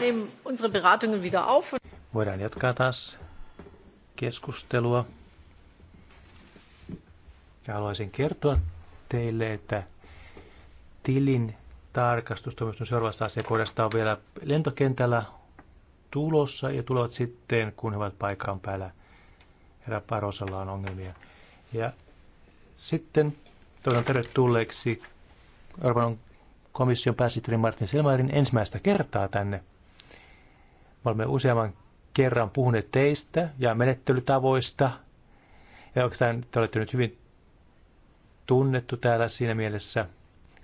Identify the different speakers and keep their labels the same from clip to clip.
Speaker 1: nehmen unsere Beratungen wieder auf.
Speaker 2: Voidaan jatkaa taas keskustelua. Ja haluaisin kertoa teille, että tilin tarkastustoimiston seuraavasta asiakohdasta on vielä lentokentällä tulossa ja tulevat sitten, kun he ovat paikan päällä. Herra Parosalla on ongelmia. Ja sitten toivotan tervetulleeksi Euroopan komission pääsihteeri Martin Selmairin ensimmäistä kertaa tänne me olemme useamman kerran puhuneet teistä ja menettelytavoista. Ja oikeastaan te olette nyt hyvin tunnettu täällä siinä mielessä,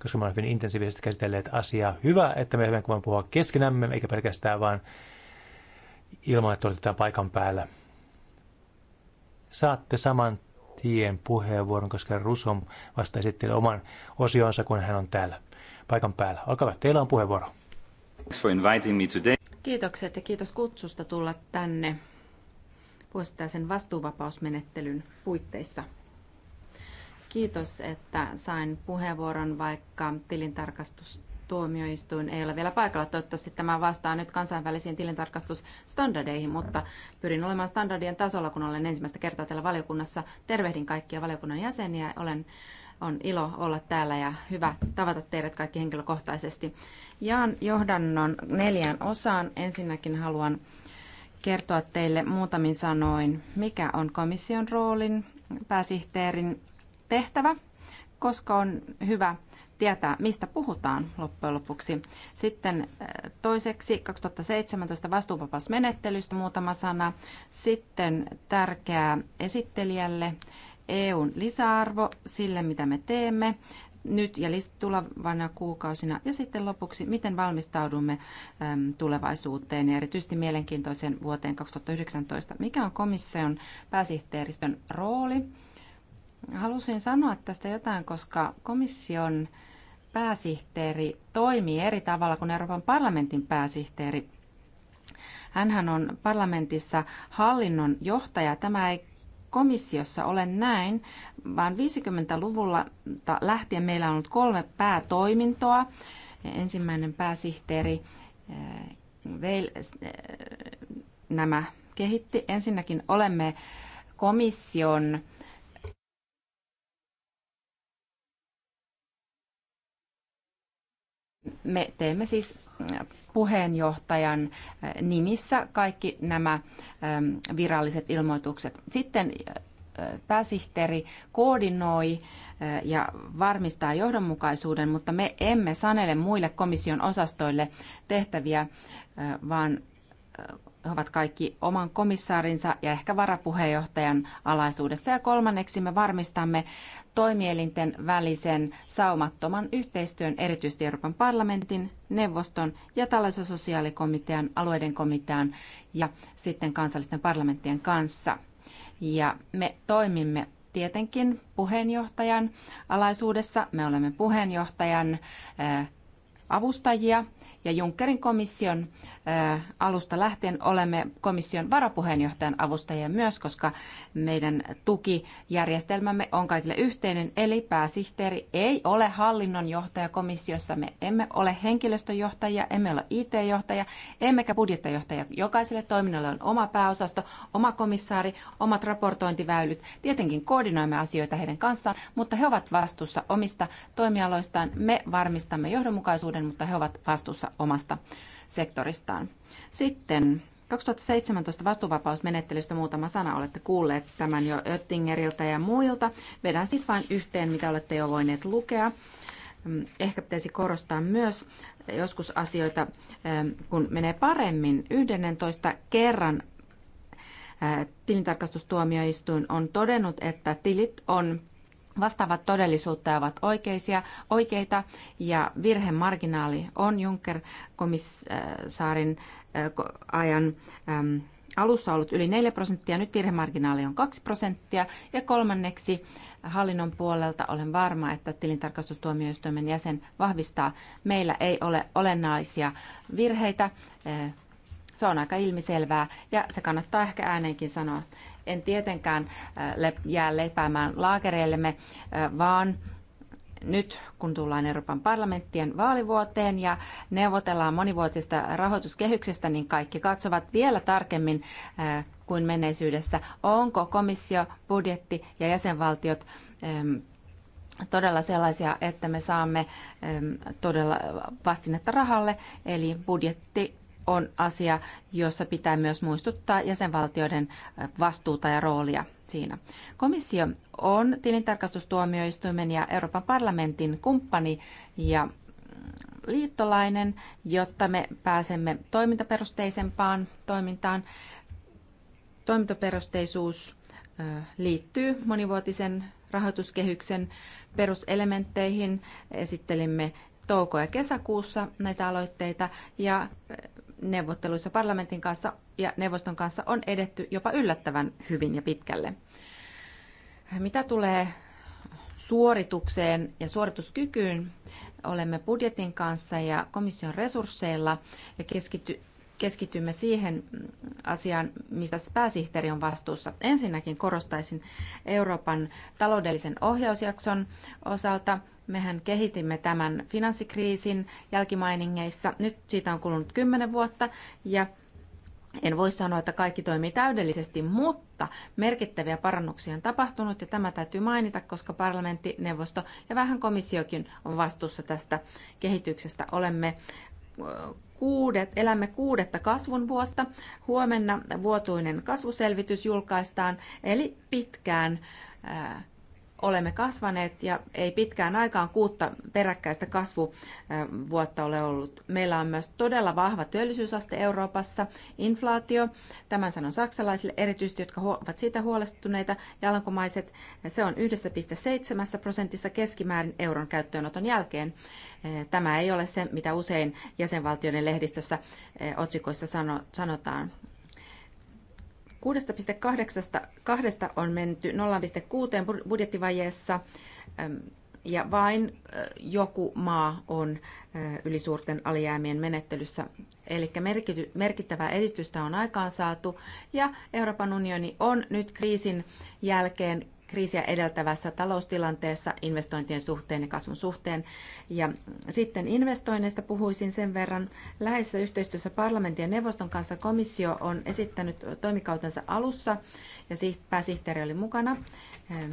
Speaker 2: koska me olemme hyvin intensiivisesti käsitelleet asiaa. Hyvä, että me hyvän kuvan puhua keskenämme, eikä pelkästään vaan ilman, että otetaan paikan päällä. Saatte saman tien puheenvuoron, koska Rusom vasta esittelee oman osionsa, kun hän on täällä paikan päällä. Olkaa hyvä, teillä on puheenvuoro. Thanks for inviting me today.
Speaker 3: Kiitokset ja kiitos kutsusta tulla tänne vuosittaisen vastuuvapausmenettelyn puitteissa. Kiitos, että sain puheenvuoron, vaikka tilintarkastustuomioistuin ei ole vielä paikalla. Toivottavasti tämä vastaa nyt kansainvälisiin tilintarkastusstandardeihin, mutta pyrin olemaan standardien tasolla, kun olen ensimmäistä kertaa täällä valiokunnassa. Tervehdin kaikkia valiokunnan jäseniä. Olen on ilo olla täällä ja hyvä tavata teidät kaikki henkilökohtaisesti. Jaan johdannon neljään osaan. Ensinnäkin haluan kertoa teille muutamin sanoin, mikä on komission roolin pääsihteerin tehtävä, koska on hyvä tietää, mistä puhutaan loppujen lopuksi. Sitten äh, toiseksi 2017 vastuupapasmenettelystä muutama sana. Sitten tärkeää esittelijälle EUn lisäarvo sille, mitä me teemme nyt ja tulevana kuukausina. Ja sitten lopuksi, miten valmistaudumme tulevaisuuteen ja erityisesti mielenkiintoiseen vuoteen 2019. Mikä on komission pääsihteeristön rooli? Halusin sanoa tästä jotain, koska komission pääsihteeri toimii eri tavalla kuin Euroopan parlamentin pääsihteeri. Hänhän on parlamentissa hallinnon johtaja. Tämä ei komissiossa ole näin, vaan 50-luvulla lähtien meillä on ollut kolme päätoimintoa. Ensimmäinen pääsihteeri eh, eh, nämä kehitti. Ensinnäkin olemme komission Me teemme siis puheenjohtajan äh, nimissä kaikki nämä ähm, viralliset ilmoitukset. Sitten äh, pääsihteeri koordinoi äh, ja varmistaa johdonmukaisuuden, mutta me emme sanele muille komission osastoille tehtäviä, vaan ovat kaikki oman komissaarinsa ja ehkä varapuheenjohtajan alaisuudessa. Ja kolmanneksi me varmistamme toimielinten välisen saumattoman yhteistyön erityisesti Euroopan parlamentin, neuvoston ja talous- ja sosiaalikomitean, alueiden komitean ja sitten kansallisten parlamenttien kanssa. Ja me toimimme tietenkin puheenjohtajan alaisuudessa. Me olemme puheenjohtajan avustajia ja Junckerin komission alusta lähtien olemme komission varapuheenjohtajan avustajia myös, koska meidän tukijärjestelmämme on kaikille yhteinen, eli pääsihteeri ei ole hallinnonjohtaja komissiossa, me emme ole henkilöstöjohtajia, emme ole IT-johtaja, emmekä budjettajohtaja. Jokaiselle toiminnalle on oma pääosasto, oma komissaari, omat raportointiväylyt. Tietenkin koordinoimme asioita heidän kanssaan, mutta he ovat vastuussa omista toimialoistaan. Me varmistamme johdonmukaisuuden, mutta he ovat vastuussa omasta sektoristaan. Sitten 2017 vastuuvapausmenettelystä muutama sana. Olette kuulleet tämän jo Öttingeriltä ja muilta. Vedän siis vain yhteen, mitä olette jo voineet lukea. Mm, ehkä pitäisi korostaa myös joskus asioita, ähm, kun menee paremmin. 11 kerran äh, tilintarkastustuomioistuin on todennut, että tilit on vastaavat todellisuutta ovat oikeisia, oikeita ja virhemarginaali on Juncker-komissaarin äh, ajan alussa ollut yli 4 prosenttia, nyt virhemarginaali on 2 prosenttia. Ja kolmanneksi hallinnon puolelta olen varma, että tilintarkastustuomioistuimen jäsen vahvistaa, meillä ei ole olennaisia virheitä. Äh, se on aika ilmiselvää ja se kannattaa ehkä ääneenkin sanoa en tietenkään äh, jää lepäämään laakereillemme, äh, vaan nyt, kun tullaan Euroopan parlamenttien vaalivuoteen ja neuvotellaan monivuotisesta rahoituskehyksestä, niin kaikki katsovat vielä tarkemmin äh, kuin menneisyydessä, onko komissio, budjetti ja jäsenvaltiot ähm, todella sellaisia, että me saamme ähm, todella vastinetta rahalle, eli budjetti on asia, jossa pitää myös muistuttaa jäsenvaltioiden äh, vastuuta ja roolia siinä. Komissio on tilintarkastustuomioistuimen ja Euroopan parlamentin kumppani ja mm, liittolainen, jotta me pääsemme toimintaperusteisempaan toimintaan. Toimintaperusteisuus äh, liittyy monivuotisen rahoituskehyksen peruselementteihin. Esittelimme touko- ja kesäkuussa näitä aloitteita ja äh, neuvotteluissa parlamentin kanssa ja neuvoston kanssa on edetty jopa yllättävän hyvin ja pitkälle. Mitä tulee suoritukseen ja suorituskykyyn, olemme budjetin kanssa ja komission resursseilla ja keskity, keskitymme siihen asiaan, mistä pääsihteeri on vastuussa. Ensinnäkin korostaisin Euroopan taloudellisen ohjausjakson osalta. Mehän kehitimme tämän finanssikriisin jälkimainingeissa. Nyt siitä on kulunut kymmenen vuotta ja en voi sanoa, että kaikki toimii täydellisesti, mutta merkittäviä parannuksia on tapahtunut ja tämä täytyy mainita, koska parlamentti, neuvosto ja vähän komissiokin on vastuussa tästä kehityksestä. Olemme kuudet, elämme kuudetta kasvun vuotta. Huomenna vuotuinen kasvuselvitys julkaistaan, eli pitkään olemme kasvaneet ja ei pitkään aikaan kuutta peräkkäistä kasvuvuotta ole ollut. Meillä on myös todella vahva työllisyysaste Euroopassa, inflaatio, tämän sanon saksalaisille erityisesti, jotka ovat siitä huolestuneita, jalankomaiset, se on 1,7 prosentissa keskimäärin euron käyttöönoton jälkeen. Eh, tämä ei ole se, mitä usein jäsenvaltioiden lehdistössä eh, otsikoissa sanotaan. 6,8 on menty 0,6 budjettivajeessa ja vain joku maa on ylisuurten alijäämien menettelyssä. Eli merkittävää edistystä on aikaan saatu ja Euroopan unioni on nyt kriisin jälkeen kriisiä edeltävässä taloustilanteessa investointien suhteen ja kasvun suhteen. Ja sitten investoinneista puhuisin sen verran. Läheisessä yhteistyössä parlamentin ja neuvoston kanssa komissio on esittänyt toimikautensa alussa ja pääsihteeri oli mukana ehm,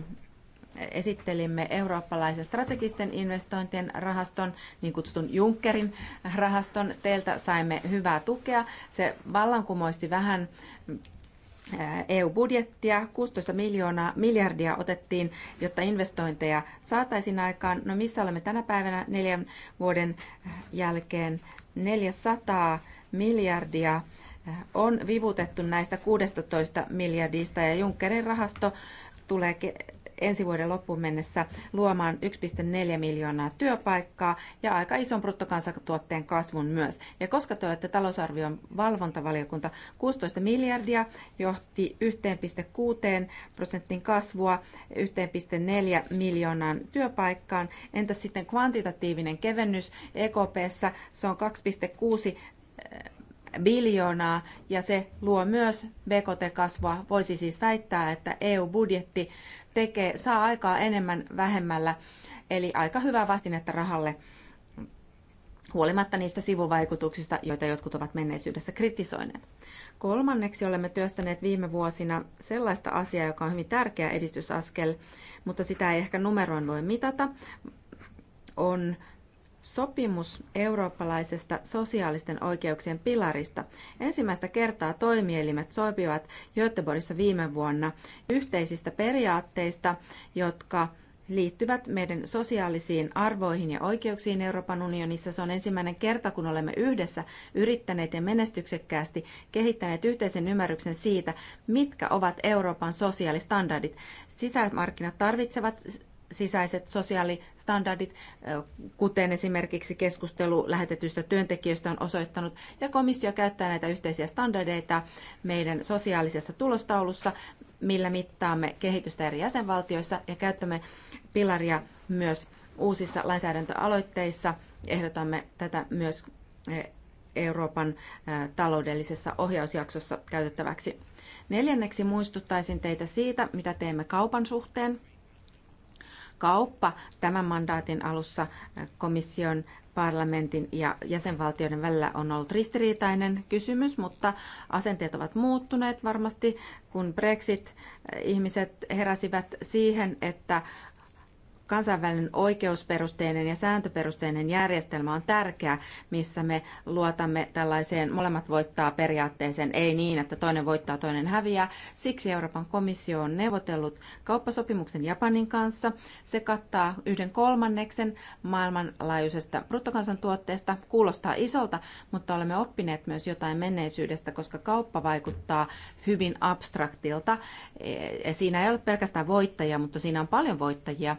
Speaker 3: esittelimme eurooppalaisen strategisten investointien rahaston, niin kutsutun Junckerin rahaston. Teiltä saimme hyvää tukea. Se vallankumoisti vähän EU-budjettia, 16 miljoonaa, miljardia otettiin, jotta investointeja saataisiin aikaan. No missä olemme tänä päivänä neljän vuoden jälkeen? 400 miljardia on vivutettu näistä 16 miljardista ja Junckerin rahasto tulee ensi vuoden loppuun mennessä luomaan 1,4 miljoonaa työpaikkaa ja aika ison bruttokansantuotteen kasvun myös. Ja koska te olette talousarvion valvontavaliokunta, 16 miljardia johti 1,6 prosentin kasvua 1,4 miljoonaan työpaikkaan. entä sitten kvantitatiivinen kevennys EKPssä? Se on 2,6 biljoonaa ja se luo myös BKT-kasvua. Voisi siis väittää, että EU-budjetti tekee, saa aikaa enemmän vähemmällä, eli aika hyvää vastinetta rahalle huolimatta niistä sivuvaikutuksista, joita jotkut ovat menneisyydessä kritisoineet. Kolmanneksi olemme työstäneet viime vuosina sellaista asiaa, joka on hyvin tärkeä edistysaskel, mutta sitä ei ehkä numeroin voi mitata, on Sopimus eurooppalaisesta sosiaalisten oikeuksien pilarista. Ensimmäistä kertaa toimielimet sopivat Göteborgissa viime vuonna yhteisistä periaatteista, jotka liittyvät meidän sosiaalisiin arvoihin ja oikeuksiin Euroopan unionissa. Se on ensimmäinen kerta, kun olemme yhdessä yrittäneet ja menestyksekkäästi kehittäneet yhteisen ymmärryksen siitä, mitkä ovat Euroopan sosiaalistandardit. Sisämarkkinat tarvitsevat sisäiset sosiaalistandardit, kuten esimerkiksi keskustelu lähetetyistä työntekijöistä on osoittanut, ja komissio käyttää näitä yhteisiä standardeita meidän sosiaalisessa tulostaulussa, millä mittaamme kehitystä eri jäsenvaltioissa ja käyttämme pilaria myös uusissa lainsäädäntöaloitteissa. Ehdotamme tätä myös Euroopan taloudellisessa ohjausjaksossa käytettäväksi. Neljänneksi muistuttaisin teitä siitä, mitä teemme kaupan suhteen kauppa tämän mandaatin alussa komission parlamentin ja jäsenvaltioiden välillä on ollut ristiriitainen kysymys, mutta asenteet ovat muuttuneet varmasti, kun Brexit-ihmiset heräsivät siihen, että kansainvälinen oikeusperusteinen ja sääntöperusteinen järjestelmä on tärkeä, missä me luotamme tällaiseen molemmat voittaa periaatteeseen, ei niin, että toinen voittaa, toinen häviää. Siksi Euroopan komissio on neuvotellut kauppasopimuksen Japanin kanssa. Se kattaa yhden kolmanneksen maailmanlaajuisesta bruttokansantuotteesta. Kuulostaa isolta, mutta olemme oppineet myös jotain menneisyydestä, koska kauppa vaikuttaa hyvin abstraktilta. E, siinä ei ole pelkästään voittajia, mutta siinä on paljon voittajia.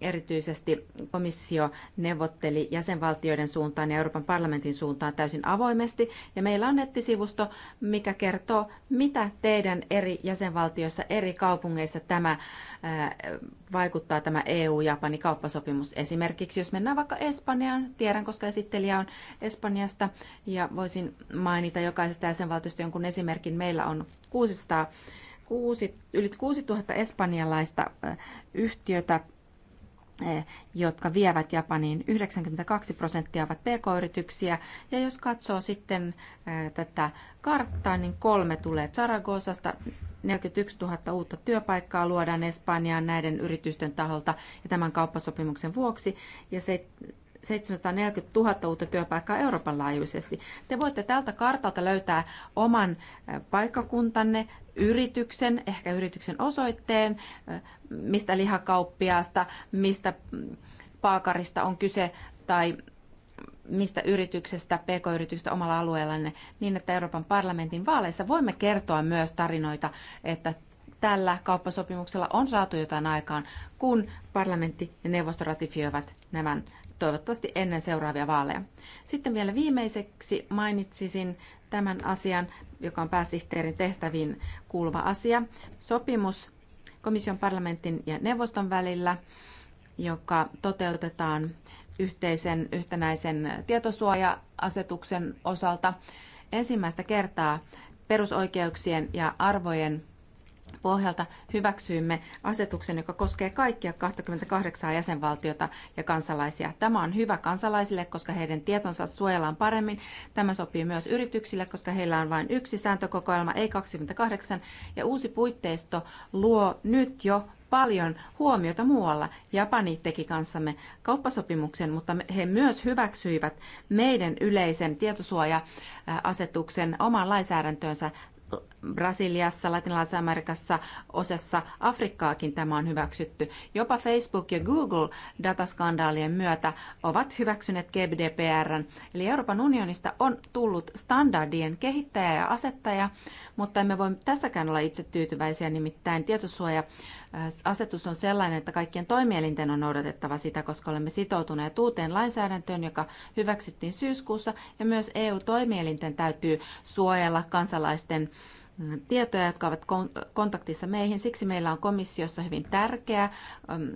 Speaker 3: Erityisesti komissio neuvotteli jäsenvaltioiden suuntaan ja Euroopan parlamentin suuntaan täysin avoimesti. Ja meillä on nettisivusto, mikä kertoo, mitä teidän eri jäsenvaltioissa, eri kaupungeissa tämä ää, vaikuttaa tämä EU-Japani kauppasopimus. Esimerkiksi jos mennään vaikka Espanjaan, tiedän, koska esittelijä on Espanjasta, ja voisin mainita jokaisesta jäsenvaltiosta jonkun esimerkin. Meillä on 600 kuusi, yli 6000 espanjalaista yhtiötä Eh, jotka vievät Japaniin. 92 prosenttia ovat pk-yrityksiä. Ja jos katsoo sitten eh, tätä karttaa, niin kolme tulee Zaragozasta. 41 000 uutta työpaikkaa luodaan Espanjaan näiden yritysten taholta ja tämän kauppasopimuksen vuoksi. Ja se 740 000 uutta työpaikkaa Euroopan laajuisesti. Te voitte tältä kartalta löytää oman paikkakuntanne, yrityksen, ehkä yrityksen osoitteen, mistä lihakauppiaasta, mistä mm, paakarista on kyse tai mistä yrityksestä, pk-yrityksestä omalla alueellanne, niin että Euroopan parlamentin vaaleissa voimme kertoa myös tarinoita, että tällä kauppasopimuksella on saatu jotain aikaan, kun parlamentti ja neuvosto ratifioivat nämä toivottavasti ennen seuraavia vaaleja. Sitten vielä viimeiseksi mainitsisin tämän asian, joka on pääsihteerin tehtäviin kuuluva asia. Sopimus komission parlamentin ja neuvoston välillä, joka toteutetaan yhteisen yhtenäisen tietosuoja-asetuksen osalta ensimmäistä kertaa perusoikeuksien ja arvojen pohjalta hyväksyimme asetuksen, joka koskee kaikkia 28 jäsenvaltiota ja kansalaisia. Tämä on hyvä kansalaisille, koska heidän tietonsa suojellaan paremmin. Tämä sopii myös yrityksille, koska heillä on vain yksi sääntökokoelma, ei 28, ja uusi puitteisto luo nyt jo paljon huomiota muualla. Japani teki kanssamme kauppasopimuksen, mutta he myös hyväksyivät meidän yleisen tietosuoja-asetuksen oman lainsäädäntöönsä Brasiliassa, Latinalaisessa Amerikassa, osassa Afrikkaakin tämä on hyväksytty. Jopa Facebook ja Google dataskandaalien myötä ovat hyväksyneet GDPRn. Eli Euroopan unionista on tullut standardien kehittäjä ja asettaja, mutta emme voi tässäkään olla itse tyytyväisiä, nimittäin tietosuoja äh, Asetus on sellainen, että kaikkien toimielinten on noudatettava sitä, koska olemme sitoutuneet uuteen lainsäädäntöön, joka hyväksyttiin syyskuussa, ja myös EU-toimielinten täytyy suojella kansalaisten tietoja, jotka ovat kontaktissa meihin. Siksi meillä on komissiossa hyvin tärkeä ähm,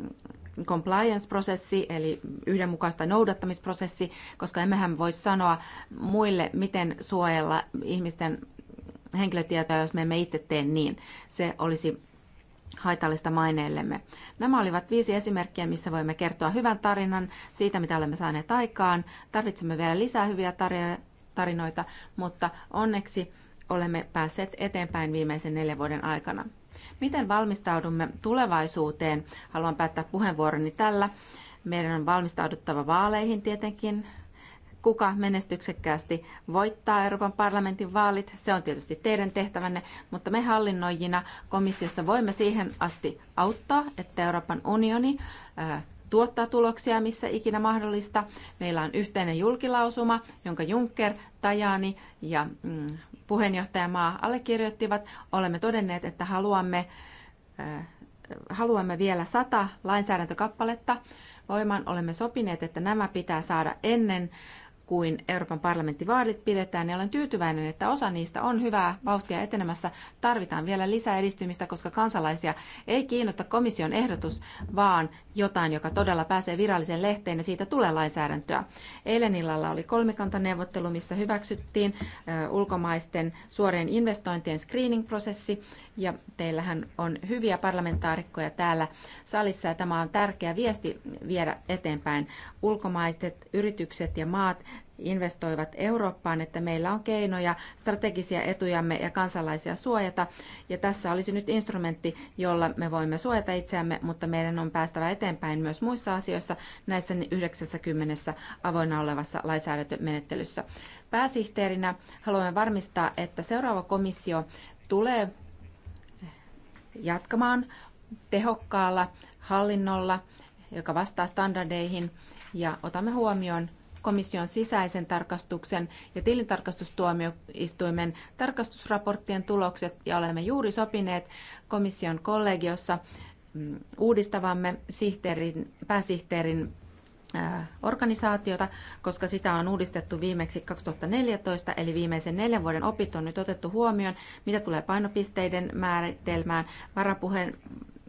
Speaker 3: compliance-prosessi, eli yhdenmukaista noudattamisprosessi, koska emmehän voi sanoa muille, miten suojella ihmisten henkilötietoja, jos me emme itse tee niin. Se olisi haitallista maineellemme. Nämä olivat viisi esimerkkiä, missä voimme kertoa hyvän tarinan siitä, mitä olemme saaneet aikaan. Tarvitsemme vielä lisää hyviä tarinoita, mutta onneksi olemme päässeet eteenpäin viimeisen neljän vuoden aikana. Miten valmistaudumme tulevaisuuteen? Haluan päättää puheenvuoroni tällä. Meidän on valmistauduttava vaaleihin tietenkin. Kuka menestyksekkäästi voittaa Euroopan parlamentin vaalit, se on tietysti teidän tehtävänne, mutta me hallinnoijina komissiossa voimme siihen asti auttaa, että Euroopan unioni tuottaa tuloksia missä ikinä mahdollista. Meillä on yhteinen julkilausuma, jonka Juncker, Tajani ja mm, puheenjohtajamaa allekirjoittivat, olemme todenneet, että haluamme, äh, haluamme vielä sata lainsäädäntökappaletta voimaan. Olemme sopineet, että nämä pitää saada ennen kuin Euroopan parlamenttivaalit pidetään, ja niin olen tyytyväinen, että osa niistä on hyvää vauhtia etenemässä. Tarvitaan vielä lisää edistymistä, koska kansalaisia ei kiinnosta komission ehdotus, vaan jotain, joka todella pääsee viralliseen lehteen ja siitä tulee lainsäädäntöä. Eilen illalla oli kolmikantaneuvottelu, missä hyväksyttiin ulkomaisten suorien investointien screening-prosessi, ja teillähän on hyviä parlamentaarikkoja täällä salissa ja tämä on tärkeä viesti viedä eteenpäin. Ulkomaiset yritykset ja maat investoivat Eurooppaan, että meillä on keinoja strategisia etujamme ja kansalaisia suojata. Ja tässä olisi nyt instrumentti, jolla me voimme suojata itseämme, mutta meidän on päästävä eteenpäin myös muissa asioissa näissä 90 avoinna olevassa lainsäädäntömenettelyssä. Pääsihteerinä haluamme varmistaa, että seuraava komissio tulee jatkamaan tehokkaalla hallinnolla, joka vastaa standardeihin, ja otamme huomioon komission sisäisen tarkastuksen ja tilintarkastustuomioistuimen tarkastusraporttien tulokset ja olemme juuri sopineet komission kollegiossa mm, uudistavamme sihteerin, pääsihteerin organisaatiota, koska sitä on uudistettu viimeksi 2014, eli viimeisen neljän vuoden opit on nyt otettu huomioon, mitä tulee painopisteiden määritelmään, varapuheen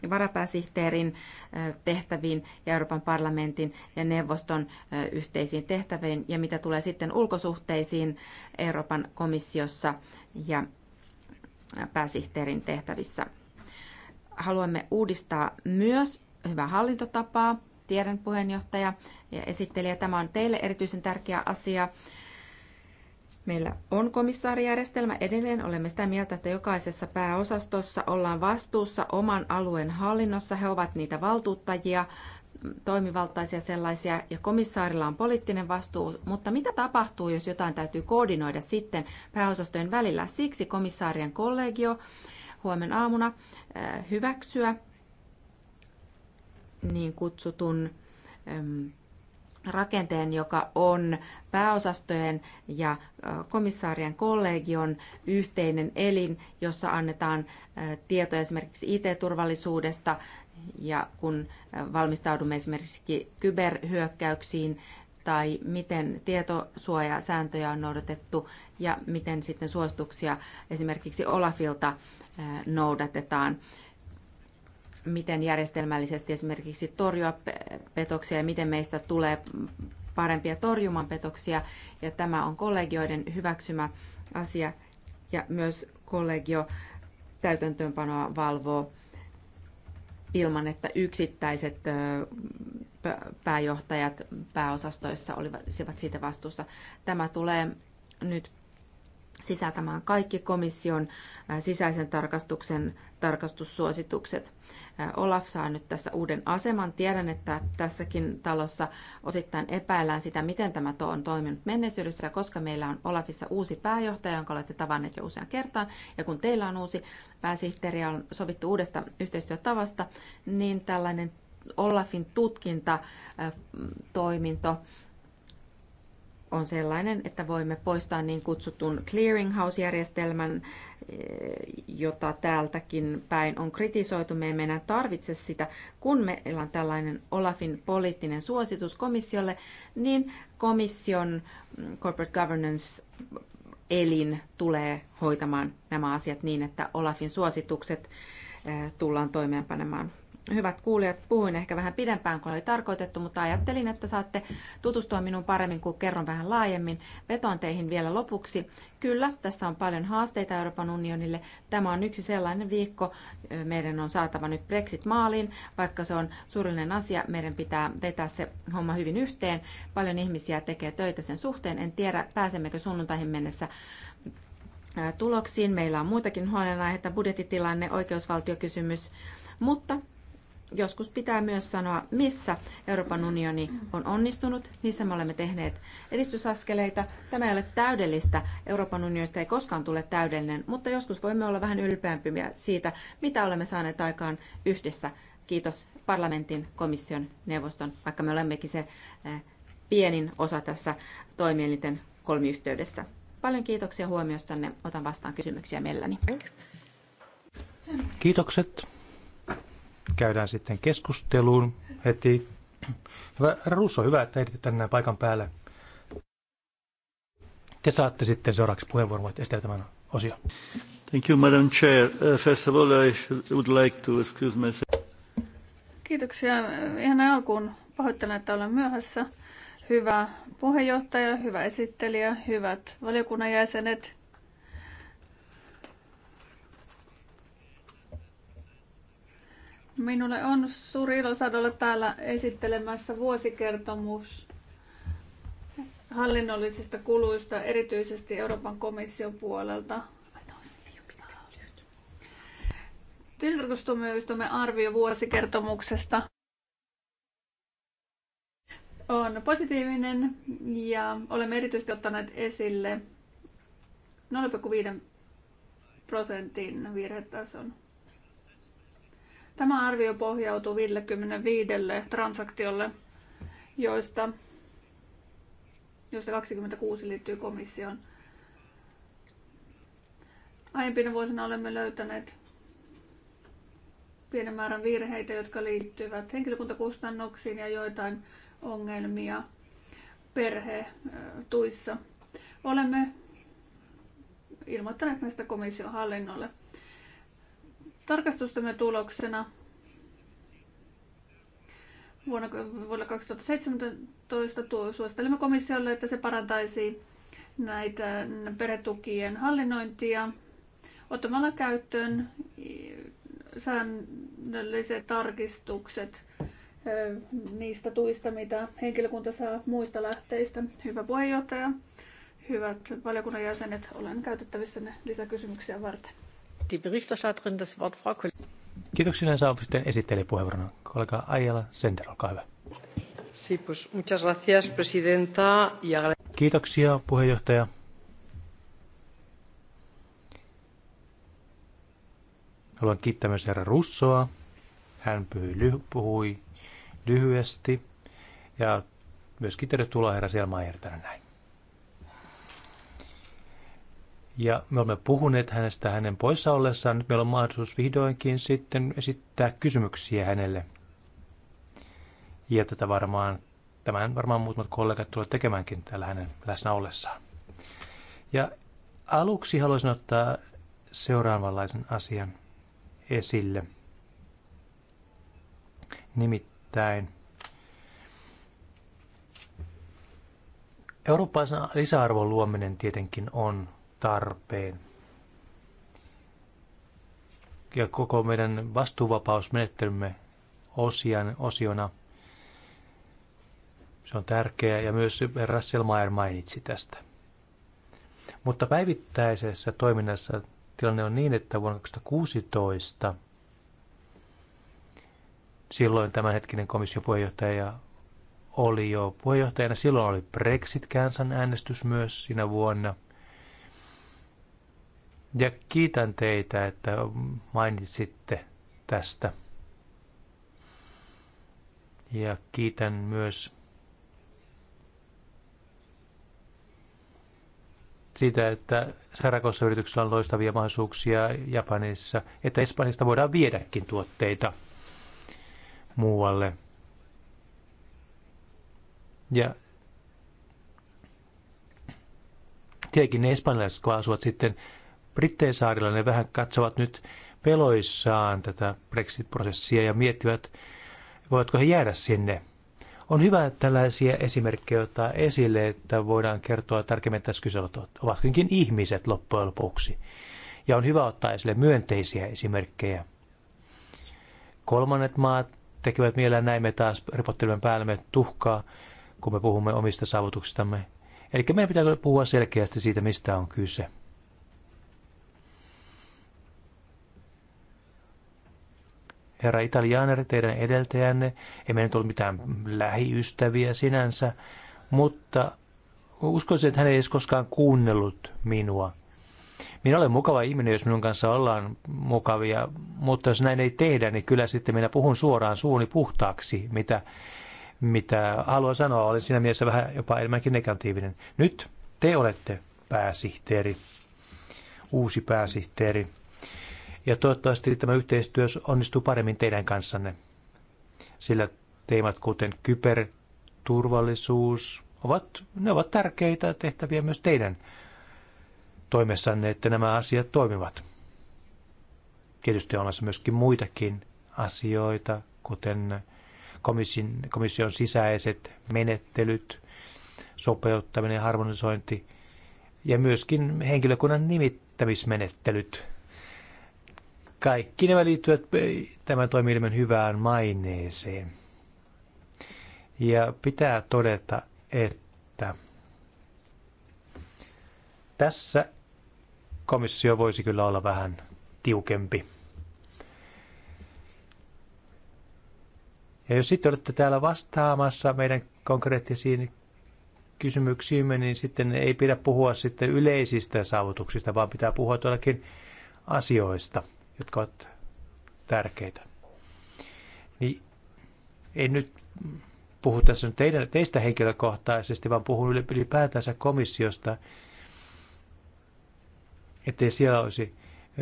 Speaker 3: varapääsihteerin tehtäviin ja Euroopan parlamentin ja neuvoston yhteisiin tehtäviin ja mitä tulee sitten ulkosuhteisiin Euroopan komissiossa ja pääsihteerin tehtävissä. Haluamme uudistaa myös hyvää hallintotapaa Tiedän puheenjohtaja ja esittelijä, tämä on teille erityisen tärkeä asia. Meillä on komissaarijärjestelmä edelleen. Olemme sitä mieltä, että jokaisessa pääosastossa ollaan vastuussa oman alueen hallinnossa. He ovat niitä valtuuttajia, toimivaltaisia sellaisia, ja komissaarilla on poliittinen vastuu. Mutta mitä tapahtuu, jos jotain täytyy koordinoida sitten pääosastojen välillä? Siksi komissaarien kollegio huomenna aamuna äh, hyväksyä niin kutsutun rakenteen, joka on pääosastojen ja komissaarien kollegion yhteinen elin, jossa annetaan tietoja esimerkiksi IT-turvallisuudesta ja kun valmistaudumme esimerkiksi kyberhyökkäyksiin tai miten tietosuojasääntöjä on noudatettu ja miten sitten suosituksia esimerkiksi Olafilta noudatetaan miten järjestelmällisesti esimerkiksi torjua petoksia ja miten meistä tulee parempia torjumaan petoksia. Ja tämä on kollegioiden hyväksymä asia ja myös kollegio täytäntöönpanoa valvoo ilman, että yksittäiset pääjohtajat pääosastoissa olisivat siitä vastuussa. Tämä tulee nyt sisältämään kaikki komission sisäisen tarkastuksen tarkastussuositukset. Olaf saa nyt tässä uuden aseman. Tiedän, että tässäkin talossa osittain epäillään sitä, miten tämä to on toiminut menneisyydessä, koska meillä on Olafissa uusi pääjohtaja, jonka olette tavanneet jo usean kertaan, ja kun teillä on uusi pääsihteeri ja on sovittu uudesta yhteistyötavasta, niin tällainen Olafin tutkintatoiminto on sellainen, että voimme poistaa niin kutsutun clearinghouse-järjestelmän, eh, jota täältäkin päin on kritisoitu. Me emme enää tarvitse sitä. Kun meillä on tällainen Olafin poliittinen suositus komissiolle, niin komission mm, corporate governance elin tulee hoitamaan nämä asiat niin, että Olafin suositukset eh, tullaan toimeenpanemaan Hyvät kuulijat, puhuin ehkä vähän pidempään kuin oli tarkoitettu, mutta ajattelin, että saatte tutustua minuun paremmin, kun kerron vähän laajemmin. Vetoan teihin vielä lopuksi. Kyllä, tässä on paljon haasteita Euroopan unionille. Tämä on yksi sellainen viikko. Meidän on saatava nyt Brexit maaliin. Vaikka se on surullinen asia, meidän pitää vetää se homma hyvin yhteen. Paljon ihmisiä tekee töitä sen suhteen. En tiedä, pääsemmekö sunnuntaihin mennessä tuloksiin. Meillä on muitakin huolenaiheita, budjettitilanne, oikeusvaltiokysymys, mutta joskus pitää myös sanoa, missä Euroopan unioni on onnistunut, missä me olemme tehneet edistysaskeleita. Tämä ei ole täydellistä. Euroopan unionista ei koskaan tule täydellinen, mutta joskus voimme olla vähän ylpeämpiä siitä, mitä olemme saaneet aikaan yhdessä. Kiitos parlamentin, komission, neuvoston, vaikka me olemmekin se eh, pienin osa tässä toimielinten kolmiyhteydessä. Paljon kiitoksia huomiostanne. Otan vastaan kysymyksiä mielelläni.
Speaker 2: Kiitokset käydään sitten keskusteluun heti. Hyvä, Russo, hyvä, että ehditte tänne paikan päälle. Te saatte sitten seuraavaksi puheenvuoron, voitte esitellä tämän osion. Thank you, Madam Chair. Uh, first of all, I would like to excuse myself.
Speaker 1: Kiitoksia. Ihan alkuun pahoittelen, että olen myöhässä. Hyvä puheenjohtaja, hyvä esittelijä, hyvät valiokunnan jäsenet. Minulle on suuri ilo saada olla täällä esittelemässä vuosikertomus hallinnollisista kuluista, erityisesti Euroopan komission puolelta. Tilintarkastustuomioistuimen arvio vuosikertomuksesta on positiivinen ja olemme erityisesti ottaneet esille 0,5 prosentin virhetason. Tämä arvio pohjautuu 55 transaktiolle, joista, joista 26 liittyy komissioon. Aiempina vuosina olemme löytäneet pienen määrän virheitä, jotka liittyvät henkilökuntakustannuksiin ja joitain ongelmia perhetuissa. Olemme ilmoittaneet näistä komission hallinnolle. Tarkastustemme tuloksena vuonna, vuonna 2017 suosittelemme komissiolle, että se parantaisi näitä perhetukien hallinnointia ottamalla käyttöön säännölliset tarkistukset niistä tuista, mitä henkilökunta saa muista lähteistä. Hyvä puheenjohtaja, hyvät valiokunnan jäsenet, olen käytettävissä lisäkysymyksiä varten.
Speaker 2: Kiitoksia saa sitten esittelypuheenvuoron. Kollega Aijala Sender, olkaa hyvä. muchas gracias, presidenta. Kiitoksia, puheenjohtaja. Haluan kiittää myös herra Russoa. Hän puhui, puhui lyhyesti. Ja myöskin tervetuloa herra Selmaa näin. Ja me olemme puhuneet hänestä hänen poissa ollessaan. Nyt meillä on mahdollisuus vihdoinkin sitten esittää kysymyksiä hänelle. Ja tätä varmaan, tämän varmaan muutamat kollegat tulevat tekemäänkin täällä hänen läsnä ollessaan. Ja aluksi haluaisin ottaa seuraavanlaisen asian esille. Nimittäin eurooppalaisen lisäarvon luominen tietenkin on tarpeen. Ja koko meidän vastuuvapausmenettelymme osian, osiona, se on tärkeää ja myös Mayer mainitsi tästä. Mutta päivittäisessä toiminnassa tilanne on niin, että vuonna 2016 silloin tämänhetkinen komission puheenjohtaja oli jo puheenjohtajana. Silloin oli brexit äänestys myös siinä vuonna – ja kiitän teitä, että mainitsitte tästä. Ja kiitän myös siitä, että sarakossa yrityksellä on loistavia mahdollisuuksia Japanissa, että Espanjasta voidaan viedäkin tuotteita muualle. Ja tietenkin ne espanjalaiset, jotka asuvat sitten Brittein saarilla ne vähän katsovat nyt peloissaan tätä Brexit-prosessia ja miettivät, voivatko he jäädä sinne. On hyvä tällaisia esimerkkejä ottaa esille, että voidaan kertoa tarkemmin tässä kyselyt, kuitenkin ihmiset loppujen lopuksi. Ja on hyvä ottaa esille myönteisiä esimerkkejä. Kolmannet maat tekevät mielellään näin me taas ripottelemme päällemme tuhkaa, kun me puhumme omista saavutuksistamme. Eli meidän pitää puhua selkeästi siitä, mistä on kyse. herra Italianer, teidän edeltäjänne, emme nyt ole mitään lähiystäviä sinänsä, mutta uskoisin, että hän ei edes koskaan kuunnellut minua. Minä olen mukava ihminen, jos minun kanssa ollaan mukavia, mutta jos näin ei tehdä, niin kyllä sitten minä puhun suoraan suuni puhtaaksi, mitä, mitä haluan sanoa. Olen siinä mielessä vähän jopa enemmänkin negatiivinen. Nyt te olette pääsihteeri, uusi pääsihteeri. Ja toivottavasti tämä yhteistyö onnistuu paremmin teidän kanssanne, sillä teemat kuten kyberturvallisuus ovat, ne ovat tärkeitä tehtäviä myös teidän toimessanne, että nämä asiat toimivat. Tietysti on olemassa myöskin muitakin asioita, kuten komission, komission sisäiset menettelyt, sopeuttaminen ja harmonisointi ja myöskin henkilökunnan nimittämismenettelyt kaikki nämä liittyvät eh, tämän toimielimen hyvään maineeseen. Ja pitää todeta, että tässä komissio voisi kyllä olla vähän tiukempi. Ja jos sitten olette täällä vastaamassa meidän konkreettisiin kysymyksiimme, niin sitten ei pidä puhua sitten yleisistä saavutuksista, vaan pitää puhua tuollakin asioista jotka ovat tärkeitä. Niin en nyt puhu tässä nyt teidän, teistä henkilökohtaisesti, vaan puhun ylipäätänsä komissiosta, ettei siellä olisi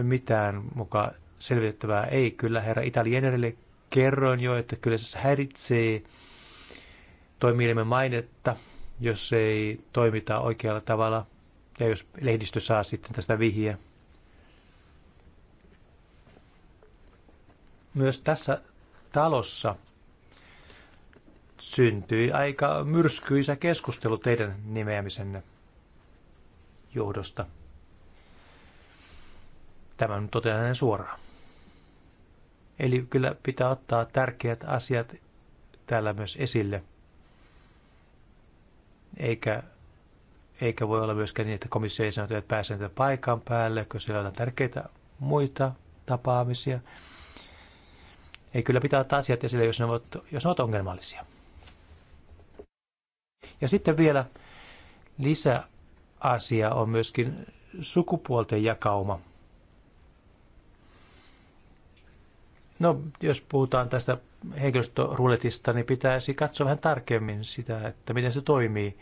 Speaker 2: mitään mukaan selvitettävää. Ei, kyllä herra Italienerille kerroin jo, että kyllä se häiritsee toimielimen mainetta, jos ei toimita oikealla tavalla ja jos lehdistö saa sitten tästä vihjeä. myös tässä talossa syntyi aika myrskyisä keskustelu teidän nimeämisenne johdosta. Tämä totean hänen suoraan. Eli kyllä pitää ottaa tärkeät asiat täällä myös esille. Eikä, eikä voi olla myöskään niin, että komissio ei sano, että pääsee paikan päälle, kun siellä on tärkeitä muita tapaamisia. Ei kyllä pitää ottaa asiat esille, jos ne ovat, jos ne ovat ongelmallisia. Ja sitten vielä lisäasia on myöskin sukupuolten jakauma. No, jos puhutaan tästä henkilöstöruletista, niin pitäisi katsoa vähän tarkemmin sitä, että miten se toimii.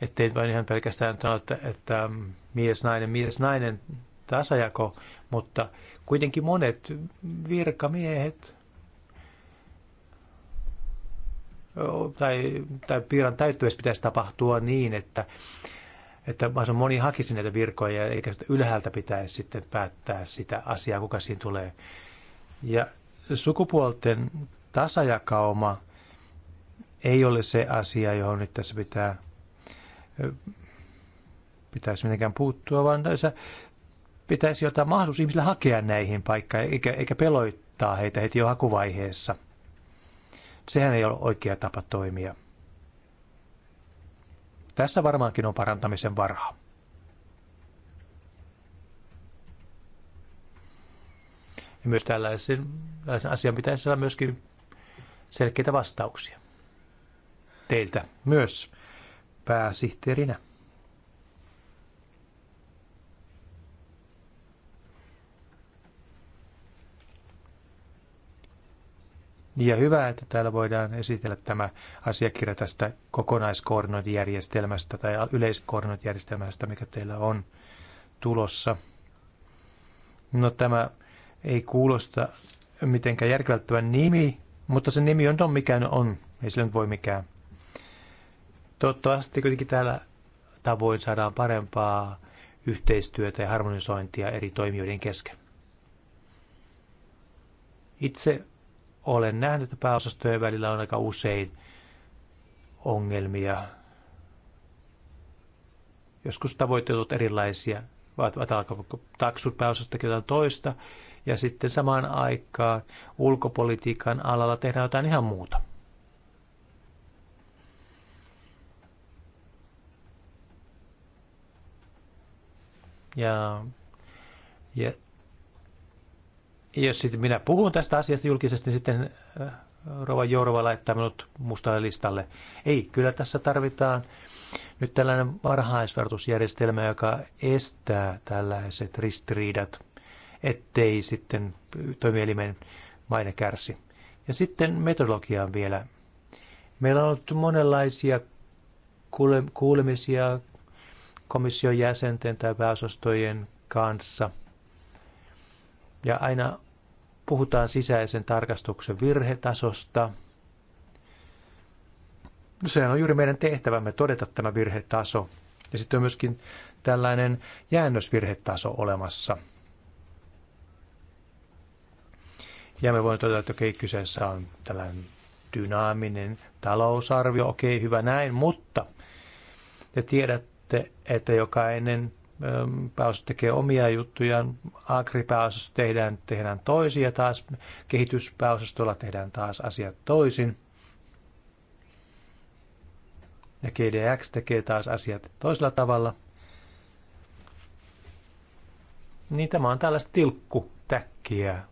Speaker 2: Ettei vain ihan pelkästään sanoa, että, että mies, nainen, mies, nainen, tasajako, mutta kuitenkin monet virkamiehet tai, tai piiran täyttyessä pitäisi tapahtua niin, että, että moni hakisi näitä virkoja, eikä ylhäältä pitäisi sitten päättää sitä asiaa, kuka siinä tulee. Ja sukupuolten tasajakauma ei ole se asia, johon nyt tässä pitää, pitäisi mitenkään puuttua, vaan tässä pitäisi jotain mahdollisuus ihmisille hakea näihin paikkaan, eikä, eikä peloittaa heitä heti jo hakuvaiheessa – Sehän ei ole oikea tapa toimia. Tässä varmaankin on parantamisen varaa. Ja myös tällaisen, tällaisen asian pitäisi olla myöskin selkeitä vastauksia. Teiltä myös pääsihteerinä. Ja hyvä, että täällä voidaan esitellä tämä asiakirja tästä kokonaiskoordinointijärjestelmästä tai yleiskoordinointijärjestelmästä, mikä teillä on tulossa. No tämä ei kuulosta mitenkään järkevälttävän nimi, mutta se nimi on, on mikään on, ei sillä nyt voi mikään. Toivottavasti kuitenkin täällä tavoin saadaan parempaa yhteistyötä ja harmonisointia eri toimijoiden kesken. Itse olen nähnyt, että pääosastojen välillä on aika usein ongelmia. Joskus tavoitteet ovat erilaisia. Vaat alkaa taksut pääosasta jotain toista. Ja sitten samaan aikaan ulkopolitiikan alalla tehdään jotain ihan muuta. Ja, ja jos sitten minä puhun tästä asiasta julkisesti, niin sitten äh, Rova Jorva laittaa minut mustalle listalle. Ei, kyllä tässä tarvitaan nyt tällainen varhaisvartusjärjestelmä, joka estää tällaiset ristiriidat, ettei sitten toimielimen maine kärsi. Ja sitten metodologiaan vielä. Meillä on ollut monenlaisia kuulemisia komission jäsenten tai pääosastojen kanssa. Ja aina puhutaan sisäisen tarkastuksen virhetasosta. Sehän on juuri meidän tehtävämme todeta tämä virhetaso. Ja sitten on myöskin tällainen jäännösvirhetaso olemassa. Ja me voimme todeta, että okei, okay, kyseessä on tällainen dynaaminen talousarvio, okei, okay, hyvä näin, mutta te tiedätte, että jokainen pääosassa tekee omia juttujaan, agripääosassa tehdään, tehdään toisia ja taas kehityspääosastolla tehdään taas asiat toisin. Ja GDX tekee taas asiat toisella tavalla. Niin tämä on tällaista tilkkutäkkiä.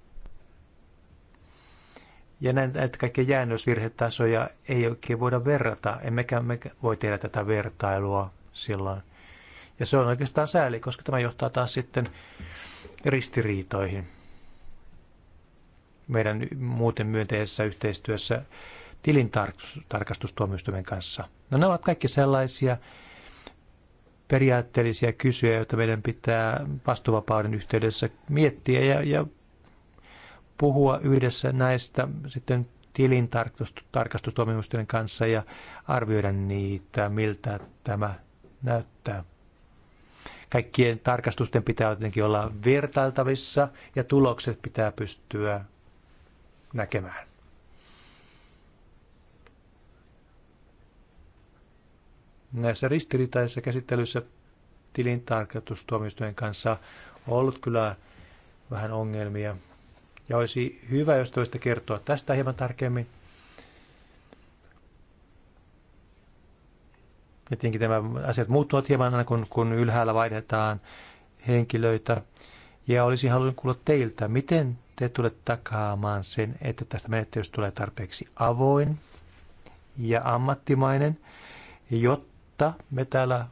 Speaker 2: Ja näitä kaikkia jäännösvirhetasoja ei oikein voida verrata, emmekä me voi tehdä tätä vertailua silloin – ja se on oikeastaan sääli, koska tämä johtaa taas sitten ristiriitoihin meidän muuten myönteisessä yhteistyössä tilintarkastustuomioistuimen kanssa. No nämä ovat kaikki sellaisia periaatteellisia kysyjä, joita meidän pitää vastuuvapauden yhteydessä miettiä ja, ja puhua yhdessä näistä sitten tilintarkastustuomioistuimen kanssa ja arvioida niitä, miltä tämä näyttää. Kaikkien tarkastusten pitää jotenkin olla vertailtavissa ja tulokset pitää pystyä näkemään. Näissä ristiriitaisissa käsittelyissä tilintarkastustuomioistuimen kanssa on ollut kyllä vähän ongelmia. Ja olisi hyvä, jos toista kertoa tästä hieman tarkemmin. Ja tietenkin tämä asiat muuttuvat hieman aina, kun, kun ylhäällä vaihdetaan henkilöitä. Ja olisin halunnut kuulla teiltä, miten te tulette takaamaan sen, että tästä menettelystä tulee tarpeeksi avoin ja ammattimainen, jotta me täällä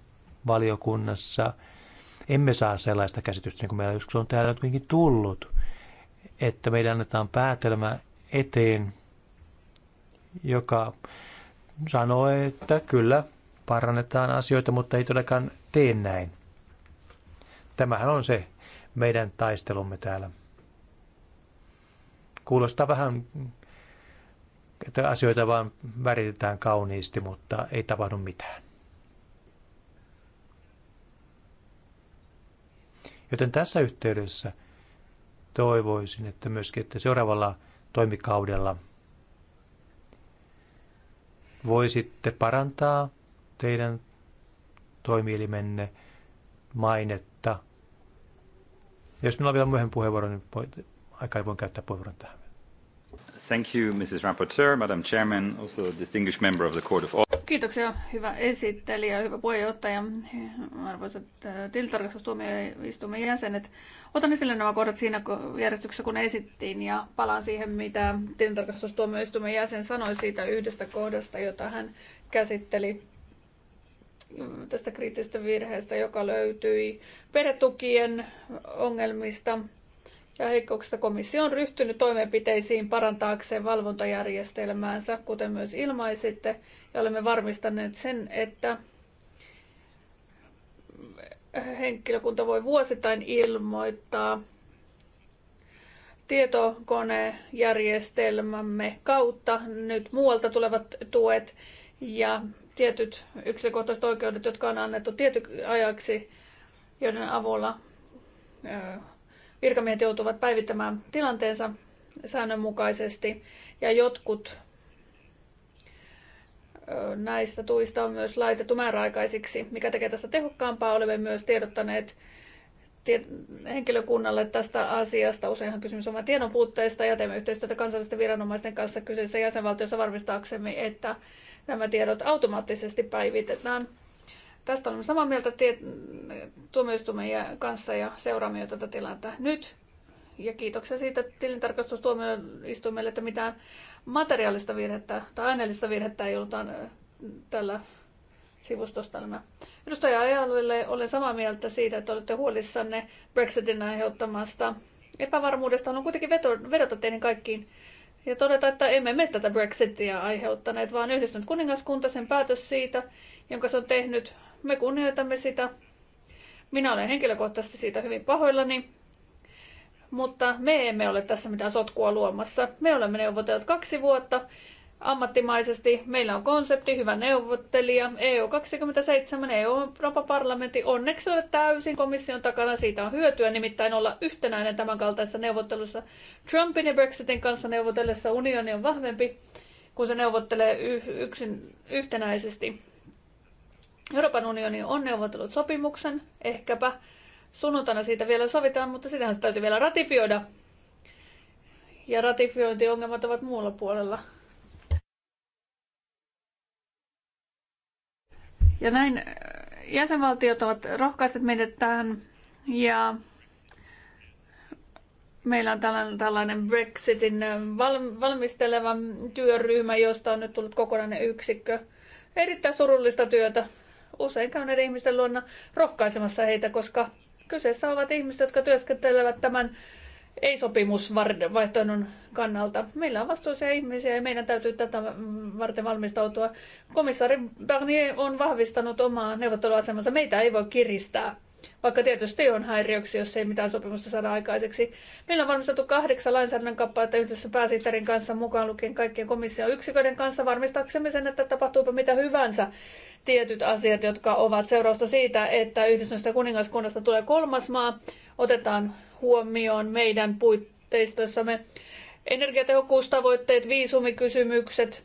Speaker 2: valiokunnassa emme saa sellaista käsitystä, niin kuin meillä joskus on täällä jotenkin tullut, että meille annetaan päätelmä eteen, joka sanoo, että kyllä parannetaan asioita, mutta ei todellakaan tee näin. Tämähän on se meidän taistelumme täällä. Kuulostaa vähän, että asioita vaan väritetään kauniisti, mutta ei tapahdu mitään. Joten tässä yhteydessä toivoisin, että myöskin että seuraavalla toimikaudella voisitte parantaa teidän toimielimenne mainetta. Ja jos minulla on vielä myöhemmin puheenvuoro, niin voit, aikaa niin voin käyttää puheenvuoron tähän.
Speaker 1: Thank you, Mrs. Rapporteur, Madam Chairman, also distinguished member of the Court of Kiitoksia, hyvä esittelijä, hyvä puheenjohtaja, arvoisat äh, tilintarkastustuomioistuimen jäsenet. Otan esille nämä kohdat siinä järjestyksessä, kun esittiin, ja palaan siihen, mitä tilintarkastustuomioistuimen jäsen sanoi siitä yhdestä kohdasta, jota hän käsitteli tästä kriittisestä virheestä, joka löytyi perhetukien ongelmista ja heikkouksista. Komissio on ryhtynyt toimenpiteisiin parantaakseen valvontajärjestelmäänsä, kuten myös ilmaisitte, ja olemme varmistaneet sen, että henkilökunta voi vuosittain ilmoittaa tietokonejärjestelmämme kautta nyt muualta tulevat tuet ja tietyt yksilökohtaiset oikeudet, jotka on annettu tietyksi ajaksi, joiden avulla virkamiehet joutuvat päivittämään tilanteensa säännönmukaisesti ja jotkut näistä tuista on myös laitettu määräaikaisiksi, mikä tekee tästä tehokkaampaa. Olemme myös tiedottaneet henkilökunnalle tästä asiasta. Useinhan kysymys on vain tiedon puutteesta ja teemme yhteistyötä kansallisten viranomaisten kanssa kyseisessä jäsenvaltiossa varmistaaksemme, että nämä tiedot automaattisesti päivitetään. Tästä olemme samaa mieltä tie- tuomioistuimen kanssa ja seuraamme jo tätä tilannetta nyt. Ja kiitoksia siitä tilintarkastustuomioistuimelle, että mitään materiaalista virhettä tai aineellista virhettä ei ollut tällä sivustosta. Edustaja Ajalille olen samaa mieltä siitä, että olette huolissanne Brexitin aiheuttamasta epävarmuudesta. Haluan kuitenkin vedota teidän kaikkiin ja todeta, että emme me tätä Brexitia aiheuttaneet, vaan yhdistynyt kuningaskunta sen päätös siitä, jonka se on tehnyt. Me kunnioitamme sitä. Minä olen henkilökohtaisesti siitä hyvin pahoillani, mutta me emme ole tässä mitään sotkua luomassa. Me olemme neuvotelleet kaksi vuotta ammattimaisesti. Meillä on konsepti, hyvä neuvottelija, EU27, EU-Euroopan parlamentti. Onneksi olet täysin komission takana, siitä on hyötyä, nimittäin olla yhtenäinen tämän kaltaisessa neuvottelussa. Trumpin ja Brexitin kanssa neuvotellessa unioni on vahvempi, kun se neuvottelee yksin, yhtenäisesti. Euroopan unioni on neuvotellut sopimuksen, ehkäpä sunnuntaina siitä vielä sovitaan, mutta sitähän se täytyy vielä ratifioida. Ja ratifiointiongelmat ovat muulla puolella. Ja näin äh, jäsenvaltiot ovat rohkaiset meidät tähän ja meillä on tällainen, tällainen Brexitin äh, valmisteleva työryhmä, josta on nyt tullut kokonainen yksikkö. Erittäin surullista työtä. Usein käyneet ihmisten luona rohkaisemassa heitä, koska kyseessä ovat ihmiset, jotka työskentelevät tämän ei vaihtoehdon kannalta. Meillä on vastuullisia ihmisiä ja meidän täytyy tätä varten valmistautua. Komissaari Barnier on vahvistanut omaa neuvotteluasemansa. Meitä ei voi kiristää, vaikka tietysti on häiriöksi, jos ei mitään sopimusta saada aikaiseksi. Meillä on valmisteltu kahdeksan lainsäädännön kappaletta yhdessä pääsihteerin kanssa mukaan lukien kaikkien komission yksiköiden kanssa varmistaksemme sen, että tapahtuupa mitä hyvänsä tietyt asiat, jotka ovat seurausta siitä, että yhdistyneestä kuningaskunnasta tulee kolmas maa, otetaan huomioon meidän puitteistossamme. Energiatehokkuustavoitteet, viisumikysymykset,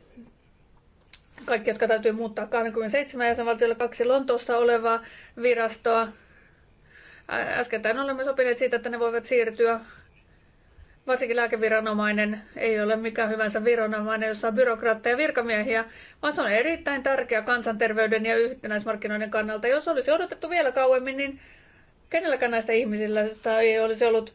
Speaker 1: kaikki, jotka täytyy muuttaa 27 jäsenvaltiolla, kaksi Lontoossa olevaa virastoa. Äskettäin olemme sopineet siitä, että ne voivat siirtyä. Varsinkin lääkeviranomainen ei ole mikään hyvänsä viranomainen, jossa on byrokraatteja ja virkamiehiä, vaan se on erittäin tärkeä kansanterveyden ja yhtenäismarkkinoiden kannalta. Jos olisi odotettu vielä kauemmin, niin Kenelläkään näistä ihmisillä ei olisi ollut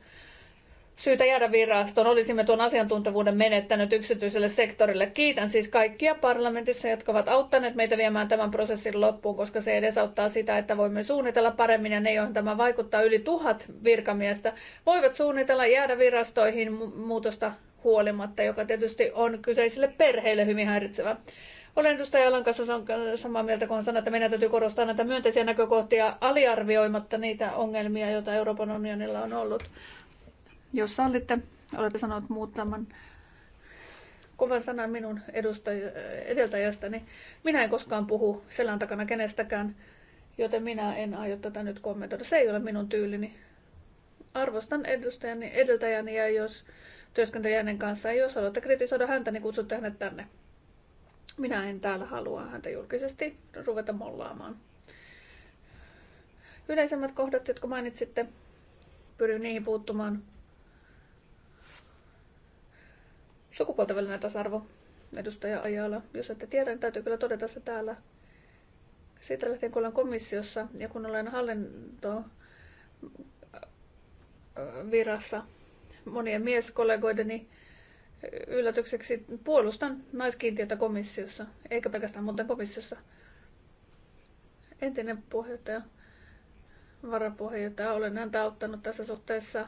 Speaker 1: syytä jäädä virastoon. Olisimme tuon asiantuntevuuden menettänyt yksityiselle sektorille. Kiitän siis kaikkia parlamentissa, jotka ovat auttaneet meitä viemään tämän prosessin loppuun, koska se edesauttaa sitä, että voimme suunnitella paremmin ja ne, joihin tämä vaikuttaa yli tuhat virkamiestä, voivat suunnitella jäädä virastoihin muutosta huolimatta, joka tietysti on kyseisille perheille hyvin häiritsevä. Olen edustaja Alan kanssa samaa mieltä, kun hän sanoi, että meidän täytyy korostaa näitä myönteisiä näkökohtia aliarvioimatta niitä ongelmia, joita Euroopan unionilla on ollut. Jos sallitte, olette sanonut muutaman kovan sanan minun edustaj- edeltäjästäni. Minä en koskaan puhu selän takana kenestäkään, joten minä en aio tätä nyt kommentoida. Se ei ole minun tyylini. Arvostan edustajani, edeltäjäni ja jos työskentelijäinen kanssa, jos haluatte kritisoida häntä, niin kutsutte hänet tänne. Minä en täällä halua häntä julkisesti ruveta mollaamaan. Yleisemmät kohdat, jotka mainitsitte, pyrin niihin puuttumaan. Sukupuolten välinen tasa-arvo, edustaja Ajala. Jos ette tiedä, niin täytyy kyllä todeta se täällä. Siitä lähtien, kun olen komissiossa ja kun olen hallinto äh, virassa monien mieskollegoideni, niin yllätykseksi puolustan naiskiintiötä komissiossa, eikä pelkästään muuten komissiossa. Entinen puheenjohtaja, varapuheenjohtaja, olen häntä auttanut tässä suhteessa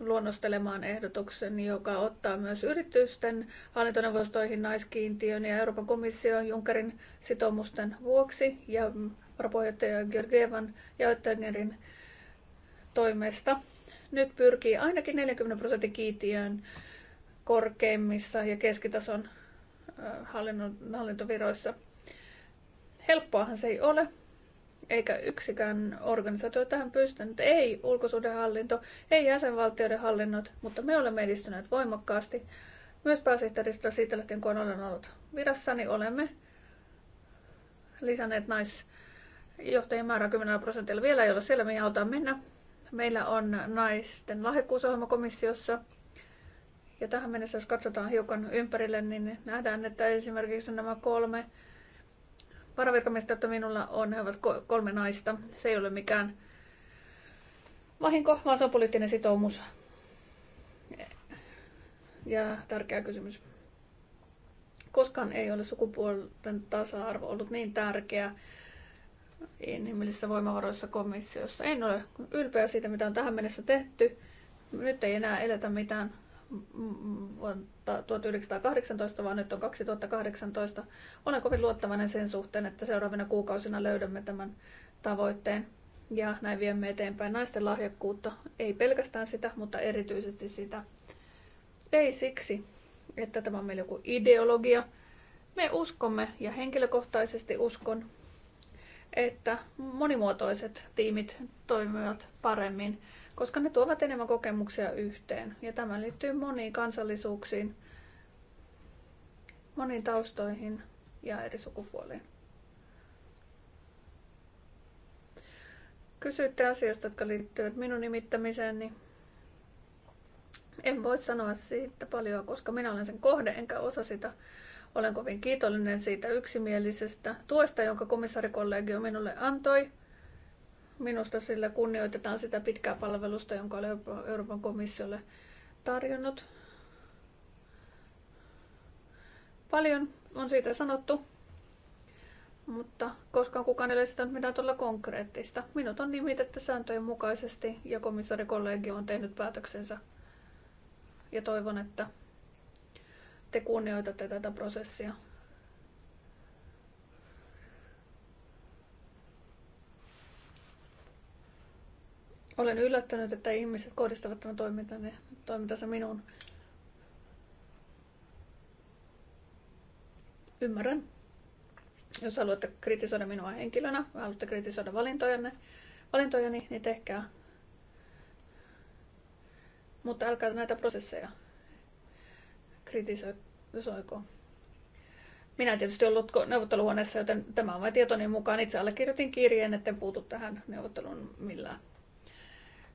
Speaker 1: luonnostelemaan ehdotuksen, joka ottaa myös yritysten hallintoneuvostoihin naiskiintiön ja Euroopan komission Junckerin sitoumusten vuoksi ja varapuheenjohtaja Georgievan ja Oettingerin toimesta. Nyt pyrkii ainakin 40 prosentin kiintiöön korkeimmissa ja keskitason hallinnon, hallintoviroissa. Helppoahan se ei ole, eikä yksikään organisaatio tähän pystynyt. Ei ulkosuhdehallinto, ei jäsenvaltioiden hallinnot, mutta me olemme edistyneet voimakkaasti. Myös pääsihteeristä siitä lähtien, kun olen ollut virassani, olemme lisänneet naisjohtajien määrää 10 prosentilla. Vielä ei ole siellä, mihin halutaan mennä. Meillä on naisten lahjakkuusohjelmakomissiossa komissiossa – ja tähän mennessä, jos katsotaan hiukan ympärille, niin nähdään, että esimerkiksi nämä kolme varavirkamista, että minulla on, he ovat kolme naista. Se ei ole mikään vahinko, vaan se on poliittinen sitoumus. Ja tärkeä kysymys. Koskaan ei ole sukupuolten tasa-arvo ollut niin tärkeä inhimillisissä voimavaroissa komissiossa. En ole ylpeä siitä, mitä on tähän mennessä tehty. Nyt ei enää eletä mitään vuotta 1918, vaan nyt on 2018. Olen kovin luottavainen sen suhteen, että seuraavina kuukausina löydämme tämän tavoitteen ja näin viemme eteenpäin naisten lahjakkuutta. Ei pelkästään sitä, mutta erityisesti sitä. Ei siksi, että tämä on meillä joku ideologia. Me uskomme ja henkilökohtaisesti uskon, että monimuotoiset tiimit toimivat paremmin koska ne tuovat enemmän kokemuksia yhteen. Ja tämä liittyy moniin kansallisuuksiin, moniin taustoihin ja eri sukupuoliin. Kysyitte asioista, jotka liittyvät minun nimittämiseeni. En voi sanoa siitä paljon, koska minä olen sen kohde enkä osa sitä. Olen kovin kiitollinen siitä yksimielisestä tuesta, jonka komissaarikollegio minulle antoi Minusta sillä kunnioitetaan sitä pitkää palvelusta, jonka olen Euroopan komissiolle tarjonnut. Paljon on siitä sanottu, mutta koskaan kukaan ei ole sitä mitään tuolla konkreettista. Minut on nimitetty sääntöjen mukaisesti ja komissaarikollegio on tehnyt päätöksensä. Ja toivon, että te kunnioitatte tätä prosessia Olen yllättynyt, että ihmiset kohdistavat tämän toimintanne, toimintansa minuun. Ymmärrän. Jos haluatte kritisoida minua henkilönä, haluatte kritisoida valintojanne, valintojani, niin tehkää. Mutta älkää näitä prosesseja kritisoiko. Minä tietysti ollut neuvotteluhuoneessa, joten tämä on vain tietoni mukaan. Itse allekirjoitin kirjeen, etten puutu tähän neuvotteluun millään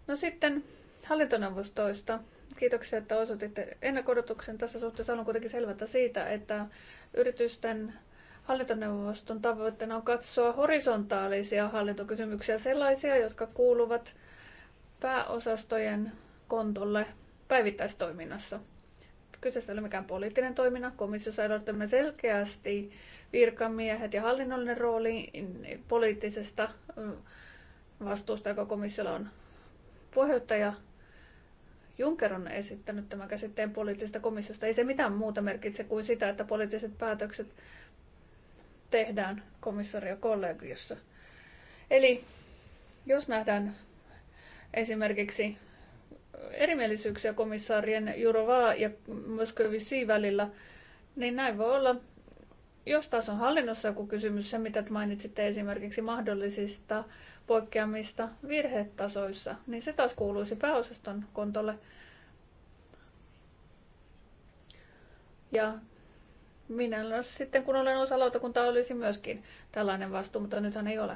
Speaker 1: No sitten hallintoneuvostoista. Kiitoksia, että osoititte ennakodotuksen tässä suhteessa. Haluan kuitenkin selvätä siitä, että yritysten hallintoneuvoston tavoitteena on katsoa horisontaalisia hallintokysymyksiä, sellaisia, jotka kuuluvat pääosastojen kontolle päivittäistoiminnassa. Kyseessä ei ole mikään poliittinen toiminta. Komissiossa edustamme selkeästi virkamiehet ja hallinnollinen rooli poliittisesta vastuusta, joka komissiolla on Puheenjohtaja Juncker on esittänyt tämän käsitteen poliittisesta komissiosta. Ei se mitään muuta merkitse kuin sitä, että poliittiset päätökset tehdään komissaariokollegiossa. Eli jos nähdään esimerkiksi erimielisyyksiä komissaarien Jurova ja Moskovisi välillä, niin näin voi olla. Jos taas on hallinnossa joku kysymys, se mitä mainitsitte esimerkiksi mahdollisista poikkeamista virhetasoissa, niin se taas kuuluisi pääosaston kontolle. Ja minä sitten, kun olen osa lautakuntaa, olisi myöskin tällainen vastuu, mutta nythän ei ole.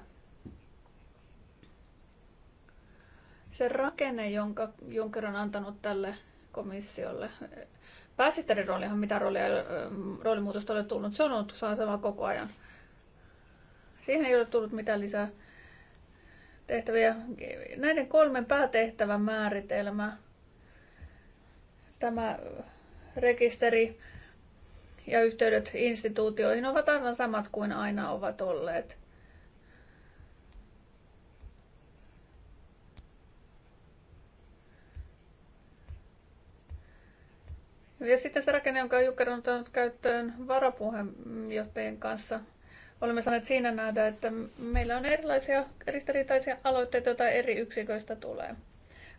Speaker 1: Se rakenne, jonka Juncker on antanut tälle komissiolle, pääsihteerin roolihan mitä roolia, roolimuutosta ole tullut, se on ollut sama koko ajan. Siihen ei ole tullut mitään lisää tehtäviä. Näiden kolmen päätehtävän määritelmä, tämä rekisteri ja yhteydet instituutioihin ovat aivan samat kuin aina ovat olleet. Ja sitten se rakenne, jonka Jukka on ottanut käyttöön varapuheenjohtajien kanssa – olemme saaneet siinä nähdä, että meillä on erilaisia ristiriitaisia aloitteita, joita eri yksiköistä tulee.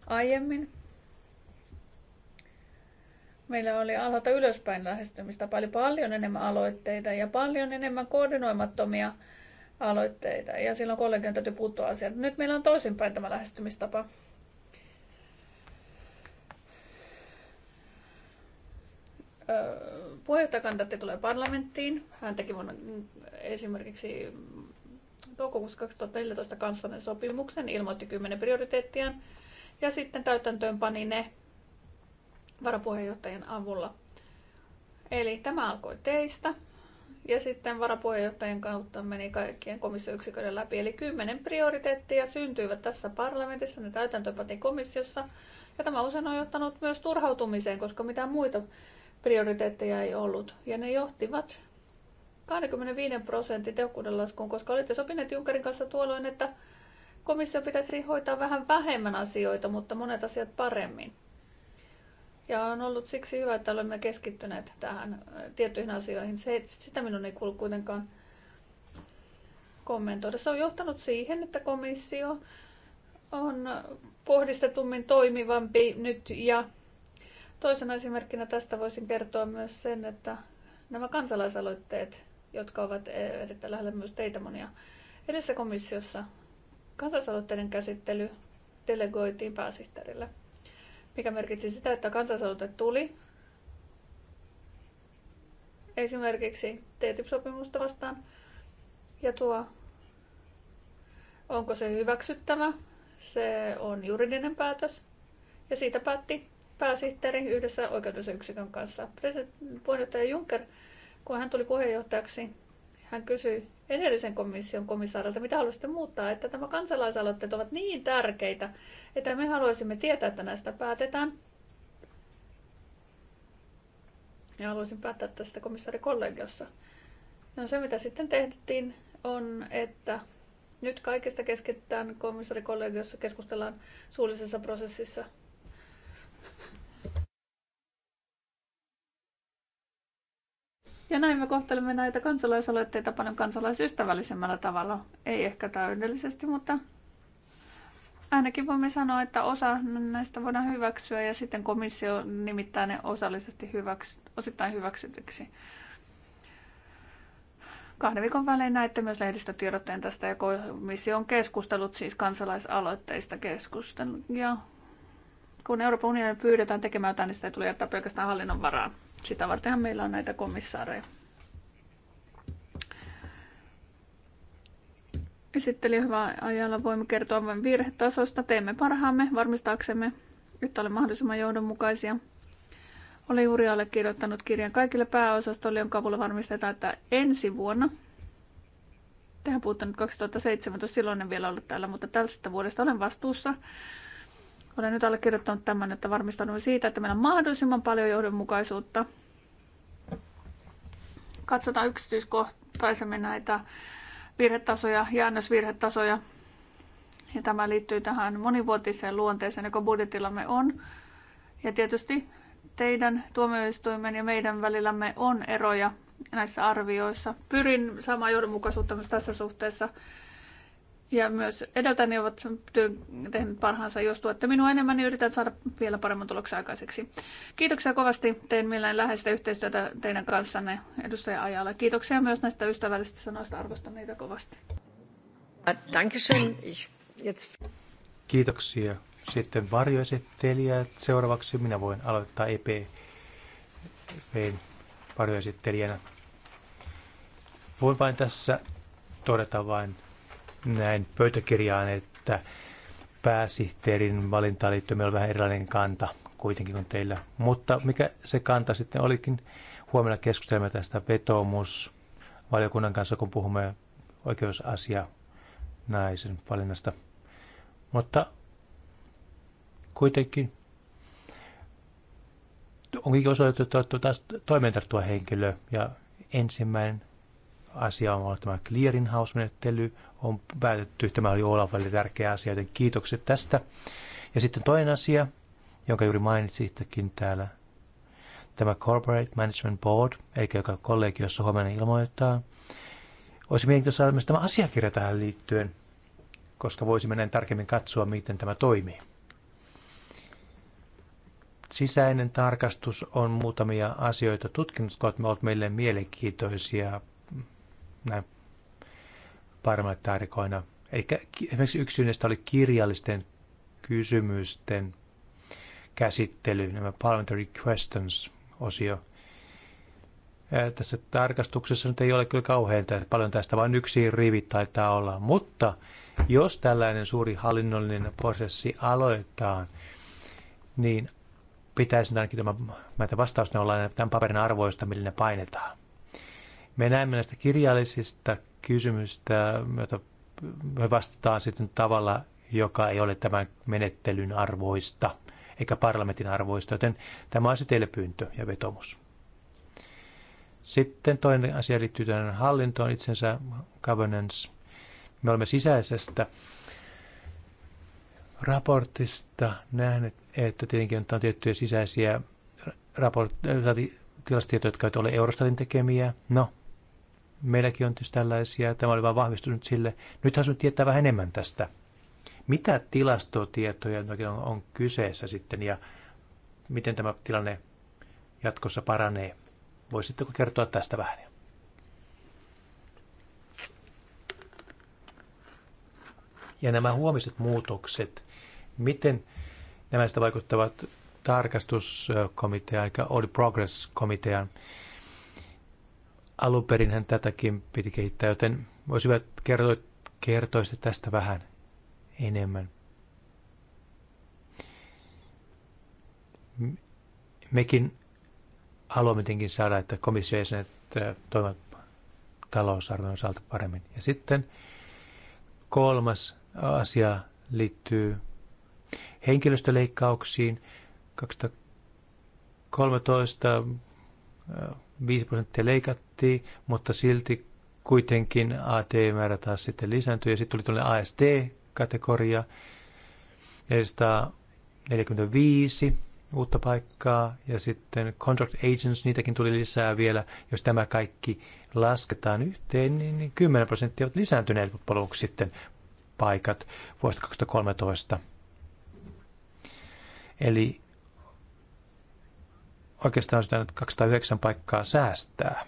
Speaker 1: Aiemmin meillä oli alhaalta ylöspäin lähestymistä paljon, paljon enemmän aloitteita ja paljon enemmän koordinoimattomia aloitteita. Ja silloin kollegion täytyy puuttua asiaan. Nyt meillä on toisinpäin tämä lähestymistapa. puheenjohtajakandidaatti tulee parlamenttiin. Hän teki vuonna mm, esimerkiksi toukokuussa 2014 kansallisen sopimuksen, ilmoitti kymmenen prioriteettiaan ja sitten täytäntöön pani ne varapuheenjohtajien avulla. Eli tämä alkoi teistä ja sitten varapuheenjohtajien kautta meni kaikkien komissioyksiköiden läpi. Eli kymmenen prioriteettia syntyivät tässä parlamentissa, ne täytäntöönpati komissiossa. Ja tämä usein on johtanut myös turhautumiseen, koska mitään muita prioriteetteja ei ollut. Ja ne johtivat 25 prosentin tehokkuuden laskuun, koska olitte sopineet Junckerin kanssa tuolloin, että komissio pitäisi hoitaa vähän vähemmän asioita, mutta monet asiat paremmin. Ja on ollut siksi hyvä, että olemme keskittyneet tähän äh, tiettyihin asioihin. Se, sitä minun ei kuulu kuitenkaan kommentoida. Se on johtanut siihen, että komissio on äh, kohdistetummin toimivampi nyt ja Toisena esimerkkinä tästä voisin kertoa myös sen, että nämä kansalaisaloitteet, jotka ovat eh, erittäin lähellä myös teitä monia, edessä komissiossa kansalaisaloitteiden käsittely delegoitiin pääsihteerille, mikä merkitsi sitä, että kansalaisaloite tuli esimerkiksi TTIP-sopimusta e vastaan, ja tuo, onko se hyväksyttävä, se on juridinen päätös, ja siitä päätti pääsihteeri yhdessä oikeudellisen kanssa. Puheenjohtaja Juncker, kun hän tuli puheenjohtajaksi, hän kysyi edellisen komission komissaarilta, mitä haluaisitte muuttaa, että tämä kansalaisaloitteet ovat niin tärkeitä, että me haluaisimme tietää, että näistä päätetään. Ja haluaisin päättää tästä komissaarikollegiossa. No se, mitä sitten tehtiin, on, että nyt kaikesta keskittään komissaarikollegiossa keskustellaan suullisessa prosessissa ja näin me kohtelemme näitä kansalaisaloitteita paljon kansalaisystävällisemmällä tavalla. Ei ehkä täydellisesti, mutta ainakin voimme sanoa, että osa näistä voidaan hyväksyä ja sitten komissio nimittää ne osallisesti hyväks- osittain hyväksytyksi. Kahden viikon välein näette myös lehdistötiedotteen tästä ja komissio on keskustellut siis kansalaisaloitteista keskustelun ja kun Euroopan unionin pyydetään tekemään jotain, niin sitä ei tule jättää pelkästään hallinnon varaan. Sitä vartenhan meillä on näitä komissaareja. Esitteli hyvä ajalla. Voimme kertoa vain virhetasosta. Teemme parhaamme varmistaaksemme, että olemme mahdollisimman johdonmukaisia. Olen juuri allekirjoittanut kirjan kaikille pääosastolle, jonka avulla varmistetaan, että ensi vuonna Tehän puhutte nyt 2017, silloin en vielä ollut täällä, mutta tästä vuodesta olen vastuussa olen nyt allekirjoittanut tämän, että varmistanut siitä, että meillä on mahdollisimman paljon johdonmukaisuutta. Katsotaan yksityiskohtaisemmin näitä virhetasoja, jäännösvirhetasoja. Ja tämä liittyy tähän monivuotiseen luonteeseen, joka budjetillamme on. Ja tietysti teidän tuomioistuimen ja meidän välillämme on eroja näissä arvioissa. Pyrin saamaan johdonmukaisuutta myös tässä suhteessa. Ja myös edeltäni ovat tehneet parhaansa. Jos tuette minua enemmän, niin yritän saada vielä paremman tuloksen aikaiseksi. Kiitoksia kovasti. Tein mielelläni läheistä yhteistyötä teidän kanssanne, edustaja Ajala. Kiitoksia myös näistä ystävällisistä sanoista. Arvostan niitä kovasti.
Speaker 2: Kiitoksia. Sitten varjoesittelijät. Seuraavaksi minä voin aloittaa EP. varjoesittelijänä. Voin vain tässä todeta vain näin pöytäkirjaan, että pääsihteerin valintaan liittyen meillä on vähän erilainen kanta kuitenkin kuin teillä. Mutta mikä se kanta sitten olikin? Huomenna keskustelemme tästä vetomus valiokunnan kanssa, kun puhumme oikeusasia naisen valinnasta. Mutta kuitenkin onkin osoitettu, että taas toimeentarttua henkilö ja ensimmäinen asia on ollut tämä clearinghouse-menettely, on päätetty. Tämä oli Olavalle tärkeä asia, joten kiitokset tästä. Ja sitten toinen asia, jonka juuri mainitsittekin täällä, tämä Corporate Management Board, eli joka kollegiossa huomenna ilmoittaa. Olisi mielenkiintoista saada myös tämä asiakirja tähän liittyen, koska voisimme näin tarkemmin katsoa, miten tämä toimii. Sisäinen tarkastus on muutamia asioita tutkinut, jotka ovat meille mielenkiintoisia näin parlamentaarikoina. Eli esimerkiksi yksi syy oli kirjallisten kysymysten käsittely, nämä parliamentary questions-osio. Tässä tarkastuksessa nyt ei ole kyllä kauhean paljon tästä, vain yksi rivi taitaa olla. Mutta jos tällainen suuri hallinnollinen prosessi aloitetaan, niin pitäisi ainakin tämä, ne vastausneuloja tämän paperin arvoista, millä ne painetaan. Me näemme näistä kirjallisista kysymystä, joita me vastataan sitten tavalla, joka ei ole tämän menettelyn arvoista eikä parlamentin arvoista, joten tämä on se teille pyyntö ja vetomus. Sitten toinen asia liittyy tähän hallintoon itsensä, governance. Me olemme sisäisestä raportista nähneet, että tietenkin on tiettyjä sisäisiä raport- äh, tilastietoja, jotka eivät ole Eurostatin tekemiä. No, Meilläkin on tietysti tällaisia, tämä oli vain vahvistunut sille. Nyt sinun tietää vähän enemmän tästä. Mitä tilastotietoja on, on kyseessä sitten ja miten tämä tilanne jatkossa paranee? Voisitteko kertoa tästä vähän? Ja nämä huomiset muutokset, miten nämä sitä vaikuttavat tarkastuskomitean, eli All Progress-komitean alun perinhän tätäkin piti kehittää, joten voisi hyvä kertoa, kertoisit tästä vähän enemmän. Mekin haluamme tietenkin saada, että komission jäsenet toimivat talousarvion osalta paremmin. Ja sitten kolmas asia liittyy henkilöstöleikkauksiin. 2013 5 prosenttia leikattiin, mutta silti kuitenkin AD-määrä taas sitten lisääntyi. Ja sitten tuli tuollainen ASD-kategoria, 445 uutta paikkaa ja sitten contract agents, niitäkin tuli lisää vielä. Jos tämä kaikki lasketaan yhteen, niin 10 niin prosenttia ovat lisääntyneet loppujen sitten paikat vuodesta 2013. Eli oikeastaan sitä 209 paikkaa säästää.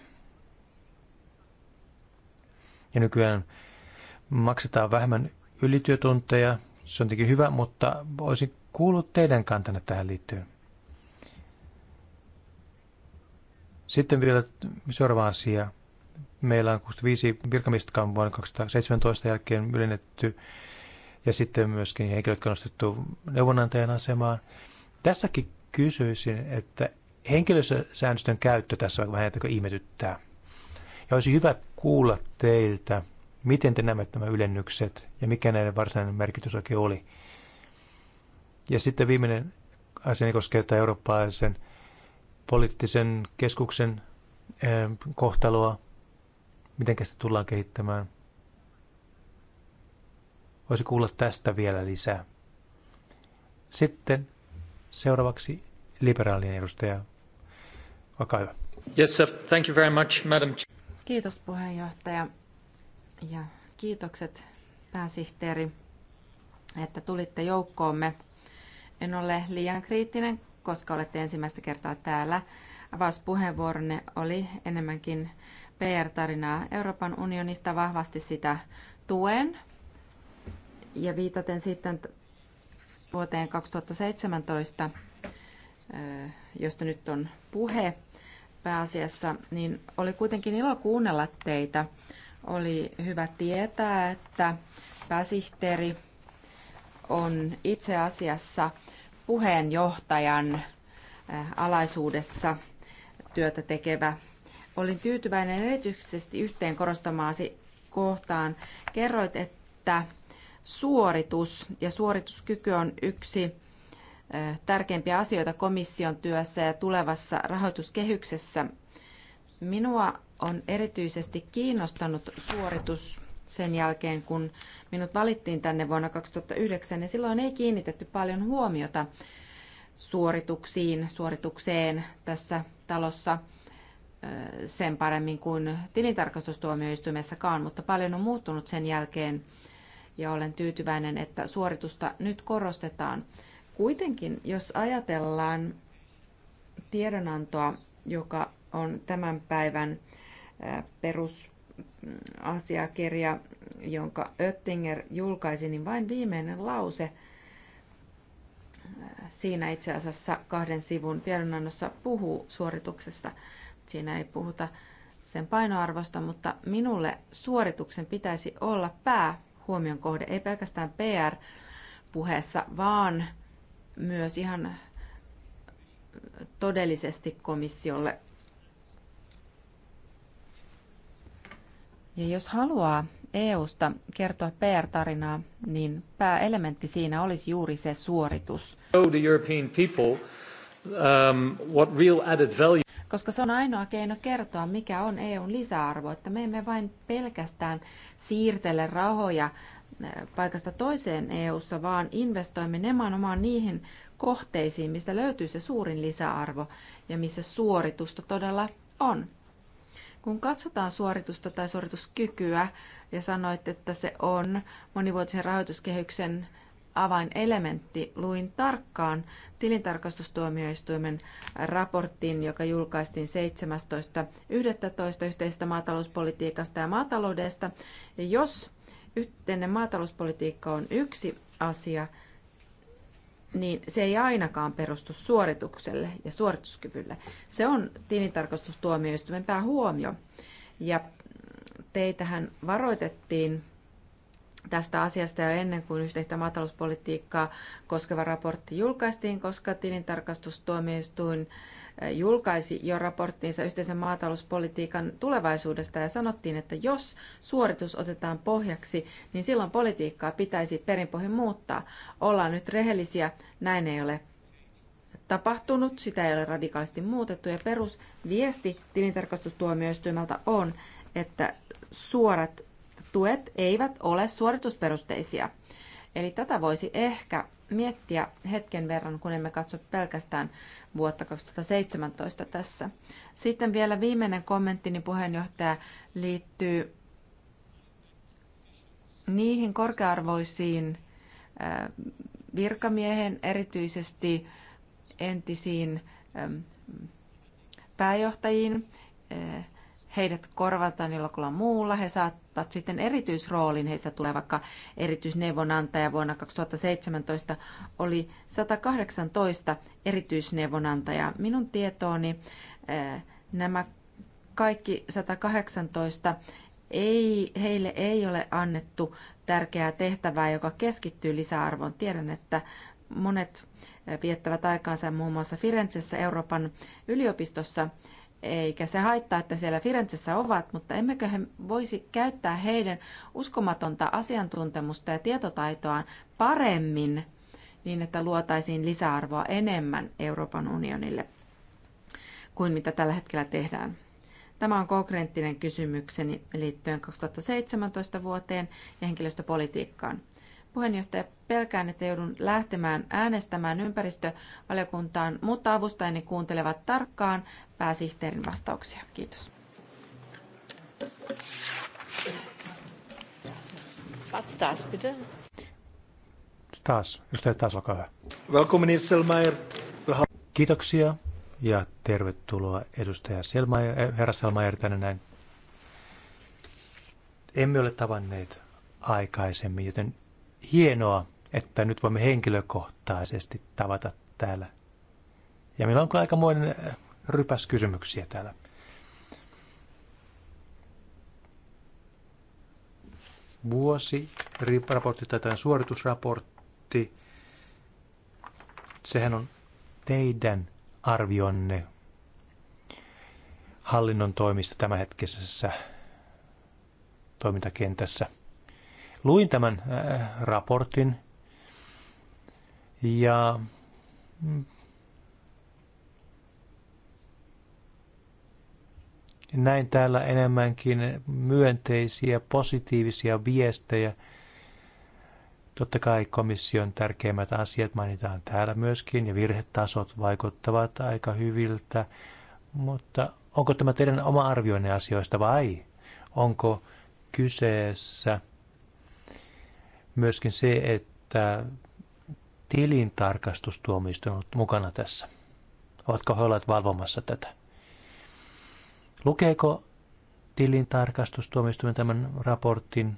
Speaker 2: Ja nykyään maksetaan vähemmän ylityötunteja, se on tietenkin hyvä, mutta olisin kuullut teidän kantanne tähän liittyen. Sitten vielä seuraava asia. Meillä on 65 virkamiestä, jotka on vuonna 2017 jälkeen ylennetty, ja sitten myöskin henkilöt, jotka on nostettu neuvonantajan asemaan. Tässäkin kysyisin, että henkilösäännöstön käyttö tässä on vähän ihmetyttää. Ja olisi hyvä kuulla teiltä, miten te näemme nämä ylennykset ja mikä näiden varsinainen merkitys oikein oli. Ja sitten viimeinen asia koskee tätä eurooppalaisen poliittisen keskuksen kohtaloa, miten sitä tullaan kehittämään. Voisi kuulla tästä vielä lisää. Sitten seuraavaksi liberaalien edustaja Olkaa hyvä. Yes, sir. Thank you very much, madam.
Speaker 3: Kiitos puheenjohtaja ja kiitokset pääsihteeri, että tulitte joukkoomme. En ole liian kriittinen, koska olette ensimmäistä kertaa täällä. Avauspuheenvuoronne oli enemmänkin PR-tarinaa Euroopan unionista, vahvasti sitä tuen. Ja viitaten sitten vuoteen 2017 josta nyt on puhe pääasiassa, niin oli kuitenkin ilo kuunnella teitä. Oli hyvä tietää, että pääsihteeri on itse asiassa puheenjohtajan alaisuudessa työtä tekevä. Olin tyytyväinen erityisesti yhteen korostamaasi kohtaan. Kerroit, että suoritus ja suorituskyky on yksi tärkeimpiä asioita komission työssä ja tulevassa rahoituskehyksessä. Minua on erityisesti kiinnostanut suoritus sen jälkeen, kun minut valittiin tänne vuonna 2009, ja silloin ei kiinnitetty paljon huomiota suorituksiin, suoritukseen tässä talossa sen paremmin kuin tilintarkastustuomioistuimessakaan, mutta paljon on muuttunut sen jälkeen ja olen tyytyväinen, että suoritusta nyt korostetaan. Kuitenkin, jos ajatellaan tiedonantoa, joka on tämän päivän perusasiakirja, jonka Oettinger julkaisi, niin vain viimeinen lause siinä itse asiassa kahden sivun tiedonannossa puhuu suorituksesta. Siinä ei puhuta sen painoarvosta, mutta minulle suorituksen pitäisi olla pää huomion kohde, ei pelkästään PR-puheessa, vaan myös ihan todellisesti komissiolle. Ja jos haluaa EUsta kertoa PR-tarinaa, niin pääelementti siinä olisi juuri se suoritus.
Speaker 2: Um,
Speaker 3: Koska se on ainoa keino kertoa, mikä on EUn lisäarvo, että me emme vain pelkästään siirtele rahoja paikasta toiseen EU-ssa, vaan investoimme nimenomaan niihin kohteisiin, mistä löytyy se suurin lisäarvo ja missä suoritusta todella on. Kun katsotaan suoritusta tai suorituskykyä ja sanoit, että se on monivuotisen rahoituskehyksen avainelementti, luin tarkkaan tilintarkastustuomioistuimen raportin, joka julkaistiin 17.11. yhteisestä maatalouspolitiikasta ja maataloudesta. Ja jos yhteinen maatalouspolitiikka on yksi asia, niin se ei ainakaan perustu suoritukselle ja suorituskyvylle. Se on tilintarkastustuomioistuimen päähuomio. Ja teitähän varoitettiin tästä asiasta jo ennen kuin yhteistä maatalouspolitiikkaa koskeva raportti julkaistiin, koska tilintarkastustuomioistuin äh, julkaisi jo raporttinsa yhteisen maatalouspolitiikan tulevaisuudesta ja sanottiin, että jos suoritus otetaan pohjaksi, niin silloin politiikkaa pitäisi perinpohjin muuttaa. Ollaan nyt rehellisiä, näin ei ole tapahtunut, sitä ei ole radikaalisti muutettu ja perusviesti tilintarkastustuomioistuimelta on, että suorat tuet eivät ole suoritusperusteisia. Eli tätä voisi ehkä miettiä hetken verran, kun emme katso pelkästään vuotta 2017 tässä. Sitten vielä viimeinen kommenttini niin puheenjohtaja liittyy niihin korkearvoisiin virkamiehen, erityisesti entisiin pääjohtajiin, heidät korvataan jollakulla muulla. He saattavat sitten erityisroolin. Heistä tulee vaikka erityisneuvonantaja. Vuonna 2017 oli 118 erityisneuvonantajaa. Minun tietooni eh, nämä kaikki 118 ei, heille ei ole annettu tärkeää tehtävää, joka keskittyy lisäarvoon. Tiedän, että monet eh, viettävät aikaansa muun muassa Firenzessä Euroopan yliopistossa – eikä se haittaa, että siellä Firenzessä ovat, mutta emmekö he voisi käyttää heidän uskomatonta asiantuntemusta ja tietotaitoaan paremmin niin, että luotaisiin lisäarvoa enemmän Euroopan unionille kuin mitä tällä hetkellä tehdään. Tämä on konkreettinen kysymykseni liittyen 2017 vuoteen ja henkilöstöpolitiikkaan. Puheenjohtaja, pelkään, että joudun lähtemään äänestämään ympäristövaliokuntaan, mutta avustajani kuuntelevat tarkkaan pääsihteerin vastauksia. Kiitos. Stas, bitte.
Speaker 2: Stas, edustaja Stas, olkaa hyvä. Welcome, Selmayr. Kiitoksia ja tervetuloa edustaja Selmayr, eh, herra Selmayr tänne näin. Emme ole tavanneet aikaisemmin, joten hienoa, että nyt voimme henkilökohtaisesti tavata täällä. Ja meillä on kyllä aikamoinen äh, rypäs kysymyksiä täällä. Vuosi, raportti tai tämän suoritusraportti, sehän on teidän arvionne hallinnon toimista tämänhetkisessä toimintakentässä – Luin tämän äh, raportin ja mm, näin täällä enemmänkin myönteisiä, positiivisia viestejä. Totta kai komission tärkeimmät asiat mainitaan täällä myöskin ja virhetasot vaikuttavat aika hyviltä, mutta onko tämä teidän oma arvioinne asioista vai onko kyseessä myöskin se, että tilintarkastustuomioistuin on mukana tässä. Ovatko he olleet valvomassa tätä? Lukeeko tilintarkastustuomioistuin tämän raportin?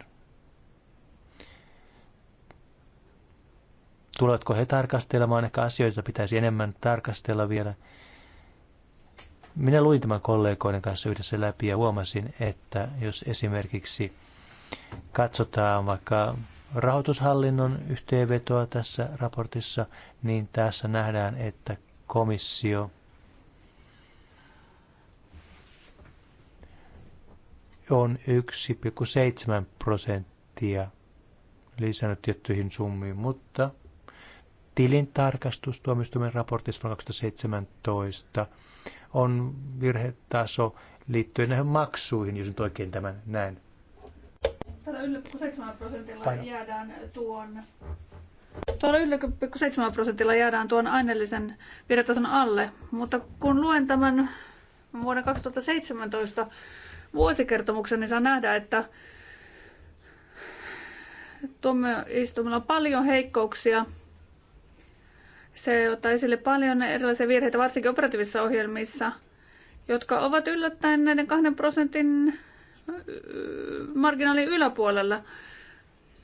Speaker 2: Tuletko he tarkastelemaan? Ehkä asioita pitäisi enemmän tarkastella vielä. Minä luin tämän kollegoiden kanssa yhdessä läpi ja huomasin, että jos esimerkiksi katsotaan vaikka rahoitushallinnon yhteenvetoa tässä raportissa, niin tässä nähdään, että komissio on 1,7 prosenttia lisännyt tiettyihin summiin, mutta tilintarkastus tuomioistuimen raportissa vuonna 2017 on virhetaso liittyen näihin maksuihin, jos nyt oikein tämän näin.
Speaker 1: Tällä yllä, prosentilla 7 jäädään tuon prosentilla jäädään tuon aineellisen virtason alle, mutta kun luen tämän vuoden 2017 vuosikertomuksen, niin saa nähdä, että tuomioistuimella on paljon heikkouksia. Se ottaa esille paljon erilaisia virheitä, varsinkin operatiivisissa ohjelmissa, jotka ovat yllättäen näiden kahden prosentin marginaalin yläpuolella.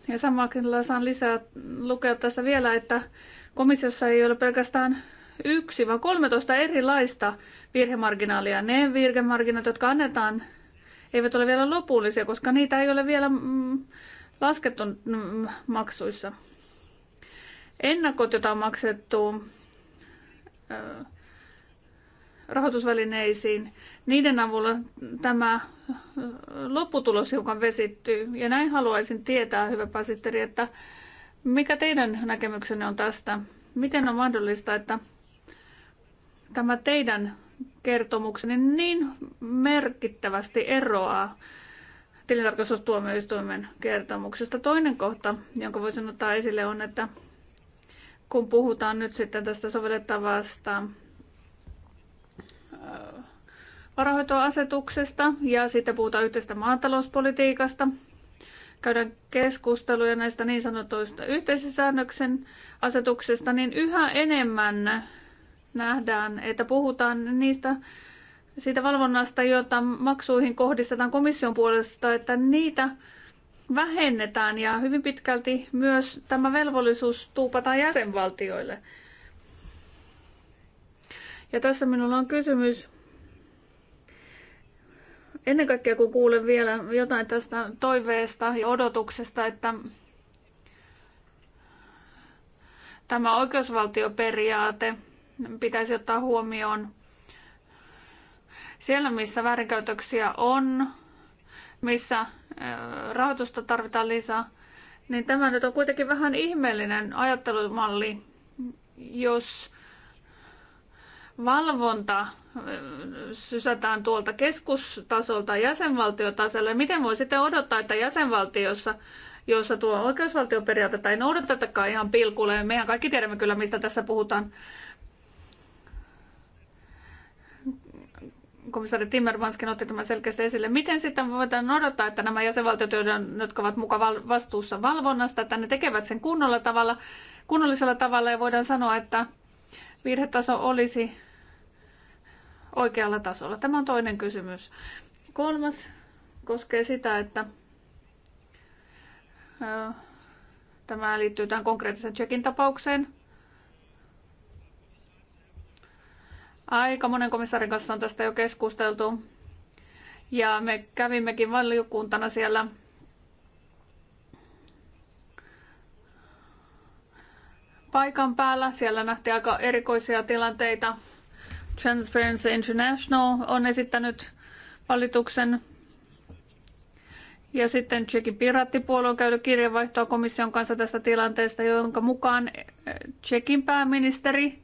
Speaker 1: Ja samalla saan lisää lukea tästä vielä, että komissiossa ei ole pelkästään yksi, vaan 13 erilaista virhemarginaalia. Ne virhemarginaalit, jotka annetaan, eivät ole vielä lopullisia, koska niitä ei ole vielä mm, laskettu mm, maksuissa. Ennakot, joita on maksettu rahoitusvälineisiin, niiden avulla tämä lopputulos hiukan vesittyy. Ja näin haluaisin tietää, hyvä pääsihteeri, että mikä teidän näkemyksenne on tästä? Miten on mahdollista, että tämä teidän kertomukseni niin merkittävästi eroaa tilintarkastustuomioistuimen kertomuksesta? Toinen kohta, jonka voisin ottaa esille, on, että kun puhutaan nyt sitten tästä sovellettavasta varahoitoasetuksesta ja sitten puhutaan yhteistä maatalouspolitiikasta. Käydään keskusteluja näistä niin sanotuista yhteisisäännöksen asetuksesta, niin yhä enemmän nähdään, että puhutaan niistä siitä valvonnasta, jota maksuihin kohdistetaan komission puolesta, että niitä vähennetään ja hyvin pitkälti myös tämä velvollisuus tuupataan jäsenvaltioille. Ja tässä minulla on kysymys Ennen kaikkea kun kuulen vielä jotain tästä toiveesta ja odotuksesta, että tämä oikeusvaltioperiaate pitäisi ottaa huomioon siellä, missä väärinkäytöksiä on, missä rahoitusta tarvitaan lisää, niin tämä nyt on kuitenkin vähän ihmeellinen ajattelumalli, jos valvonta sysätään tuolta keskustasolta jäsenvaltiotasolle, miten voi sitten odottaa, että jäsenvaltiossa jossa tuo oikeusvaltioperiaate ei noudatetakaan ihan pilkulle. Mehän kaikki tiedämme kyllä, mistä tässä puhutaan. Komissaari Timmermanskin otti tämän selkeästi esille. Miten sitten voidaan noudattaa, että nämä jäsenvaltiot, jotka ovat mukaan vastuussa valvonnasta, että ne tekevät sen kunnolla tavalla, kunnollisella tavalla ja voidaan sanoa, että virhetaso olisi oikealla tasolla? Tämä on toinen kysymys. Kolmas koskee sitä, että tämä liittyy tähän konkreettiseen checkin tapaukseen. Aika monen komissaarin kanssa on tästä jo keskusteltu. Ja me kävimmekin valiokuntana siellä paikan päällä. Siellä nähtiin aika erikoisia tilanteita. Transparency International on esittänyt valituksen. Ja sitten Tsekin piraattipuolue on käynyt kirjanvaihtoa komission kanssa tästä tilanteesta, jonka mukaan eh, Tsekin pääministeri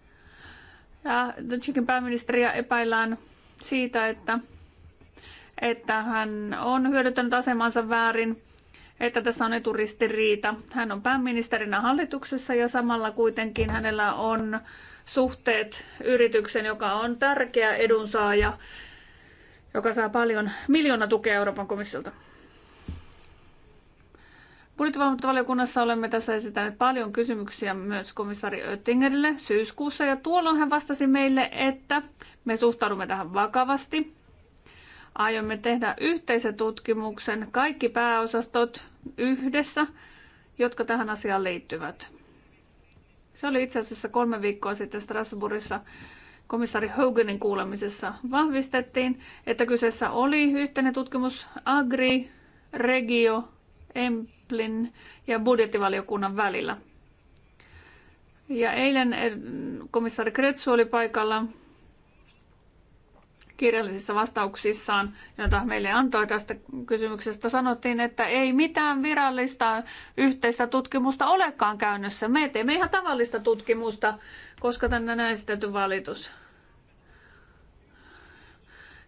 Speaker 1: ja Tsekin pääministeriä epäillään siitä, että, että hän on hyödyntänyt asemansa väärin, että tässä on eturistiriita. Hän on pääministerinä hallituksessa ja samalla kuitenkin hänellä on suhteet yrityksen, joka on tärkeä edunsaaja, joka saa paljon miljoona tukea Euroopan komissiolta. Budjettivalvontavaliokunnassa olemme tässä esittäneet paljon kysymyksiä myös komissaari Oettingerille syyskuussa, ja tuolloin hän vastasi meille, että me suhtaudumme tähän vakavasti. Aiomme tehdä yhteisen tutkimuksen, kaikki pääosastot yhdessä, jotka tähän asiaan liittyvät. Se oli itse asiassa kolme viikkoa sitten Strasbourgissa komissaari Hoganin kuulemisessa vahvistettiin, että kyseessä oli yhteinen tutkimus Agri, Regio, Emplin ja budjettivaliokunnan välillä. Ja eilen eh, komissaari Kretsu oli paikalla kirjallisissa vastauksissaan, joita meille antoi tästä kysymyksestä, sanottiin, että ei mitään virallista yhteistä tutkimusta olekaan käynnissä. Me teemme ihan tavallista tutkimusta, koska tänne on esitetty valitus.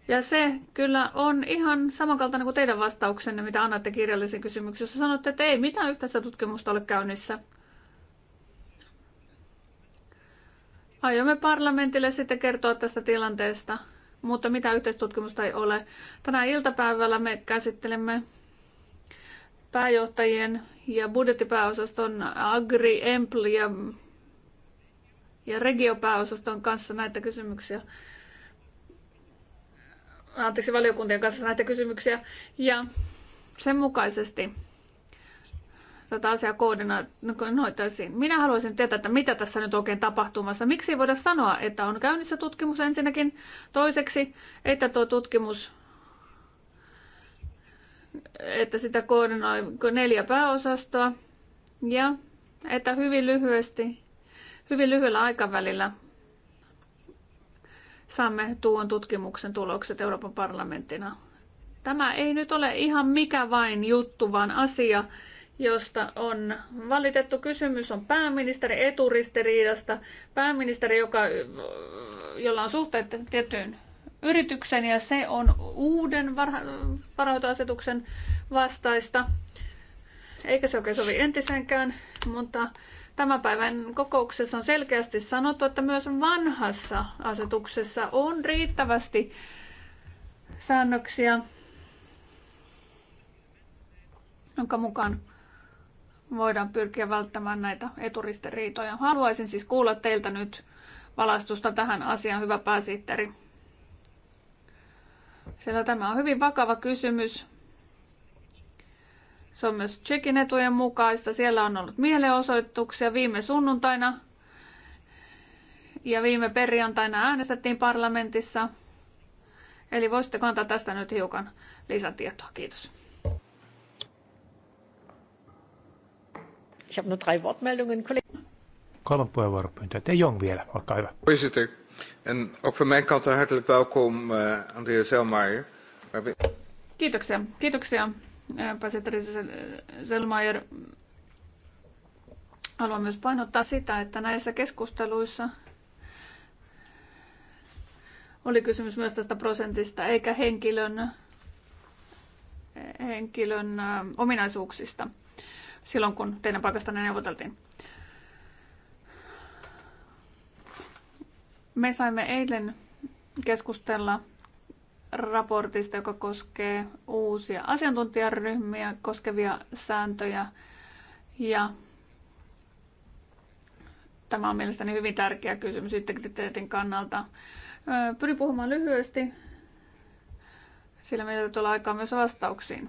Speaker 1: Ja se kyllä on ihan samankaltainen kuin teidän vastauksenne, mitä annatte kirjallisen kysymyksessä sanotte, että ei mitään yhteistä tutkimusta ole käynnissä. Aiomme parlamentille sitten kertoa tästä tilanteesta mutta mitä yhteistutkimusta ei ole. Tänä iltapäivällä me käsittelemme pääjohtajien ja budjettipääosaston Agri, Empl ja, ja regiopääosaston kanssa näitä kysymyksiä. Anteeksi, valiokuntien kanssa näitä kysymyksiä. Ja sen mukaisesti tätä asiaa koordinoitaisiin. No, Minä haluaisin tietää, että mitä tässä nyt oikein tapahtumassa. Miksi ei voida sanoa, että on käynnissä tutkimus ensinnäkin, toiseksi, että tuo tutkimus että sitä koordinoi neljä pääosastoa ja että hyvin lyhyesti, hyvin lyhyellä aikavälillä saamme tuon tutkimuksen tulokset Euroopan parlamenttina. Tämä ei nyt ole ihan mikä vain juttu, vaan asia, josta on valitettu. Kysymys on pääministeri eturistiriidasta. Pääministeri, joka, jolla on suhteet tiettyyn yritykseen ja se on uuden varhoitoasetuksen vastaista. Eikä se oikein sovi entisenkään, mutta tämän päivän kokouksessa on selkeästi sanottu, että myös vanhassa asetuksessa on riittävästi säännöksiä, jonka mukaan voidaan pyrkiä välttämään näitä eturistiriitoja. Haluaisin siis kuulla teiltä nyt valaistusta tähän asiaan, hyvä pääsihteeri. Sillä tämä on hyvin vakava kysymys. Se on myös Tsekin etujen mukaista. Siellä on ollut mielenosoituksia viime sunnuntaina ja viime perjantaina äänestettiin parlamentissa. Eli voisitteko antaa tästä nyt hiukan lisätietoa? Kiitos. Ich habe nur drei Wortmeldungen.
Speaker 2: Kolme puheenvuoropyyntöä. Te Jong vielä, olkaa hyvä. en ook van mijn kant hartelijk welkom uh, eh, Andreas Elmaier.
Speaker 1: Kiitoksia, kiitoksia. Eh, pääsihteeri Selmayr, haluan myös painottaa sitä, että näissä keskusteluissa oli kysymys myös tästä prosentista, eikä henkilön, eh, henkilön ominaisuuksista silloin, kun teidän paikastanne neuvoteltiin. Me saimme eilen keskustella raportista, joka koskee uusia asiantuntijaryhmiä koskevia sääntöjä. Ja tämä on mielestäni hyvin tärkeä kysymys integriteetin kannalta. Pyrin puhumaan lyhyesti, sillä meillä tulee aikaa myös vastauksiin.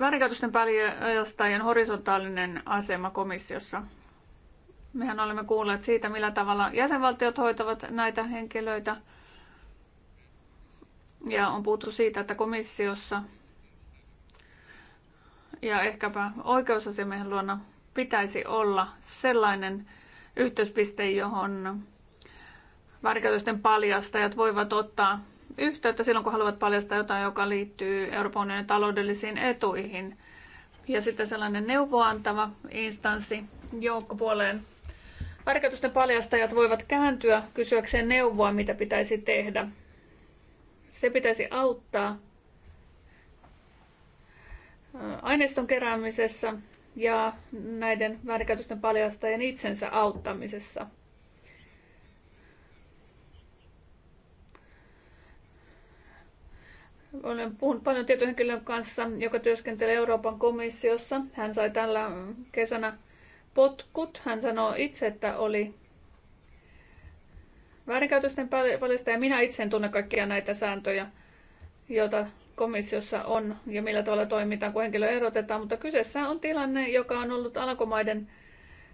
Speaker 1: väärinkäytösten paljastajien horisontaalinen asema komissiossa. Mehän olemme kuulleet siitä, millä tavalla jäsenvaltiot hoitavat näitä henkilöitä. Ja on puhuttu siitä, että komissiossa ja ehkäpä oikeusasiamiehen luona pitäisi olla sellainen yhteyspiste, johon väärinkäytösten paljastajat voivat ottaa yhteyttä silloin, kun haluavat paljastaa jotain, joka liittyy Euroopan unionin taloudellisiin etuihin. Ja sitten sellainen neuvoantava instanssi joukkopuoleen. Värkätysten paljastajat voivat kääntyä kysyäkseen neuvoa, mitä pitäisi tehdä. Se pitäisi auttaa äh, aineiston keräämisessä ja näiden väärinkäytösten paljastajien itsensä auttamisessa – Olen puhunut paljon tietohenkilön kanssa, joka työskentelee Euroopan komissiossa. Hän sai tällä kesänä potkut. Hän sanoo itse, että oli väärinkäytösten paljasta ja minä itse en tunne kaikkia näitä sääntöjä, joita komissiossa on ja millä tavalla toimitaan, kun henkilö erotetaan, mutta kyseessä on tilanne, joka on ollut alakomaiden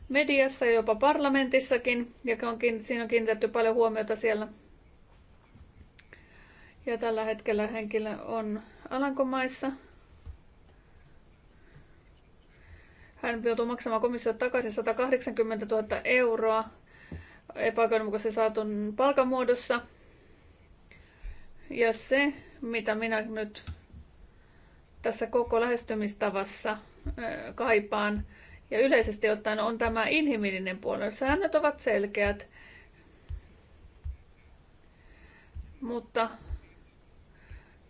Speaker 1: mediassa ja jopa parlamentissakin, ja on, siinä on kiinnitetty paljon huomiota siellä ja tällä hetkellä henkilö on Alankomaissa. Hän joutuu maksamaan komissiolle takaisin 180 000 euroa epäoikeudenmukaisesti saatun palkan muodossa. Ja se, mitä minä nyt tässä koko lähestymistavassa kaipaan, ja yleisesti ottaen on tämä inhimillinen puoli. No, säännöt ovat selkeät, mutta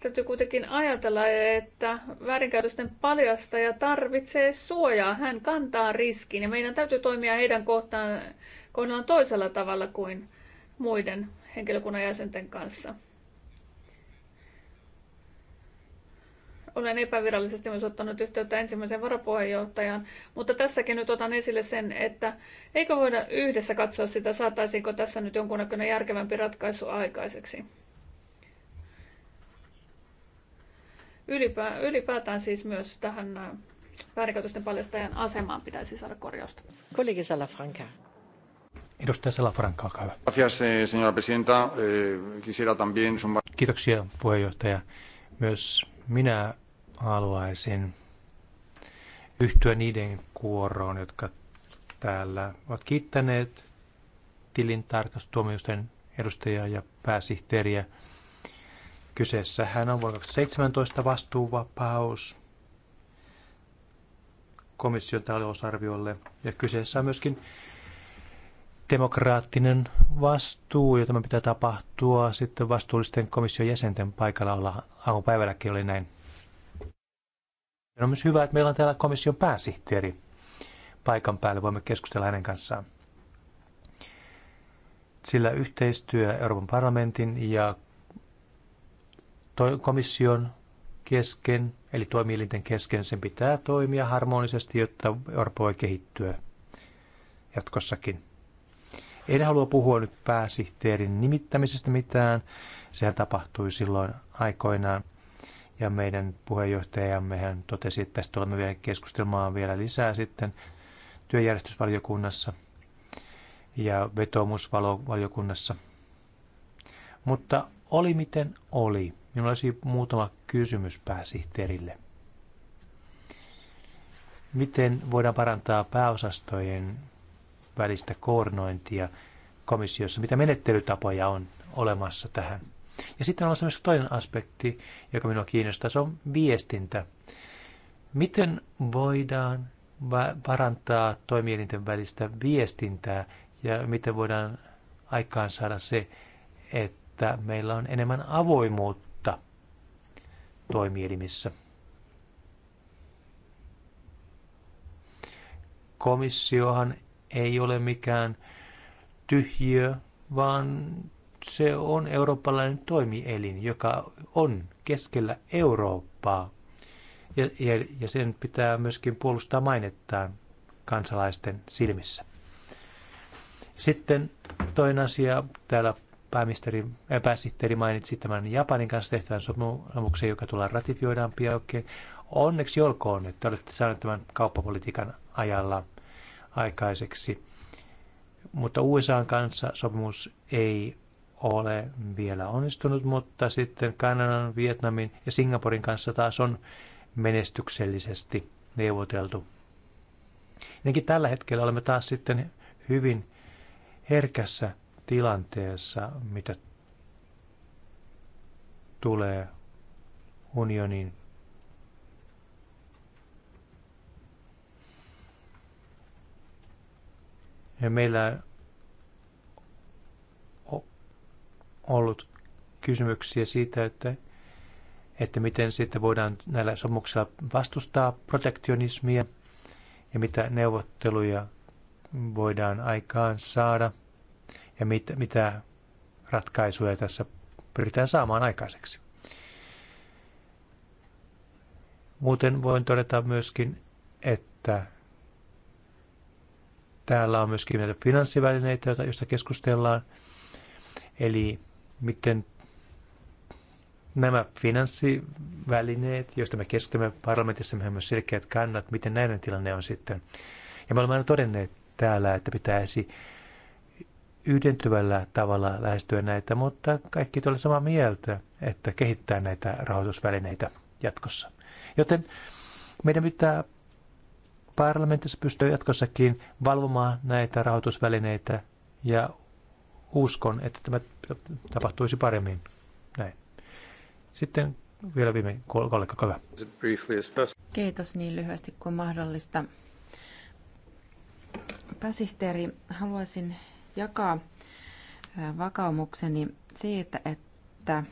Speaker 1: Täytyy kuitenkin ajatella, että väärinkäytösten paljastaja tarvitsee suojaa. Hän kantaa riskin ja meidän täytyy toimia heidän kohtaan, kohdallaan toisella tavalla kuin muiden henkilökunnan jäsenten kanssa. Olen epävirallisesti myös ottanut yhteyttä ensimmäiseen varapuheenjohtajaan, mutta tässäkin nyt otan esille sen, että eikö voida yhdessä katsoa sitä, saataisiinko tässä nyt jonkunnäköinen järkevämpi ratkaisu aikaiseksi. ylipä, ylipäätään siis myös tähän äh, väärinkäytösten paljastajan asemaan pitäisi saada korjausta.
Speaker 3: Kollegi Salafranca.
Speaker 2: Edustaja Salafranca, olkaa hyvä.
Speaker 1: Gracias, eh, señora presidenta. Eh, quisiera también sumar...
Speaker 2: Kiitoksia, puheenjohtaja. Myös minä haluaisin yhtyä niiden kuoroon, jotka täällä ovat kiittäneet tilintarkastustuomioisten edustajaa ja pääsihteeriä – Kyseessähän on vuonna 2017 vastuuvapaus komission talousarviolle ja kyseessä on myöskin demokraattinen vastuu jota tämä pitää tapahtua sitten vastuullisten komission jäsenten paikalla olla aamupäivälläkin oli näin. Ja on myös hyvä, että meillä on täällä komission pääsihteeri paikan päällä, voimme keskustella hänen kanssaan. Sillä yhteistyö Euroopan parlamentin ja komission kesken, eli toimielinten kesken, sen pitää toimia harmonisesti, jotta Orpo voi kehittyä jatkossakin. En halua puhua nyt pääsihteerin nimittämisestä mitään. Sehän tapahtui silloin aikoinaan. Ja meidän puheenjohtajamme hän totesi, että tästä tulemme vielä keskustelemaan vielä lisää sitten työjärjestysvaliokunnassa ja vetomusvaliokunnassa. Mutta oli miten oli. Minulla olisi muutama kysymys pääsihteerille. Miten voidaan parantaa pääosastojen välistä koordinointia komissiossa? Mitä menettelytapoja on olemassa tähän? Ja sitten on olemassa myös toinen aspekti, joka minua kiinnostaa, se on viestintä. Miten voidaan parantaa toimielinten välistä viestintää ja miten voidaan aikaan saada se, että meillä on enemmän avoimuutta toimielimissä. Komissiohan ei ole mikään tyhjiö, vaan se on eurooppalainen toimielin, joka on keskellä Eurooppaa. Ja, ja, ja sen pitää myöskin puolustaa mainettaan kansalaisten silmissä. Sitten toinen asia, täällä pääministeri, äh, pääsihteeri mainitsi tämän Japanin kanssa tehtävän sopimuksen, joka tullaan ratifioidaan pian oikein. Onneksi olkoon, että olette saaneet tämän kauppapolitiikan ajalla aikaiseksi. Mutta USA kanssa sopimus ei ole vielä onnistunut, mutta sitten Kanadan, Vietnamin ja Singaporin kanssa taas on menestyksellisesti neuvoteltu. Ennenkin tällä hetkellä olemme taas sitten hyvin herkässä tilanteessa, mitä tulee unionin ja meillä on ollut kysymyksiä siitä, että, että miten sitten voidaan näillä sopimuksilla vastustaa protektionismia ja mitä neuvotteluja voidaan aikaan saada – ja mit, mitä ratkaisuja tässä pyritään saamaan aikaiseksi. Muuten voin todeta myöskin, että täällä on myöskin näitä finanssivälineitä, joista keskustellaan. Eli miten nämä finanssivälineet, joista me keskustelemme parlamentissa, me myös selkeät kannat, miten näiden tilanne on sitten. Ja me olemme aina todenneet täällä, että pitäisi yhdentyvällä tavalla lähestyä näitä, mutta kaikki tulee samaa mieltä, että kehittää näitä rahoitusvälineitä jatkossa. Joten meidän pitää parlamentissa pystyä jatkossakin valvomaan näitä rahoitusvälineitä ja uskon, että tämä tapahtuisi paremmin näin. Sitten vielä viime kollega Kavä.
Speaker 3: Kiitos niin lyhyesti kuin mahdollista. Pääsihteeri, haluaisin jakaa vakaumukseni siitä, että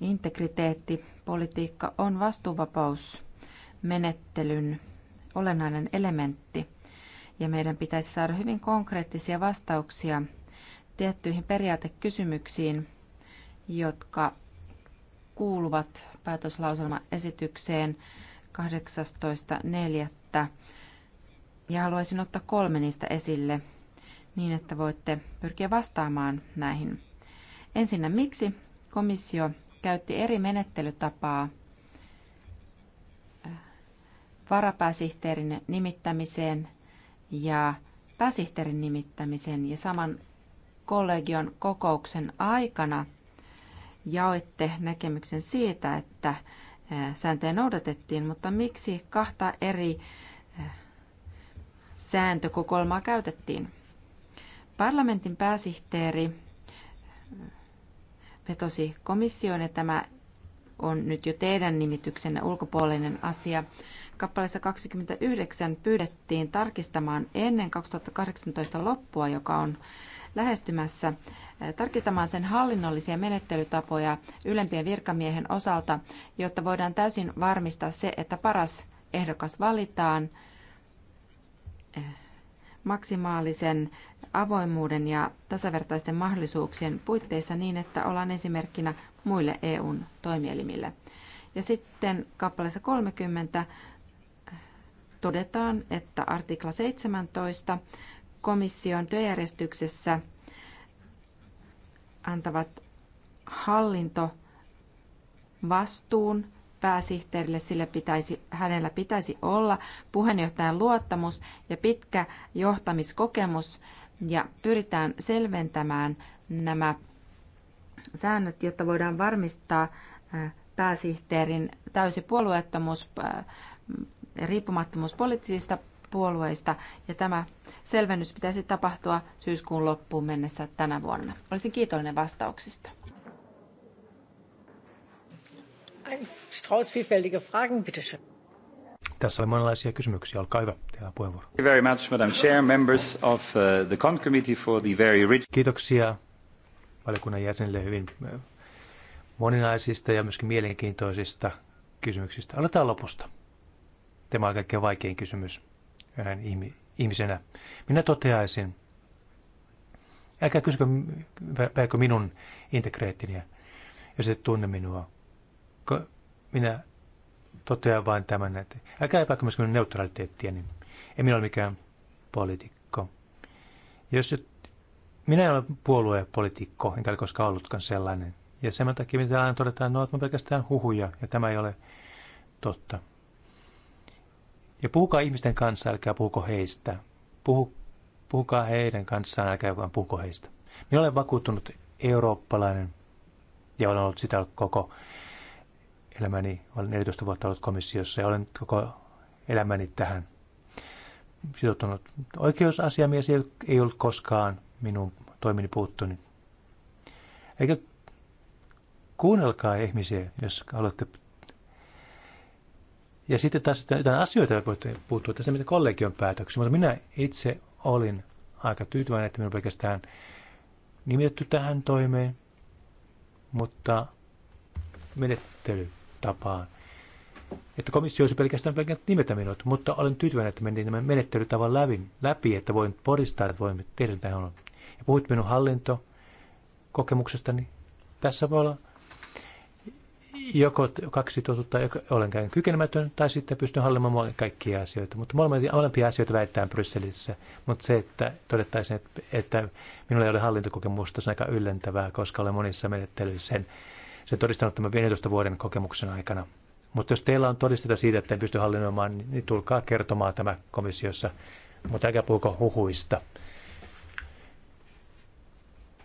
Speaker 3: integriteettipolitiikka on vastuuvapausmenettelyn olennainen elementti ja meidän pitäisi saada hyvin konkreettisia vastauksia tiettyihin periaatekysymyksiin, jotka kuuluvat päätöslauselmaesitykseen 18.4 ja haluaisin ottaa kolme niistä esille niin, että voitte pyrkiä vastaamaan näihin. Ensinnä, miksi komissio käytti eri menettelytapaa äh, varapääsihteerin nimittämiseen ja pääsihteerin nimittämiseen, ja saman kollegion kokouksen aikana jaoitte näkemyksen siitä, että äh, sääntöjä noudatettiin, mutta miksi kahta eri sääntökokoelmaa käytettiin. Parlamentin pääsihteeri vetosi komissioon ja tämä on nyt jo teidän nimityksenne ulkopuolinen asia. Kappaleessa 29 pyydettiin tarkistamaan ennen 2018 loppua, joka on lähestymässä, tarkistamaan sen hallinnollisia menettelytapoja ylempien virkamiehen osalta, jotta voidaan täysin varmistaa se, että paras ehdokas valitaan – maksimaalisen avoimuuden ja tasavertaisten mahdollisuuksien puitteissa niin, että ollaan esimerkkinä muille EUn toimielimille. Ja sitten kappaleessa 30 todetaan, että artikla 17 komission työjärjestyksessä antavat hallinto vastuun pääsihteerille, sillä pitäisi, hänellä pitäisi olla puheenjohtajan luottamus ja pitkä johtamiskokemus ja pyritään selventämään nämä säännöt, jotta voidaan varmistaa pääsihteerin täysi puolueettomuus, riippumattomuus poliittisista puolueista ja tämä selvennys pitäisi tapahtua syyskuun loppuun mennessä tänä vuonna. Olisin kiitollinen vastauksista.
Speaker 1: Ein Strauß vielfältiger Fragen, bitte schön.
Speaker 2: Tässä oli monenlaisia kysymyksiä. Olkaa hyvä, teillä on puheenvuoro. Thank you very much, Madam Chair, members of uh, the Con Committee for the very rich... Kiitoksia valiokunnan jäsenille hyvin äh, moninaisista ja myöskin mielenkiintoisista kysymyksistä. Aloitetaan lopusta. Tämä on kaikkein vaikein kysymys näin ihmisenä. Minä toteaisin, älkää kysykö minun integreettiniä, jos et tunne minua minä totean vain tämän, että älkää epäkö myös neutraliteettia, niin en minä ole mikään poliitikko. Jos et, minä en ole puoluepolitiikko, enkä ole koskaan ollutkaan sellainen. Ja sen takia mitä aina todetaan, no, että on pelkästään huhuja, ja tämä ei ole totta. Ja puhukaa ihmisten kanssa, älkää puhuko heistä. Puhu, puhukaa heidän kanssaan, älkää vaan puhuko heistä. Minä olen vakuuttunut eurooppalainen, ja olen ollut sitä koko elämäni, olen 14 vuotta ollut komissiossa ja olen koko elämäni tähän sitoutunut. Oikeusasiamies ei ollut koskaan minun toimini puuttunut. Eikä kuunnelkaa ihmisiä, jos haluatte. Ja sitten taas jotain asioita voitte puuttua se mitä kollegion päätöksiä, mutta minä itse olin aika tyytyväinen, että minun pelkästään nimetty tähän toimeen, mutta menettely tapaan. Että komissio olisi pelkästään pelkästään nimetä minut, mutta olen tyytyväinen, että menin tämän menettelytavan läpi, läpi että voin poristaa, että voimme tehdä tähän on. Ja puhuit minun hallinto kokemuksestani. Tässä voi olla joko kaksi totuutta, joka olen kykenemätön, tai sitten pystyn hallimaan kaikkia asioita. Mutta molempia, asioita väittää Brysselissä. Mutta se, että todettaisiin, että, että minulla ei ole hallintokokemusta, se on aika yllentävää, koska olen monissa menettelyissä sen se todistanut tämän 15 vuoden kokemuksen aikana. Mutta jos teillä on todisteita siitä, että en pysty hallinnoimaan, niin, niin tulkaa kertomaan tämä komissiossa. Mutta älkää puhuko huhuista.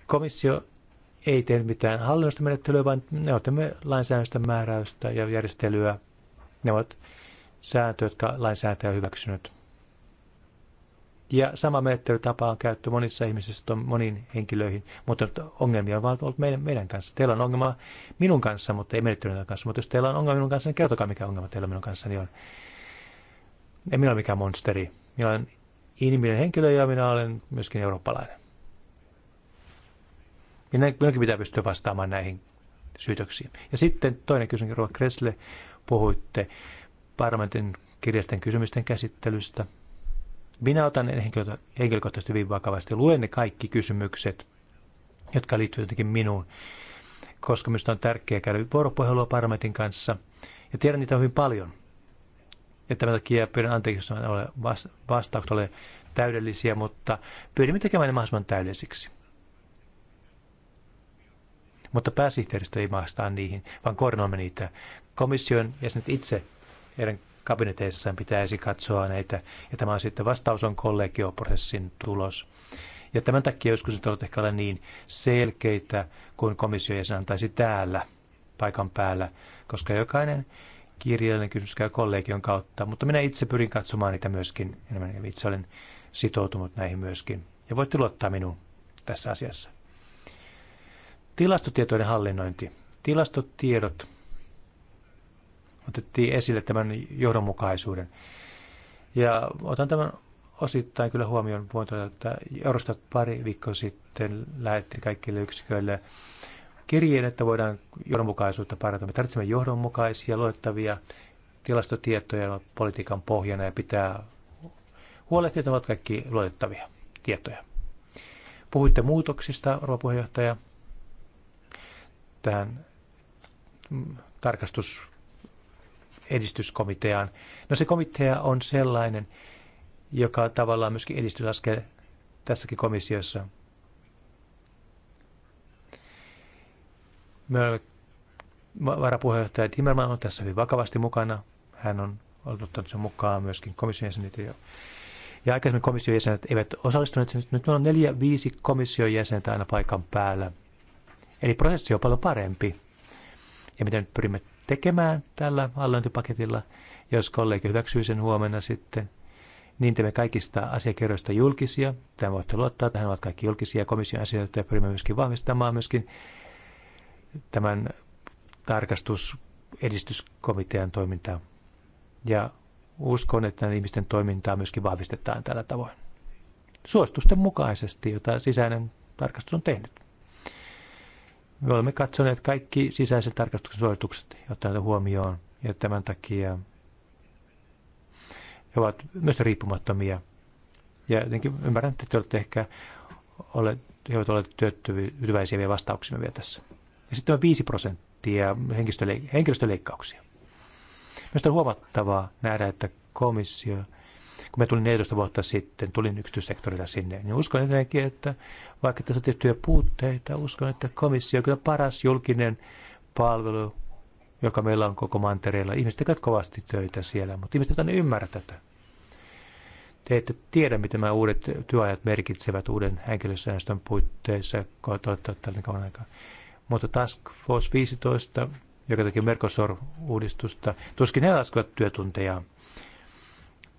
Speaker 2: Komissio ei tee mitään hallinnosta menettelyä, vaan ne ovat lainsäädännöstä määräystä ja järjestelyä. Ne ovat sääntöjä, jotka lainsäätäjä on hyväksynyt. Ja sama menettelytapa on käytetty monissa ihmisissä, moniin henkilöihin, mutta ongelmia on vaan ollut meidän, meidän kanssa. Teillä on ongelma minun kanssa, mutta ei menettelyn kanssa. Mutta jos teillä on ongelma minun kanssa, niin kertokaa mikä ongelma teillä minun niin on. En minä ole mikään monsteri. Minä olen inhimillinen henkilö ja minä olen myöskin eurooppalainen. Minä, minunkin pitää pystyä vastaamaan näihin syytöksiin. Ja sitten toinen kysymys, Rova Kressle, puhuitte parlamentin kirjasten kysymysten käsittelystä – minä otan ne henkilökohtaisesti hyvin vakavasti. Luen ne kaikki kysymykset, jotka liittyvät jotenkin minuun, koska minusta on tärkeää käydä vuoropuhelua parlamentin kanssa. Ja tiedän niitä hyvin paljon. Ja tämän takia pyydän anteeksi, jos ole vastaukset ole täydellisiä, mutta pyrimme tekemään ne mahdollisimman täydellisiksi. Mutta pääsihteeristö ei maastaa niihin, vaan koordinoimme niitä. Komission jäsenet itse heidän kabineteissaan pitäisi katsoa näitä. Ja tämä on sitten vastaus on kollegioprosessin tulos. Ja tämän takia joskus ne ovat ehkä ole niin selkeitä kuin komissio jäsen antaisi täällä paikan päällä, koska jokainen kirjallinen kysymys käy kollegion kautta, mutta minä itse pyrin katsomaan niitä myöskin enemmän, ja itse olen sitoutunut näihin myöskin. Ja voitte luottaa minuun tässä asiassa. Tilastotietojen hallinnointi. Tilastotiedot otettiin esille tämän johdonmukaisuuden. Ja otan tämän osittain kyllä huomioon, voin todeta, että Eurostat pari viikkoa sitten lähetti kaikille yksiköille kirjeen, että voidaan johdonmukaisuutta parantaa. Me tarvitsemme johdonmukaisia, luettavia tilastotietoja politiikan pohjana ja pitää huolehtia, että ovat kaikki luotettavia tietoja. Puhuitte muutoksista, rouva puheenjohtaja, tähän tarkastus edistyskomiteaan. No se komitea on sellainen, joka tavallaan myöskin edistysaskel tässäkin komissiossa. Me varapuheenjohtaja Timmerman on tässä hyvin vakavasti mukana. Hän on ottanut sen mukaan myöskin komission jäsenet jo. Ja aikaisemmin komission jäsenet eivät osallistuneet, nyt on neljä, viisi komission jäsentä aina paikan päällä. Eli prosessi on paljon parempi ja mitä nyt pyrimme tekemään tällä hallintopaketilla, jos kollegi hyväksyy sen huomenna sitten, niin teemme kaikista asiakirjoista julkisia. Tämä voitte luottaa, tähän ovat kaikki julkisia komission asioita ja pyrimme myöskin vahvistamaan myöskin tämän tarkastusedistyskomitean toimintaa. Ja uskon, että näiden ihmisten toimintaa myöskin vahvistetaan tällä tavoin. Suositusten mukaisesti, jota sisäinen tarkastus on tehnyt. Me olemme katsoneet kaikki sisäisen tarkastuksen suositukset ottaneet huomioon ja tämän takia he ovat myös riippumattomia. Ja jotenkin ymmärrän, että te olette ehkä olleet, he ovat olleet tyytyväisiä vielä vastauksia vielä tässä. Ja sitten on 5 prosenttia henkilöstöleikkauksia. Myös on huomattavaa nähdä, että komissio – kun mä tulin 14 vuotta sitten, tulin yksityissektorilla sinne, niin uskon edelleenkin, että vaikka tässä on tiettyjä puutteita, uskon, että komissio on kyllä paras julkinen palvelu, joka meillä on koko mantereella. Ihmiset tekevät kovasti töitä siellä, mutta ihmiset eivät ymmärrä tätä. Te ette tiedä, mitä nämä uudet työajat merkitsevät uuden henkilösäännöstön puitteissa, kun tällainen kauan aikaa. Mutta Task Force 15 joka teki Mercosur-uudistusta. Tuskin he laskevat työtunteja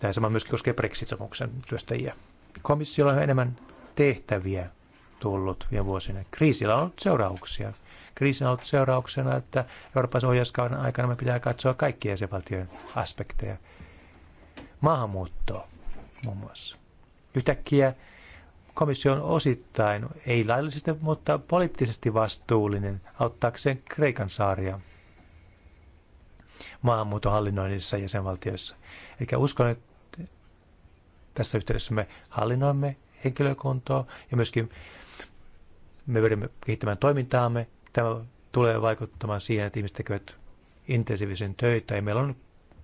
Speaker 2: Tämä sama myöskin koskee Brexit-sopimuksen työstäjiä. Komissiolla on enemmän tehtäviä tullut viime vuosina. Kriisillä on ollut seurauksia. Kriisillä on ollut seurauksena, että Euroopan ohjauskauden aikana me pitää katsoa kaikkia jäsenvaltion aspekteja. Maahanmuuttoa muun muassa. Yhtäkkiä komissio on osittain, ei laillisesti, mutta poliittisesti vastuullinen auttaakseen Kreikan saaria maahanmuuton hallinnoinnissa jäsenvaltioissa. Eli uskon, että tässä yhteydessä me hallinnoimme henkilökuntoa ja myöskin me pyrimme kehittämään toimintaamme. Tämä tulee vaikuttamaan siihen, että ihmiset tekevät intensiivisen töitä ja meillä on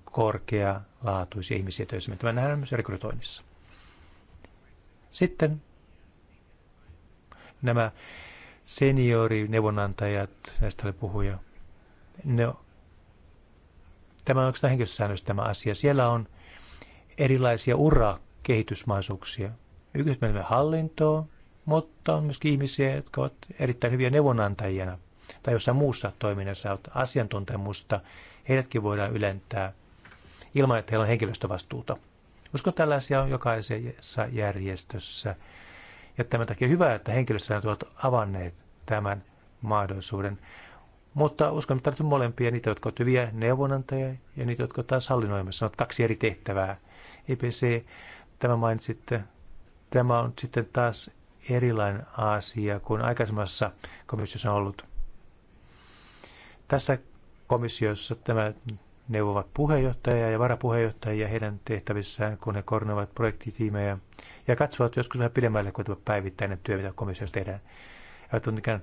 Speaker 2: korkealaatuisia ihmisiä töissä. Tämä nähdään myös rekrytoinnissa. Sitten nämä seniorineuvonantajat, näistä oli puhuja, ne, tämä on oikeastaan henkilöstösäännös tämä asia. Siellä on erilaisia ura kehitysmahdollisuuksia. Yksi menemme hallintoon, mutta on myöskin ihmisiä, jotka ovat erittäin hyviä neuvonantajina tai jossain muussa toiminnassa on asiantuntemusta. Heidätkin voidaan ylentää ilman, että heillä on henkilöstövastuuta. Uskon tällaisia on jokaisessa järjestössä. Ja tämän takia hyvä, että henkilöstöt ovat avanneet tämän mahdollisuuden. Mutta uskon, että tarvitsemme molempia, niitä, jotka ovat hyviä neuvonantajia ja niitä, jotka ovat taas hallinnoimassa. Ne ovat kaksi eri tehtävää. EPC tämä mainitsitte. Tämä on sitten taas erilainen asia kuin aikaisemmassa komissiossa on ollut. Tässä komissiossa tämä neuvovat puheenjohtajia ja varapuheenjohtajia heidän tehtävissään, kun he koordinoivat projektitiimejä ja katsovat joskus vähän pidemmälle kuin tämä päivittäinen työ, mitä komissiossa tehdään. Ja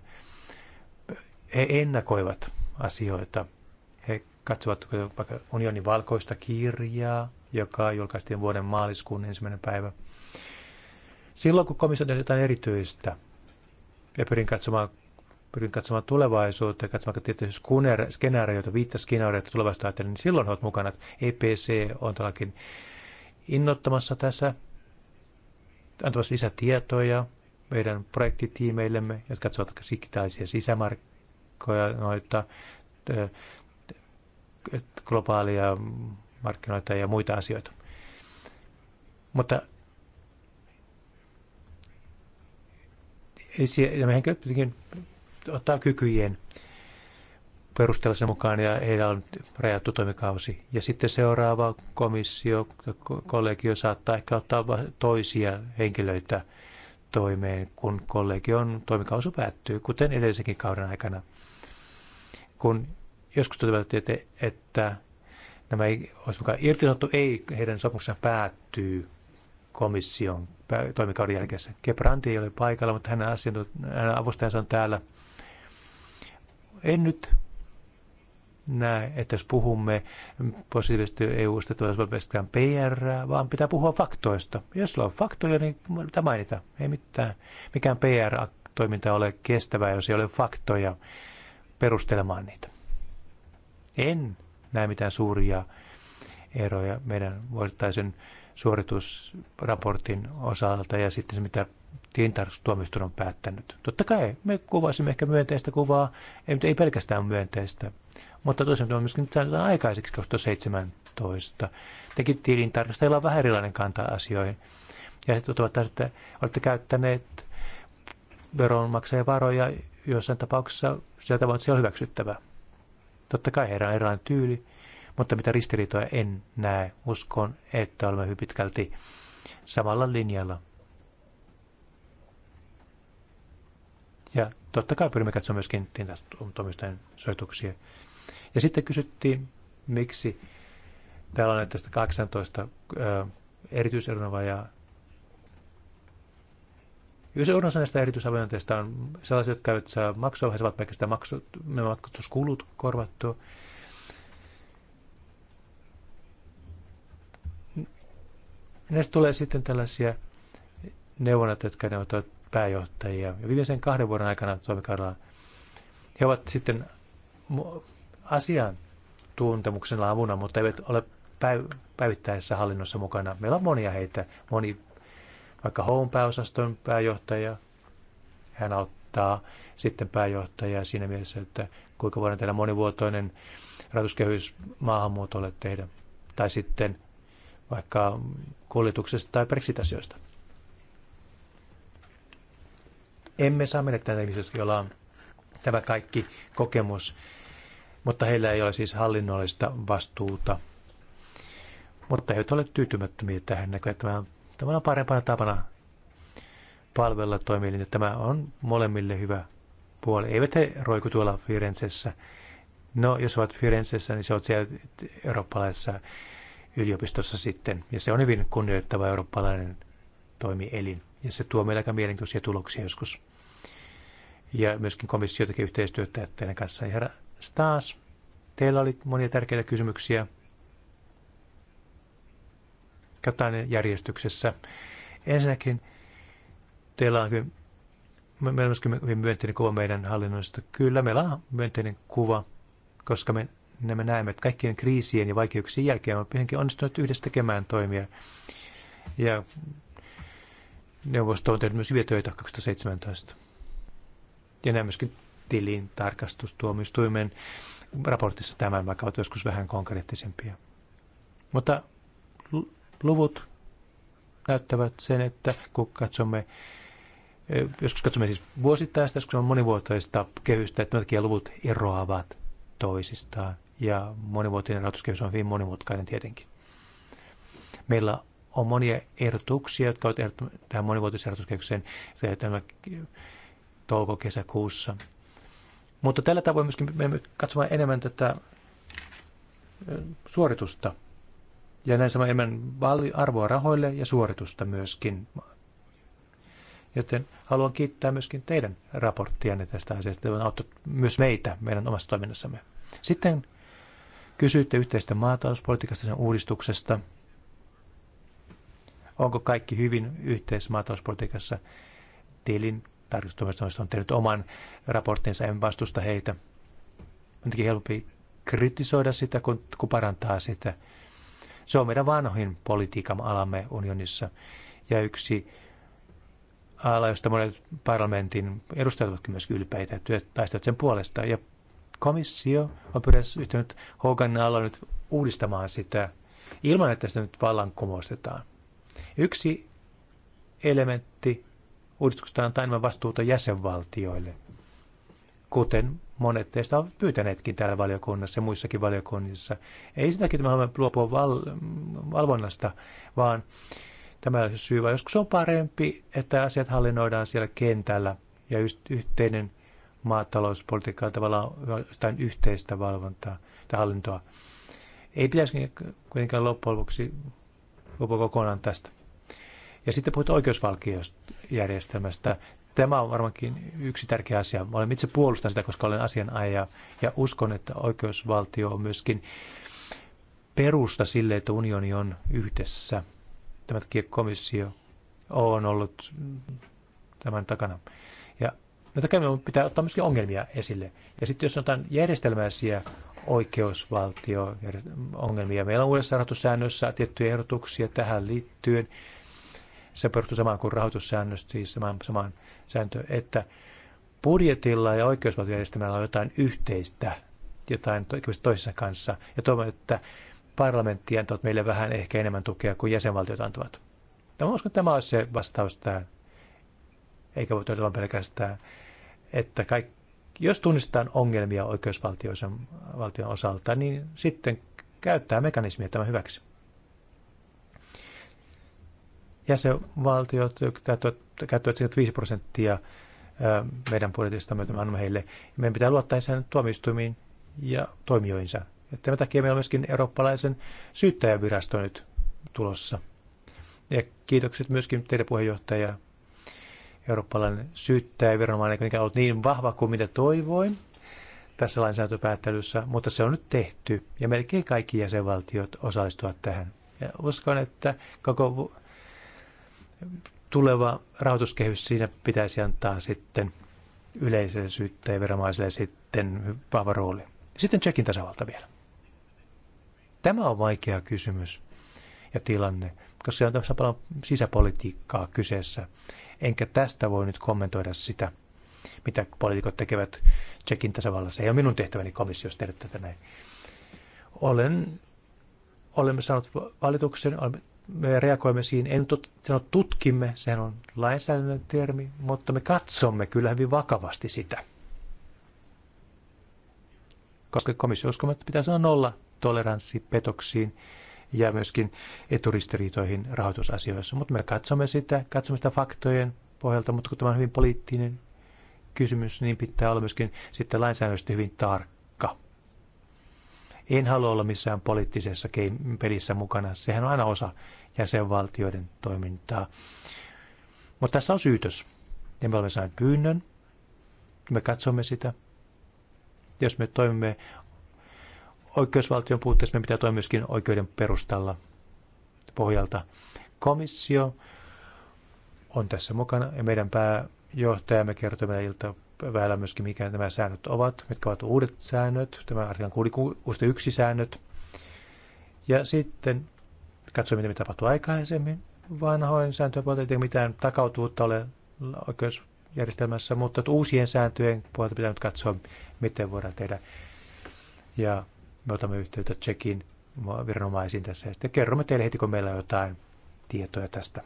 Speaker 2: he ennakoivat asioita. He katsovat vaikka unionin valkoista kirjaa, joka julkaistiin vuoden maaliskuun ensimmäinen päivä. Silloin kun komissio tehdään jotain erityistä ja pyrin katsomaan, pyrin katsomaan tulevaisuutta ja katsomaan tietysti skenaarioita, viittä skenaarioita tulevaisuutta ajatellen, niin silloin olet mukana. EPC e on tälläkin innoittamassa tässä, antamassa lisätietoja meidän projektitiimeillemme, jotka katsovat digitaalisia sisämarkkoja, noita globaalia markkinoita ja muita asioita. Mutta ja mehän kuitenkin ottaa kykyjen perusteella sen mukaan ja heillä on rajattu toimikausi. Ja sitten seuraava komissio, kollegio saattaa ehkä ottaa toisia henkilöitä toimeen, kun kollegion toimikausi päättyy, kuten edellisenkin kauden aikana. Kun joskus tuntuu, että nämä ei olisi mukaan irtisanottu, ei heidän sopimuksensa päättyy komission toimikauden jälkeen. Kebrandi ei ole paikalla, mutta hänen, hänen avustajansa on täällä. En nyt näe, että jos puhumme positiivisesti EU-sta tuolla PR, vaan pitää puhua faktoista. Jos sulla on faktoja, niin mitä mainita. Ei mitään. Mikään PR-toiminta ole kestävää, jos ei ole faktoja perustelemaan niitä. En näe mitään suuria eroja meidän vuosittaisen suoritusraportin osalta ja sitten se, mitä tilintarkastustuomioistuin on päättänyt. Totta kai me kuvasimme ehkä myönteistä kuvaa, ei, ei pelkästään myönteistä, mutta toisaalta on myöskin tällä aikaiseksi 2017. Tekin tilintarkastajilla on vähän erilainen kanta asioihin. Ja ottavat taas, että olette käyttäneet veronmaksajavaroja varoja joissain tapauksessa sillä tavalla, että se on hyväksyttävä. Totta kai heillä on erilainen tyyli, mutta mitä ristiriitoja en näe. Uskon, että olemme hyvin pitkälti samalla linjalla. Ja totta kai pyrimme katsomaan myöskin tuomioistuimen soituksia. Ja sitten kysyttiin, miksi täällä on tästä 18 erityisedunavaajaa osa näistä erityisavointeista on sellaisia, jotka eivät saa maksua, he saavat pelkästään maksut, matkustuskulut korvattu. Näistä tulee sitten tällaisia neuvonat, jotka ovat pääjohtajia. Ja viimeisen kahden vuoden aikana toimikaudella he ovat sitten asian tuntemuksella avuna, mutta eivät ole päivittäisessä hallinnossa mukana. Meillä on monia heitä, moni vaikka Home pääosaston pääjohtaja. Hän auttaa sitten pääjohtajaa siinä mielessä, että kuinka voidaan tehdä monivuotoinen rahoituskehys maahanmuutolle tehdä. Tai sitten vaikka kuljetuksesta tai brexit-asioista. Emme saa menettää ihmisiä, joilla on tämä kaikki kokemus, mutta heillä ei ole siis hallinnollista vastuuta. Mutta he eivät ole tyytymättömiä tähän näköjään. Tämä Tämä on parempana tapana palvella toimielintä. Tämä on molemmille hyvä puoli. Eivät he roiku tuolla Firenzessä. No, jos ovat Firenzessä, niin se on siellä eurooppalaisessa yliopistossa sitten. Ja se on hyvin kunnioittava eurooppalainen toimielin. Ja se tuo meille aika mielenkiintoisia tuloksia joskus. Ja myöskin komissio tekee yhteistyötä teidän kanssa. Herra Stas, teillä oli monia tärkeitä kysymyksiä. Katainen järjestyksessä. Ensinnäkin teillä on hyvin, meillä on hyvin myönteinen kuva meidän hallinnoista. Kyllä, meillä on myönteinen kuva, koska me, me näemme, että kaikkien kriisien ja vaikeuksien jälkeen on pienenkin onnistunut yhdessä tekemään toimia. Ja neuvosto on tehnyt myös hyviä töitä 2017. Ja näin myöskin tilin tarkastustuomioistuimen raportissa tämän, vaikka ovat joskus vähän konkreettisempia. Mutta luvut näyttävät sen, että kun katsomme, joskus katsomme siis vuosittaista, joskus on monivuotoista kehystä, että nämä luvut eroavat toisistaan. Ja monivuotinen rahoituskehys on hyvin monimutkainen tietenkin. Meillä on monia ehdotuksia, jotka ovat tähän monivuotisen rahoituskehykseen tämä touko-kesäkuussa. Mutta tällä tavoin myöskin me katsomaan enemmän tätä suoritusta ja näin sama enemmän arvoa rahoille ja suoritusta myöskin. Joten haluan kiittää myöskin teidän raporttianne tästä asiasta. että on auttanut myös meitä meidän omassa toiminnassamme. Sitten kysyitte yhteistä maatalouspolitiikasta sen uudistuksesta. Onko kaikki hyvin yhteisessä maatalouspolitiikassa? Tilin tarkastustoimistoista on tehnyt oman raporttinsa, en vastusta heitä. On helpompi kritisoida sitä, kun, kun parantaa sitä. Se on meidän vanhoin politiikan alamme unionissa ja yksi ala, josta monet parlamentin edustajat ovatkin myös ylpeitä, taistavat sen puolesta. Ja komissio on pyrittänyt Hoganin alla nyt uudistamaan sitä ilman, että sitä nyt vallankumoistetaan. Yksi elementti uudistuksesta on vastuuta jäsenvaltioille, kuten Monet teistä ovat pyytäneetkin täällä valiokunnassa ja muissakin valiokunnissa. Ei sitä, että me haluamme luopua val- valvonnasta, vaan tämä on syy, vaan joskus on parempi, että asiat hallinnoidaan siellä kentällä ja yhteinen maatalouspolitiikka on tavallaan jotain yhteistä valvontaa tai hallintoa. Ei pitäisi kuitenkaan loppujen lopuksi kokonaan tästä. Ja sitten puhutaan oikeusvaltiojärjestelmästä. Tämä on varmaankin yksi tärkeä asia. Mä olen itse puolustan sitä, koska olen asianajaja ja uskon, että oikeusvaltio on myöskin perusta sille, että unioni on yhdessä. Tämä takia komissio on ollut tämän takana. Ja näitä pitää ottaa myöskin ongelmia esille. Ja sitten jos otetaan järjestelmäisiä oikeusvaltio-ongelmia. Meillä on uudessa rahoitussäännössä tiettyjä ehdotuksia tähän liittyen se perustuu samaan kuin rahoitussäännöstä, siis samaan, samaan sääntöön, että budjetilla ja oikeusvaltiojärjestelmällä on jotain yhteistä, jotain toisessa kanssa. Ja toivon, että parlamentti antavat meille vähän ehkä enemmän tukea kuin jäsenvaltiot antavat. Tämä uskon, että tämä on se vastaus tähän. Eikä voi todeta pelkästään, että kaikki, jos tunnistetaan ongelmia oikeusvaltion osalta, niin sitten käyttää mekanismia tämän hyväksi jäsenvaltiot käyttävät, 5 prosenttia meidän budjetista, mitä me annamme heille. Meidän pitää luottaa sen tuomioistuimiin ja toimijoinsa. Ja tämän takia meillä on myöskin eurooppalaisen syyttäjävirasto nyt tulossa. Ja kiitokset myöskin teille puheenjohtaja eurooppalainen syyttäjäviranomainen, joka on ollut niin vahva kuin mitä toivoin tässä lainsäädäntöpäättelyssä, mutta se on nyt tehty ja melkein kaikki jäsenvaltiot osallistuvat tähän. Ja uskon, että koko tuleva rahoituskehys siinä pitäisi antaa sitten yleiselle syyttäjäviranomaiselle sitten vahva rooli. Sitten Tsekin tasavalta vielä. Tämä on vaikea kysymys ja tilanne, koska siellä on tässä paljon sisäpolitiikkaa kyseessä. Enkä tästä voi nyt kommentoida sitä, mitä poliitikot tekevät Tsekin tasavallassa. Ei ole minun tehtäväni komissiossa tehdä tätä näin. Olen, olemme saaneet valituksen, olemme me reagoimme siihen, en tot, sano tutkimme, sehän on lainsäädännön termi, mutta me katsomme kyllä hyvin vakavasti sitä. Koska komissio uskoo, että pitäisi olla nolla toleranssi petoksiin ja myöskin eturistiriitoihin rahoitusasioissa. Mutta me katsomme sitä, katsomme sitä faktojen pohjalta, mutta kun tämä on hyvin poliittinen kysymys, niin pitää olla myöskin sitten lainsäädännöstä hyvin tarkka en halua olla missään poliittisessa pelissä mukana. Sehän on aina osa jäsenvaltioiden toimintaa. Mutta tässä on syytös. Ja me olemme saaneet pyynnön. Me katsomme sitä. Jos me toimimme oikeusvaltion puutteessa, me pitää toimia myöskin oikeuden perustalla pohjalta. Komissio on tässä mukana ja meidän pääjohtajamme kertoi meidän ilta päällä myöskin, mikä nämä säännöt ovat, mitkä ovat uudet säännöt, tämä artiklan 61 säännöt. Ja sitten katsoa, mitä tapahtui aikaisemmin. Vanhoin sääntöjen puolelta, ei mitään takautuvuutta ole oikeusjärjestelmässä, mutta uusien sääntöjen puolelta pitää nyt katsoa, miten voidaan tehdä. Ja me otamme yhteyttä Tsekin viranomaisiin tässä ja sitten kerromme teille heti, kun meillä on jotain tietoja tästä.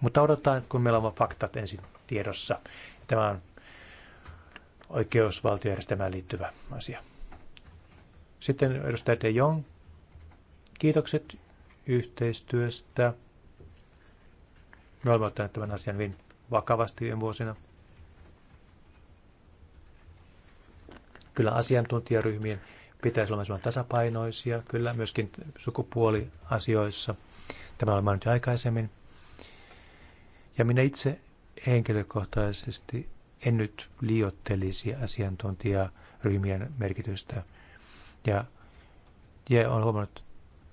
Speaker 2: Mutta odotetaan, kun meillä on faktat ensin tiedossa. Tämä on oikeusvaltiojärjestelmään liittyvä asia. Sitten edustaja De Jong. Kiitokset yhteistyöstä. Me olemme ottaneet tämän asian hyvin vakavasti viime vuosina. Kyllä asiantuntijaryhmien pitäisi olla tasapainoisia, kyllä myöskin sukupuoliasioissa. Tämä olen nyt aikaisemmin. Ja minä itse henkilökohtaisesti en nyt liiottelisi asiantuntijaryhmien merkitystä. Ja, ja on huomannut,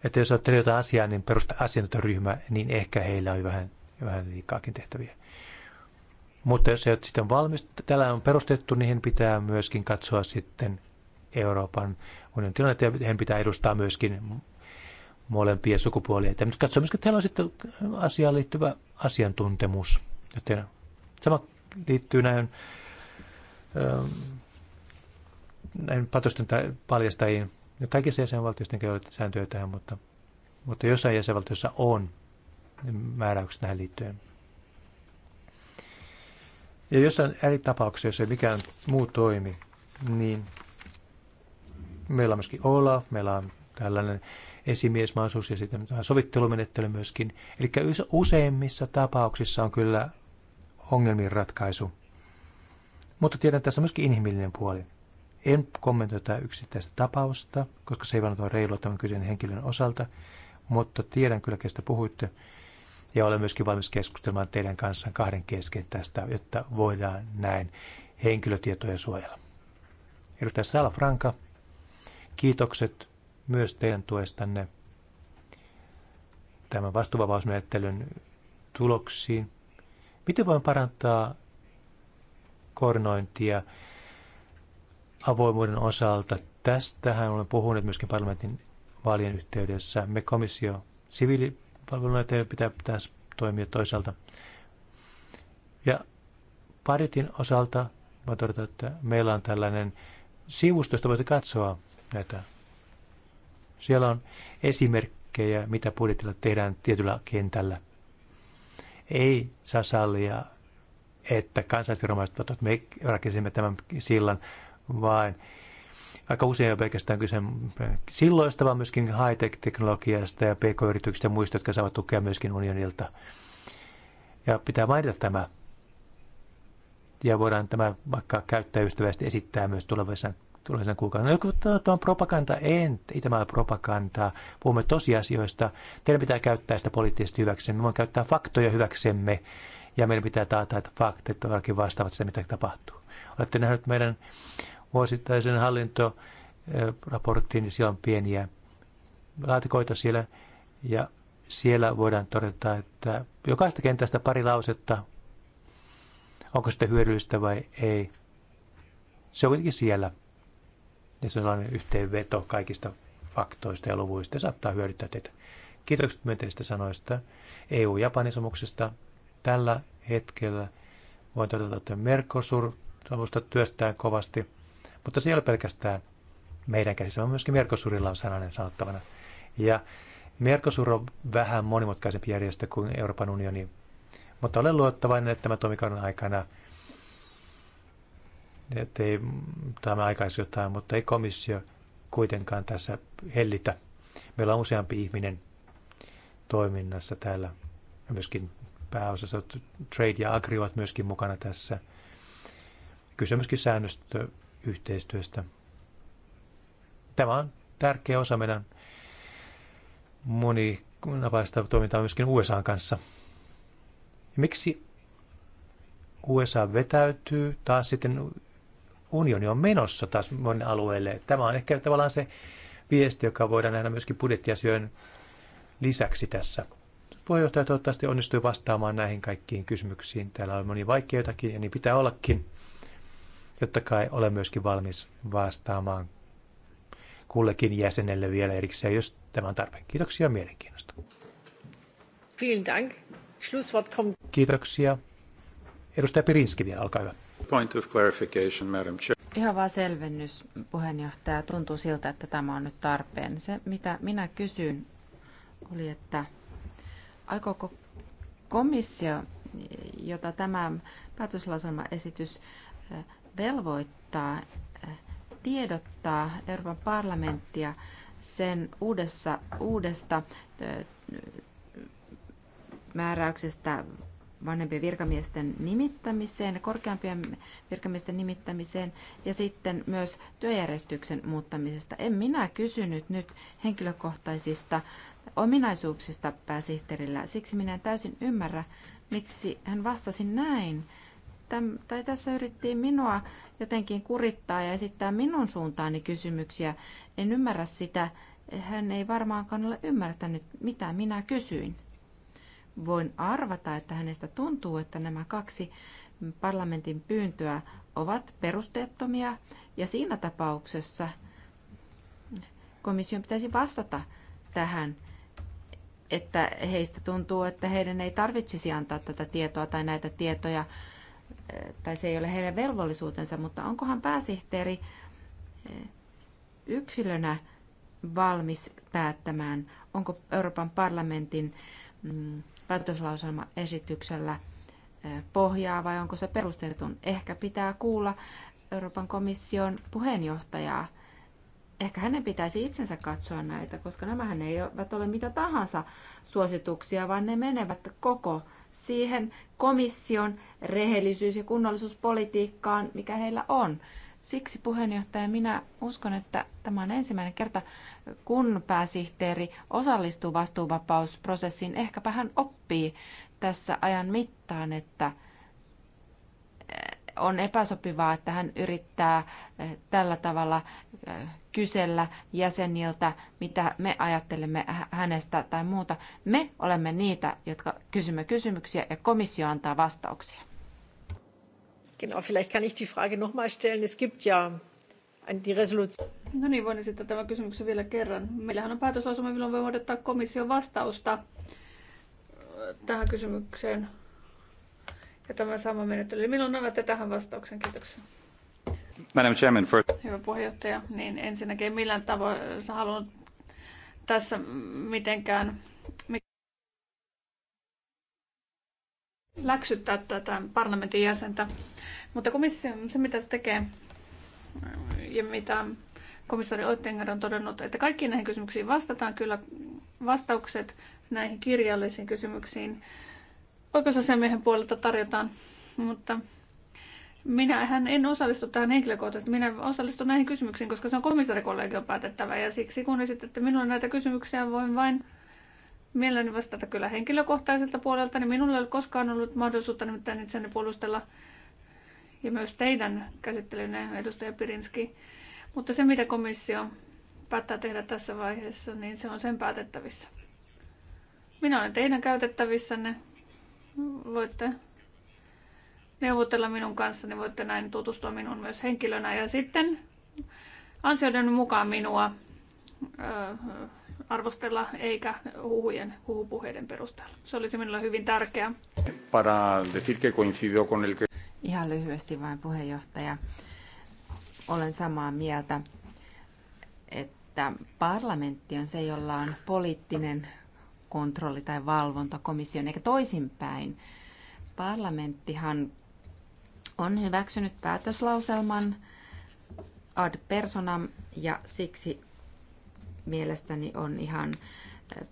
Speaker 2: että jos ajattelee jotain asiaa, niin perusta asiantuntijaryhmä, niin ehkä heillä on vähän, vähän liikaakin tehtäviä. Mutta jos ei sitten valmis, tällä on perustettu, niin pitää myöskin katsoa sitten Euroopan unionin tilannetta ja heidän pitää edustaa myöskin molempia sukupuolia. nyt katsoa myöskin, että heillä on sitten asiaan liittyvä asiantuntemus. Joten sama liittyy näihin, ähm, näihin patosten paljastajiin. Ja kaikissa jäsenvaltioissa ei ole sääntöjä tähän, mutta, mutta jossain jäsenvaltiossa on määräykset tähän liittyen. Ja jossain eri tapauksessa, jos ei mikään muu toimi, niin meillä on myöskin Olaf, meillä on tällainen esimiesmaisuus ja sitten sovittelumenettely myöskin. Eli useimmissa tapauksissa on kyllä ongelmien ratkaisu. Mutta tiedän, että tässä on myöskin inhimillinen puoli. En kommentoi tätä yksittäistä tapausta, koska se ei vaan ole reilua tämän kyseisen henkilön osalta, mutta tiedän kyllä, kestä puhuitte. Ja olen myöskin valmis keskustelemaan teidän kanssa kahden kesken tästä, jotta voidaan näin henkilötietoja suojella. Edustaja Sala Franka, kiitokset myös teidän tuestanne tämän vastuuvapausmenettelyn tuloksiin. Miten voin parantaa koordinointia avoimuuden osalta? Tästähän olen puhunut myöskin parlamentin vaalien yhteydessä. Me komissio siviilipalveluita pitää pitäisi toimia toisaalta. Ja paritin osalta voin todeta, että meillä on tällainen sivusto, josta voitte katsoa näitä. Siellä on esimerkkejä, mitä budjetilla tehdään tietyllä kentällä ei saa sallia, että kansallisviranomaiset että me rakensimme tämän sillan, vaan aika usein on pelkästään kyse silloista, vaan myöskin high-tech-teknologiasta ja pk-yrityksistä ja muista, jotka saavat tukea myöskin unionilta. Ja pitää mainita tämä. Ja voidaan tämä vaikka käyttäjäystävästi esittää myös tulevissa tulee kuukauden. No, tämä on propaganda, en ole propagandaa. Puhumme tosiasioista. Teidän pitää käyttää sitä poliittisesti hyväksemme. Me voimme käyttää faktoja hyväksemme. Ja meidän pitää taata, että faktit todellakin vastaavat sitä, mitä tapahtuu. Olette nähneet meidän vuosittaisen hallintoraporttiin, niin siellä on pieniä laatikoita siellä. Ja siellä voidaan todeta, että jokaista kentästä pari lausetta, onko sitä hyödyllistä vai ei. Se on kuitenkin siellä ja sellainen yhteenveto kaikista faktoista ja luvuista ja saattaa hyödyttää teitä. Kiitokset myönteisistä sanoista eu japanisomuksesta Tällä hetkellä voin todeta, että Mercosur-sopimusta työstää kovasti, mutta se ei ole pelkästään meidän käsissä, vaan myöskin Mercosurilla on sananen sanottavana. Ja Mercosur on vähän monimutkaisempi järjestö kuin Euroopan unioni, mutta olen luottavainen, että tämä toimikauden aikana – ei, tämä aikaisi jotain, mutta ei komissio kuitenkaan tässä hellitä. Meillä on useampi ihminen toiminnassa täällä, myöskin pääosassa Trade ja Agri ovat myöskin mukana tässä. Kyse myöskin säännöstöyhteistyöstä. Tämä on tärkeä osa meidän moninapaista toimintaa myöskin USA kanssa. Ja miksi USA vetäytyy taas sitten unioni on menossa taas monen alueelle. Tämä on ehkä tavallaan se viesti, joka voidaan nähdä myöskin budjettiasioiden lisäksi tässä. Puheenjohtaja toivottavasti onnistui vastaamaan näihin kaikkiin kysymyksiin. Täällä on moni vaikeutakin ja niin pitää ollakin. Jotta kai olen myöskin valmis vastaamaan kullekin jäsenelle vielä erikseen, jos tämä on tarpeen. Kiitoksia mielenkiinnosta.
Speaker 3: Vielen Dank. Schlusswort kommt.
Speaker 2: Kiitoksia. Edustaja Pirinski vielä, olkaa hyvä. Point of clarification, Madam Chair.
Speaker 3: Ihan vain selvennys, puheenjohtaja. Tuntuu siltä, että tämä on nyt tarpeen. Se, mitä minä kysyn, oli, että aikooko komissio, jota tämä päätöslauselmaesitys eh, velvoittaa, eh, tiedottaa Euroopan parlamenttia sen uudessa, uudesta eh, määräyksestä vanhempien virkamiesten nimittämiseen, korkeampien virkamiesten nimittämiseen ja sitten myös työjärjestyksen muuttamisesta. En minä kysynyt nyt henkilökohtaisista ominaisuuksista pääsihteerillä, siksi minä en täysin ymmärrä, miksi hän vastasi näin. Täm, tai tässä yritti minua jotenkin kurittaa ja esittää minun suuntaani kysymyksiä. En ymmärrä sitä. Hän ei varmaankaan ole ymmärtänyt, mitä minä kysyin voin arvata, että hänestä tuntuu, että nämä kaksi parlamentin pyyntöä ovat perusteettomia ja siinä tapauksessa komission pitäisi vastata tähän, että heistä tuntuu, että heidän ei tarvitsisi antaa tätä tietoa tai näitä tietoja, tai se ei ole heidän velvollisuutensa, mutta onkohan pääsihteeri eh, yksilönä valmis päättämään, onko Euroopan parlamentin mm, päätöslauselmaesityksellä pohjaa vai onko se perusteltu? Ehkä pitää kuulla Euroopan komission puheenjohtajaa. Ehkä hänen pitäisi itsensä katsoa näitä, koska nämähän eivät ole mitä tahansa suosituksia, vaan ne menevät koko siihen komission rehellisyys- ja kunnollisuuspolitiikkaan, mikä heillä on. Siksi puheenjohtaja, minä uskon, että tämä on ensimmäinen kerta, kun pääsihteeri osallistuu vastuuvapausprosessiin. Ehkäpä hän oppii tässä ajan mittaan, että eh, on epäsopivaa, että hän yrittää eh, tällä tavalla eh, kysellä jäseniltä, mitä me ajattelemme hänestä tai muuta. Me olemme niitä, jotka kysymme kysymyksiä ja komissio antaa vastauksia.
Speaker 1: Genau, vielleicht kann ich die Frage nochmal stellen. Es gibt ja die Resolution. No niin, voin esittää tämän kysymyksen vielä kerran. Meillähän on päätöslausuma, milloin voimme odottaa komission vastausta äh, tähän kysymykseen. Ja tämä sama menettely. Eli Milloin annatte tähän vastauksen? Kiitoksia. Madam Chairman, for... Hyvä puheenjohtaja. Niin ensinnäkin millään tavoin haluan tässä mitenkään läksyttää tätä parlamentin jäsentä. Mutta komissio, se mitä se tekee ja mitä komissaari Oettinger on todennut, että kaikkiin näihin kysymyksiin vastataan kyllä vastaukset näihin kirjallisiin kysymyksiin oikeusasiamiehen puolelta tarjotaan, mutta minähän en osallistu tähän henkilökohtaisesti. Minä osallistun näihin kysymyksiin, koska se on komissaarikollegion päätettävä ja siksi kun esitätte minulle näitä kysymyksiä, voin vain mielelläni vastata kyllä henkilökohtaiselta puolelta, niin minulla ei ole koskaan ollut mahdollisuutta nimittäin itseäni puolustella ja myös teidän käsittelynne, edustaja Pirinski. Mutta se, mitä komissio päättää tehdä tässä vaiheessa, niin se on sen päätettävissä. Minä olen teidän käytettävissänne. Voitte neuvotella minun kanssa, niin voitte näin tutustua minuun myös henkilönä ja sitten ansioiden mukaan minua arvostella eikä huhujen, huhupuheiden perusteella. Se olisi minulle hyvin tärkeää.
Speaker 2: Para decir que coincido con el
Speaker 3: Ihan lyhyesti vain puheenjohtaja. Olen samaa mieltä, että parlamentti on se, jolla on poliittinen kontrolli tai valvonta komission, eikä toisinpäin. Parlamenttihan on hyväksynyt päätöslauselman ad personam ja siksi mielestäni on ihan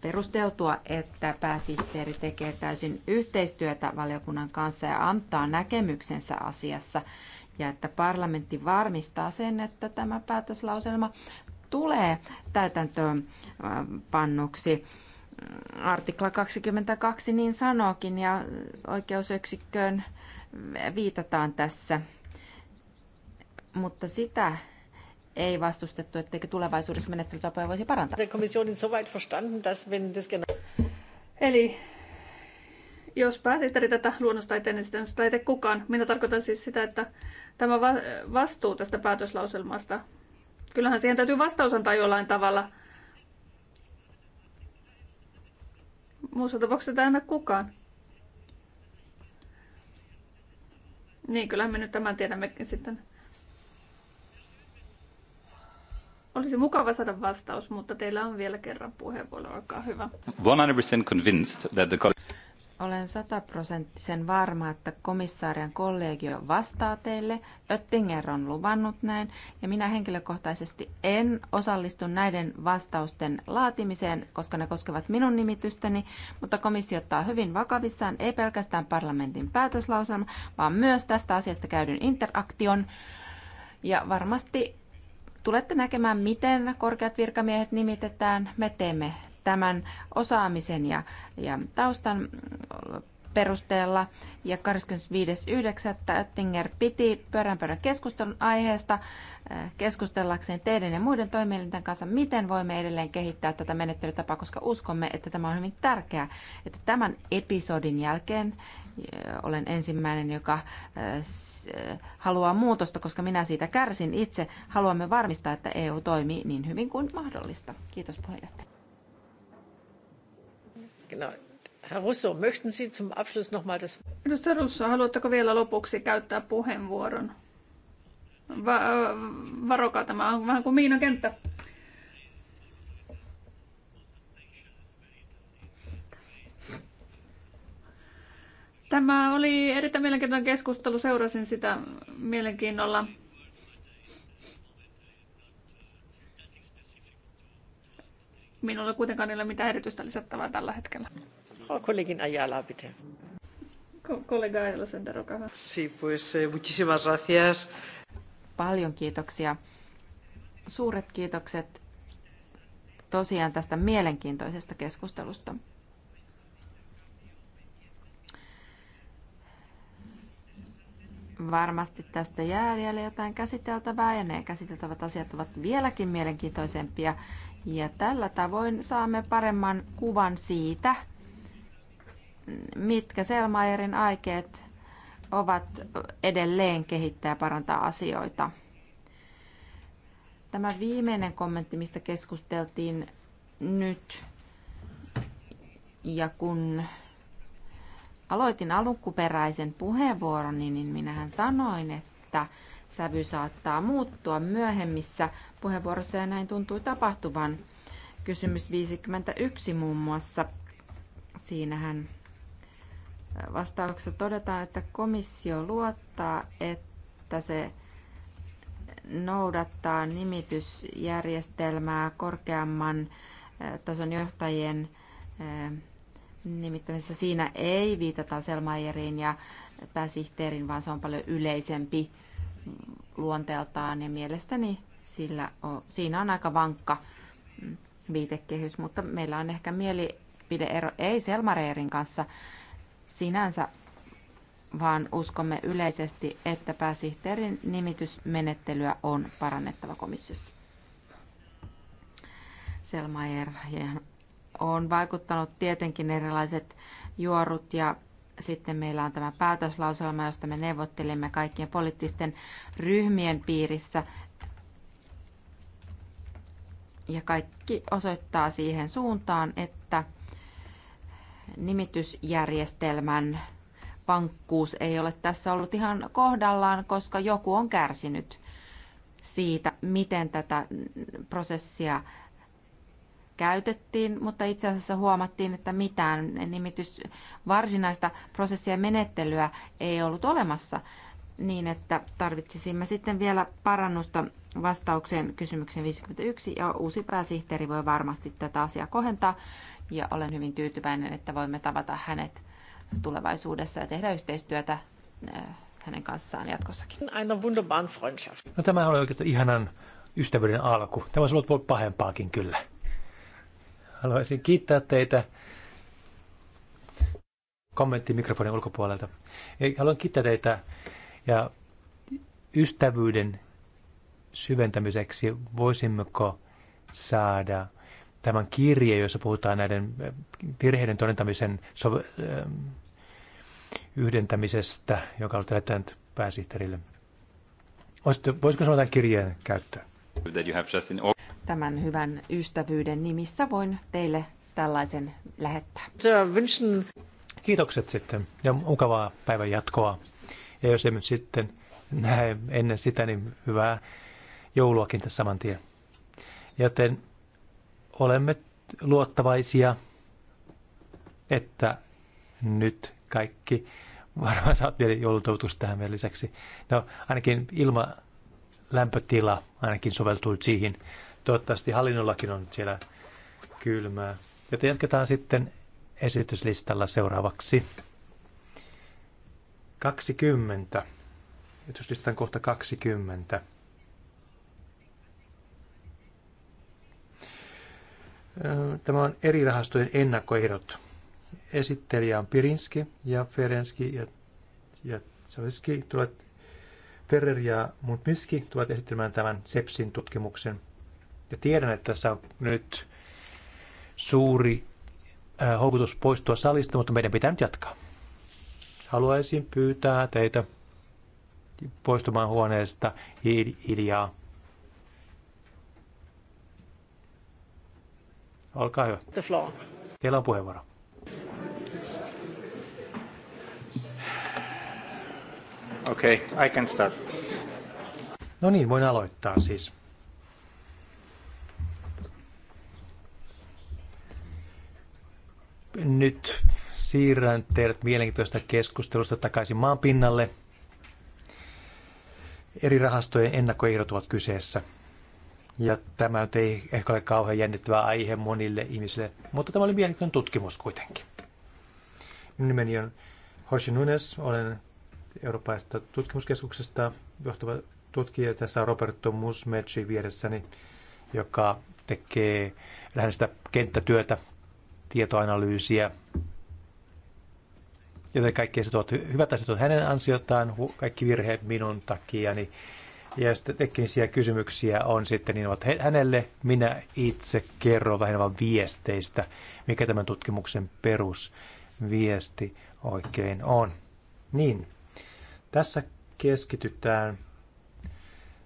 Speaker 3: perusteltua, että pääsihteeri tekee täysin yhteistyötä valiokunnan kanssa ja antaa näkemyksensä asiassa ja että parlamentti varmistaa sen, että tämä päätöslauselma tulee täytäntöön pannuksi. Artikla 22 niin sanookin ja oikeusyksikköön viitataan tässä, mutta sitä ei vastustettu, etteikö tulevaisuudessa menettelytapoja voisi parantaa.
Speaker 1: Eli jos pääsihteeri tätä luonnosta eteen, niin sitten sitä ei tee kukaan. Minä tarkoitan siis sitä, että tämä vastuu tästä päätöslauselmasta, kyllähän siihen täytyy vastaus antaa jollain tavalla. Muussa tapauksessa tämä ei anna kukaan. Niin, kyllähän me nyt tämän tiedämme sitten. Olisi mukava saada vastaus, mutta teillä on vielä kerran puheenvuoro. Olkaa hyvä. 100% convinced that the
Speaker 3: olen sataprosenttisen varma, että komissaarian kollegio vastaa teille. Öttinger on luvannut näin ja minä henkilökohtaisesti en osallistu näiden vastausten laatimiseen, koska ne koskevat minun nimitystäni, mutta komissio ottaa hyvin vakavissaan ei pelkästään parlamentin päätöslauselma, vaan myös tästä asiasta käydyn interaktion. Ja varmasti tulette näkemään, miten korkeat virkamiehet nimitetään. Me teemme tämän osaamisen ja, ja taustan perusteella. Ja 25.9. Oettinger piti pyöränpöydän keskustelun aiheesta äh, keskustellakseen teidän ja muiden toimielinten kanssa, miten voimme edelleen kehittää tätä menettelytapaa, koska uskomme, että tämä on hyvin tärkeää, että tämän episodin jälkeen äh, olen ensimmäinen, joka äh, haluaa muutosta, koska minä siitä kärsin itse. Haluamme varmistaa, että EU toimii niin hyvin kuin mahdollista. Kiitos puheenjohtaja.
Speaker 1: Genau. No, Herr Russo, möchten Sie zum Abschluss noch mal das... Edustaja Russo, haluatteko vielä lopuksi käyttää puheenvuoron? Va- äh, varokaa, tämä on vähän kuin kenttä. Tämä oli erittäin mielenkiintoinen keskustelu, seurasin sitä mielenkiinnolla. Minulla kuitenkaan ei ole mitään erityistä lisättävää tällä hetkellä.
Speaker 3: Frau Kollegin Ayala, bitte.
Speaker 1: Kollega Ayala sen
Speaker 3: Sí, pues, eh, muchísimas gracias. Paljon kiitoksia. Suuret kiitokset tosiaan tästä mielenkiintoisesta keskustelusta. Varmasti tästä jää vielä jotain käsiteltävää ja ne käsiteltävät asiat ovat vieläkin mielenkiintoisempia. Ja tällä tavoin saamme paremman kuvan siitä, mitkä Selmayerin aikeet ovat edelleen kehittää ja parantaa asioita. Tämä viimeinen kommentti, mistä keskusteltiin nyt ja kun aloitin alunkuperäisen puheenvuoron, niin minähän sanoin, että sävy saattaa muuttua myöhemmissä puheenvuorossa ja näin tuntui tapahtuvan. Kysymys 51 muun muassa. Siinähän vastauksessa todetaan, että komissio luottaa, että se noudattaa nimitysjärjestelmää korkeamman tason johtajien nimittämisessä. Siinä ei viitata Selmayeriin ja pääsihteerin, vaan se on paljon yleisempi luonteeltaan ja mielestäni sillä on, siinä on aika vankka mm, viitekehys, mutta meillä on ehkä mielipideero ei Selmareerin kanssa, sinänsä, vaan uskomme yleisesti, että pääsihteerin nimitysmenettelyä on parannettava komissiossa. Selmaier on vaikuttanut tietenkin erilaiset juorut ja sitten meillä on tämä päätöslauselma, josta me neuvottelimme kaikkien poliittisten ryhmien piirissä. Ja kaikki osoittaa siihen suuntaan, että nimitysjärjestelmän pankkuus ei ole tässä ollut ihan kohdallaan, koska joku on kärsinyt siitä, miten tätä prosessia käytettiin, mutta itse asiassa huomattiin, että mitään nimitys varsinaista prosessia menettelyä ei ollut olemassa niin, että tarvitsisimme sitten vielä parannusta vastaukseen kysymykseen 51 ja uusi pääsihteeri voi varmasti tätä asiaa kohentaa ja olen hyvin tyytyväinen, että voimme tavata hänet tulevaisuudessa ja tehdä yhteistyötä äh, hänen kanssaan jatkossakin. Aina wunderbaren Freundschaft.
Speaker 2: No tämä oli oikeastaan ihanan ystävyyden alku. Tämä olisi ollut voi pahempaakin kyllä. Haluaisin kiittää teitä kommentti mikrofonin ulkopuolelta. Haluan kiittää teitä ja ystävyyden syventämiseksi voisimmeko saada tämän kirje, jossa puhutaan näiden eh, virheiden todentamisen sov- eh, yhdentämisestä, joka on lähettänyt pääsihteerille. Voisiko sanoa tämän kirjeen käyttöön?
Speaker 3: Tämän hyvän ystävyyden nimissä voin teille tällaisen lähettää.
Speaker 2: Kiitokset sitten ja mukavaa päivän jatkoa. Ja jos emme sitten näe ennen sitä, niin hyvää jouluakin tässä saman tien. Joten olemme luottavaisia, että nyt kaikki, varmaan saat vielä joulutoivotus tähän vielä lisäksi. No ainakin ilma lämpötila ainakin soveltuu siihen. Toivottavasti hallinnollakin on siellä kylmää. Joten jatketaan sitten esityslistalla seuraavaksi. 20. Esityslistan kohta 20. Tämä on eri rahastojen ennakkoehdot. Esittelijä on Pirinski ja Ferenski ja, ja Saviski tulevat, Ferrer ja Mutmiski tulevat esittelemään tämän SEPSin tutkimuksen. Ja tiedän, että tässä on nyt suuri äh, houkutus poistua salista, mutta meidän pitää nyt jatkaa. Haluaisin pyytää teitä poistumaan huoneesta hiljaa. Olkaa hyvä. The floor. Teillä on puheenvuoro. Okei, okay, I can start. No niin, voin aloittaa siis. Nyt siirrän teidät mielenkiintoista keskustelusta takaisin maan pinnalle. Eri rahastojen ennakkoehdot ovat kyseessä – ja tämä nyt ei ehkä ole kauhean jännittävä aihe monille ihmisille, mutta tämä oli mielenkiintoinen tutkimus kuitenkin. Minun nimeni on Hoshi Nunes, olen Eurooppaista tutkimuskeskuksesta johtava tutkija. Tässä on Roberto Musmeci vieressäni, joka tekee lähes sitä kenttätyötä, tietoanalyysiä. Joten kaikki se tuot hyvät asiat on hänen ansiotaan, kaikki virheet minun takiani. Niin ja sitten teknisiä kysymyksiä on sitten, niin että hänelle. Minä itse kerron vähän vain viesteistä, mikä tämän tutkimuksen perusviesti oikein on. Niin, tässä keskitytään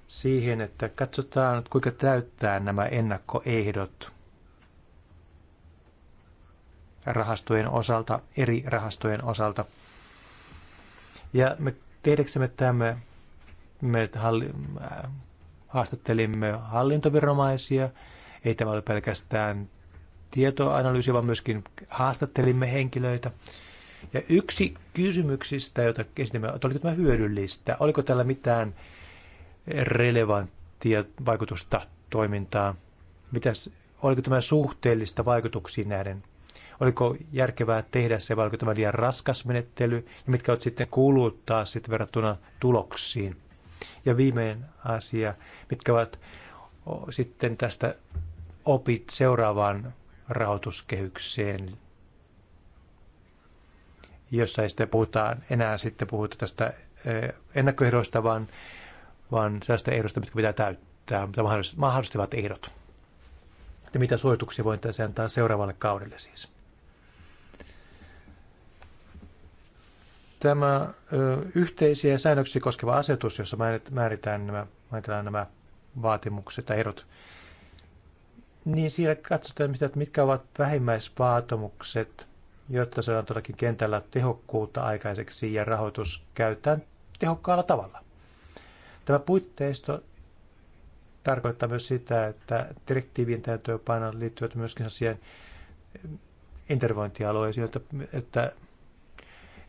Speaker 2: siihen, että katsotaan, että kuinka täyttää nämä ennakkoehdot rahastojen osalta, eri rahastojen osalta. Ja me tehdäksemme tämän me halli, äh, haastattelimme hallintoviranomaisia. Ei tämä ole pelkästään tietoanalyysi, vaan myöskin haastattelimme henkilöitä. Ja yksi kysymyksistä, jota esitimme, että oliko tämä hyödyllistä, oliko tällä mitään relevanttia vaikutusta toimintaan, Mitäs, oliko tämä suhteellista vaikutuksiin nähden, oliko järkevää tehdä se, vai oliko tämä liian raskas menettely, ja mitkä ovat sitten kuuluttaa sitten verrattuna tuloksiin. Ja viimeinen asia, mitkä ovat sitten tästä opit seuraavaan rahoituskehykseen, jossa ei sitten puhutaan, enää sitten puhuta tästä ennakkoehdoista, vaan, vaan tästä ehdosta, mitkä pitää täyttää, mitä mahdollistavat ehdot. Että mitä suosituksia voin tässä antaa seuraavalle kaudelle siis. Tämä yhteisiä säännöksiä koskeva asetus, jossa määritään nämä, määritään nämä vaatimukset tai erot, niin siellä katsotaan, mitkä ovat vähimmäisvaatimukset, jotta saadaan todellakin kentällä tehokkuutta aikaiseksi ja rahoitus käytetään tehokkaalla tavalla. Tämä puitteisto tarkoittaa myös sitä, että direktiivien painaa liittyvät myöskin siihen intervointialueisiin, että, että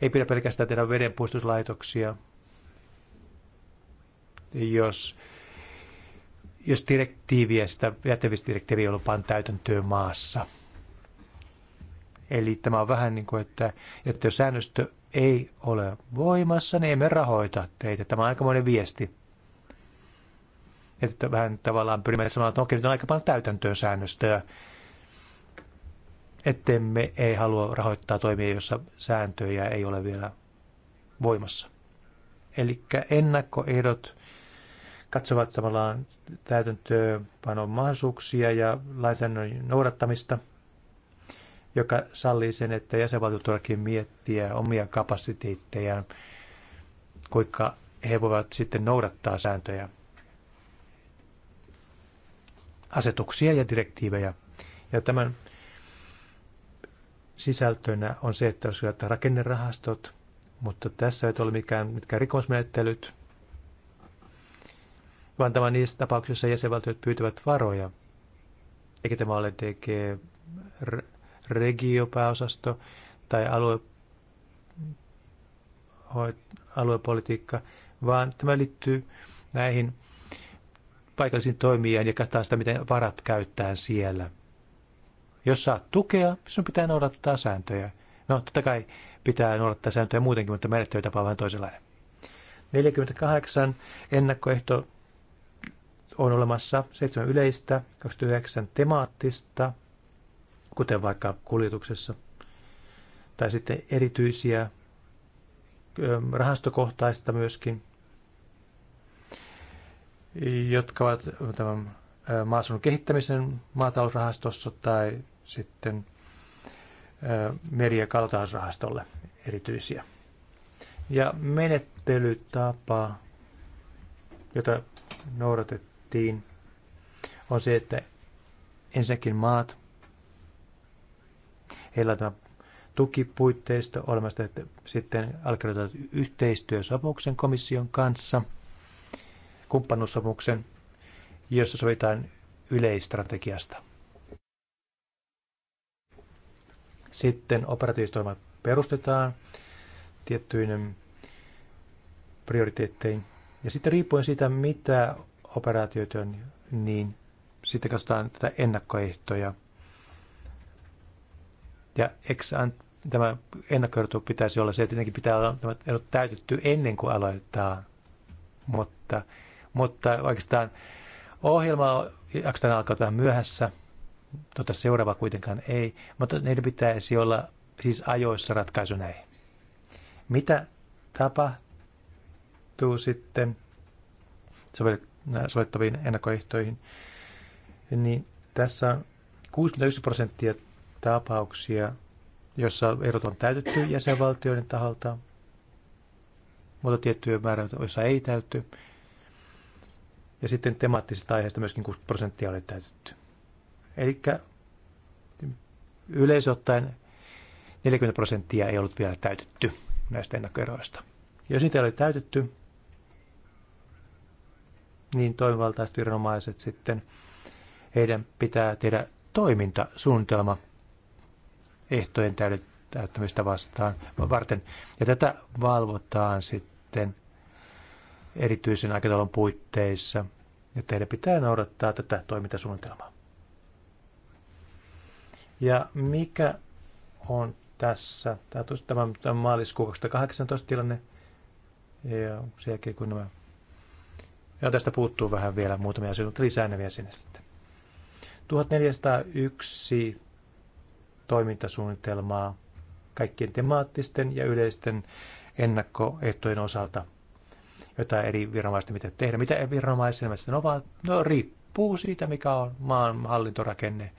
Speaker 2: ei pidä pelkästään tehdä vedenpuistuslaitoksia. Jos, jos direktiiviä, sitä jätevisidirektiiviä ei ole täytäntöön maassa. Eli tämä on vähän niin kuin, että, että jos säännöstö ei ole voimassa, niin emme rahoita teitä. Tämä on aikamoinen viesti. Että vähän tavallaan pyrimme sanomaan, että no okei, nyt on aika paljon täytäntöön säännöstöä ettemme ei halua rahoittaa toimia, jossa sääntöjä ei ole vielä voimassa. Eli ennakkoehdot katsovat samallaan täytäntöönpanon mahdollisuuksia ja lainsäädännön noudattamista, joka sallii sen, että jäsenvaltiot todellakin miettiä omia kapasiteettejaan, kuinka he voivat sitten noudattaa sääntöjä, asetuksia ja direktiivejä. Ja tämän sisältönä on se, että olisi että rakennerahastot, mutta tässä ei ole mikään, mitkään rikosmenettelyt, vaan tämä niissä tapauksissa jäsenvaltiot pyytävät varoja. Eikä tämä ole DG regiopääosasto tai alue, aluepolitiikka, vaan tämä liittyy näihin paikallisiin toimijoihin ja katsotaan sitä, miten varat käyttää siellä. Jos saat tukea, sinun pitää noudattaa sääntöjä. No, totta kai pitää noudattaa sääntöjä muutenkin, mutta menettelytapa on vähän toisenlainen. 48 ennakkoehto on olemassa, 7 yleistä, 29 temaattista, kuten vaikka kuljetuksessa, tai sitten erityisiä rahastokohtaista myöskin, jotka ovat tämän maaseudun kehittämisen maatalousrahastossa tai sitten meri- ja kaltausrahastolle erityisiä. Ja menettelytapa, jota noudatettiin, on se, että ensinnäkin maat, heillä on tämä tukipuitteisto olemassa, että sitten allekirjoitetaan yhteistyösopimuksen komission kanssa, kumppanuussopimuksen, jossa sovitaan yleistrategiasta. Sitten operatiivistoimat perustetaan tiettyinen prioriteettein. Ja sitten riippuen siitä, mitä operaatioita on, niin sitten katsotaan tätä ennakkoehtoja. Ja tämä ennakkoehto pitäisi olla se, että tietenkin pitää olla tämä ehdot täytetty ennen kuin aloittaa. Mutta, mutta oikeastaan ohjelma jaksetaan alkaa vähän myöhässä – tota seuraava kuitenkaan ei, mutta niiden pitäisi olla siis ajoissa ratkaisu näihin. Mitä tapahtuu sitten sovellettaviin ennakkoehtoihin? Niin tässä on 61 prosenttia tapauksia, jossa erot on täytetty jäsenvaltioiden taholta, mutta tiettyjä määrä, joissa ei täytty. Ja sitten temaattisista aiheista myöskin 6 prosenttia oli täytetty. Eli ottaen 40 prosenttia ei ollut vielä täytetty näistä ennakkoeroista. Jos niitä ei ole täytetty, niin toimivaltaiset viranomaiset sitten, heidän pitää tehdä toimintasuunnitelma ehtojen täyttämistä vastaan varten. Ja tätä valvotaan sitten erityisen aikataulun puitteissa, ja teidän pitää noudattaa tätä toimintasuunnitelmaa. Ja mikä on tässä, tämä on maaliskuun 2018 tilanne, ja sen jälkeen kun nämä, ja tästä puuttuu vähän vielä muutamia asioita, mutta lisää ne vielä sinne sitten. 1401 toimintasuunnitelmaa kaikkien temaattisten ja yleisten ennakkoehtojen osalta, joita eri viranomaisten mitä tehdä. Mitä viranomaisille ovat? No riippuu siitä, mikä on maan hallintorakenne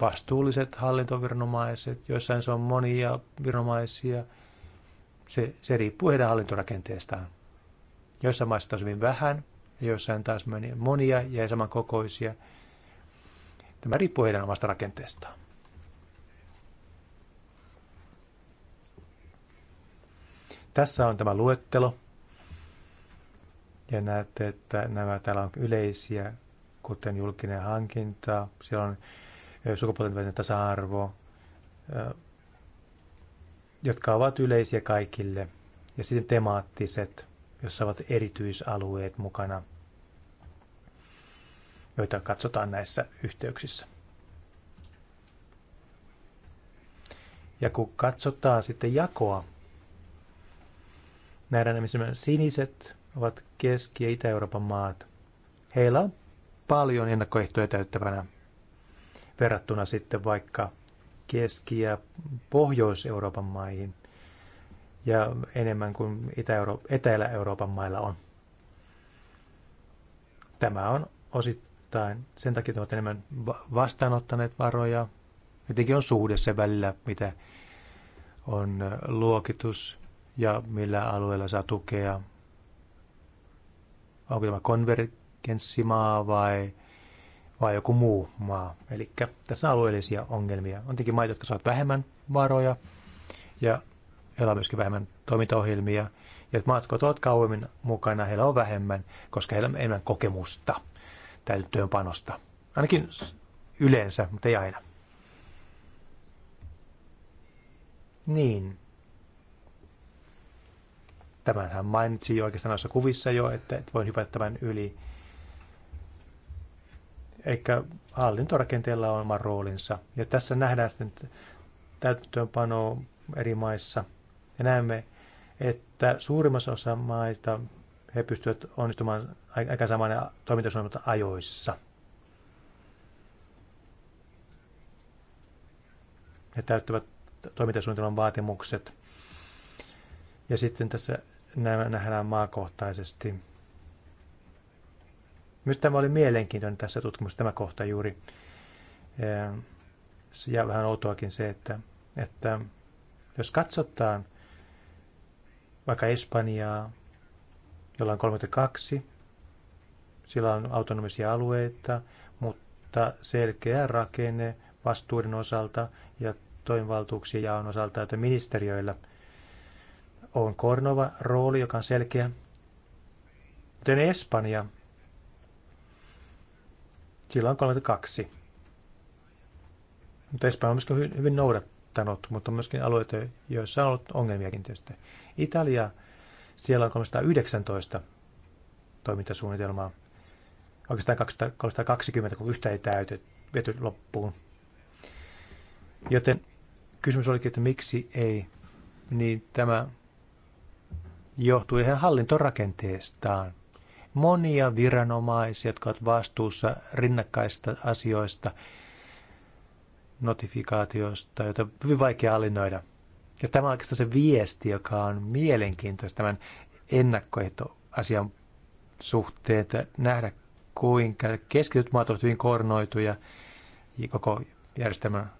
Speaker 2: vastuulliset hallintoviranomaiset, joissain se on monia viranomaisia. Se, se riippuu heidän hallintorakenteestaan. Joissain maissa taas hyvin vähän, ja joissain taas monia ja samankokoisia. Tämä riippuu heidän omasta rakenteestaan. Tässä on tämä luettelo. Ja näette, että nämä täällä on yleisiä, kuten julkinen hankinta. Siellä on sukupuolten välinen tasa-arvo, jotka ovat yleisiä kaikille, ja sitten temaattiset, jossa ovat erityisalueet mukana, joita katsotaan näissä yhteyksissä. Ja kun katsotaan sitten jakoa, nähdään esimerkiksi siniset ovat Keski- ja Itä-Euroopan maat. Heillä on paljon ennakkoehtoja täyttävänä verrattuna sitten vaikka Keski- ja Pohjois-Euroopan maihin ja enemmän kuin Itä-Euro- Etelä-Euroopan mailla on. Tämä on osittain, sen takia että ovat enemmän vastaanottaneet varoja. Jotenkin on suhde sen välillä, mitä on luokitus ja millä alueella saa tukea. Onko tämä konvergenssimaa vai vai joku muu maa. Eli tässä on alueellisia ongelmia. On tietenkin maita, jotka saavat vähemmän varoja ja heillä on myöskin vähemmän toimintaohjelmia. Ja maat, jotka ovat kauemmin mukana, heillä on vähemmän, koska heillä on enemmän kokemusta täytettyön panosta. Ainakin yleensä, mutta ei aina. Niin. Tämänhän mainitsin jo oikeastaan noissa kuvissa jo, että voin hypätä tämän yli eikä hallintorakenteella on oma roolinsa. Ja tässä nähdään sitten täytäntöönpanoa eri maissa ja näemme, että suurimmassa osa maita he pystyvät onnistumaan aika samaan toimintasuunnitelman ajoissa. He täyttävät toimintasuunnitelman vaatimukset. Ja sitten tässä nähdään maakohtaisesti myös tämä oli mielenkiintoinen tässä tutkimuksessa tämä kohta juuri. Ehm, ja vähän outoakin se, että, että jos katsotaan vaikka Espanjaa, jolla on 32, sillä on autonomisia alueita, mutta selkeä rakenne vastuuden osalta ja toimivaltuuksien jaon osalta, että ministeriöillä on Kornova rooli, joka on selkeä. Joten Espanja on 32. Mutta Espanja on myöskin hyvin, hyvin noudattanut, mutta on myöskin alueita, joissa on ollut ongelmiakin tietysti. Italia, siellä on 319 toimintasuunnitelmaa. Oikeastaan 320, kun yhtä ei täyty, viety loppuun. Joten kysymys olikin, että miksi ei, niin tämä johtuu ihan hallintorakenteestaan monia viranomaisia, jotka ovat vastuussa rinnakkaista asioista, notifikaatioista, jota on hyvin vaikea alinnoida. Ja tämä on oikeastaan se viesti, joka on mielenkiintoista tämän ennakkoehtoasian suhteen, että nähdä kuinka keskityt maat ovat hyvin koordinoituja koko järjestelmän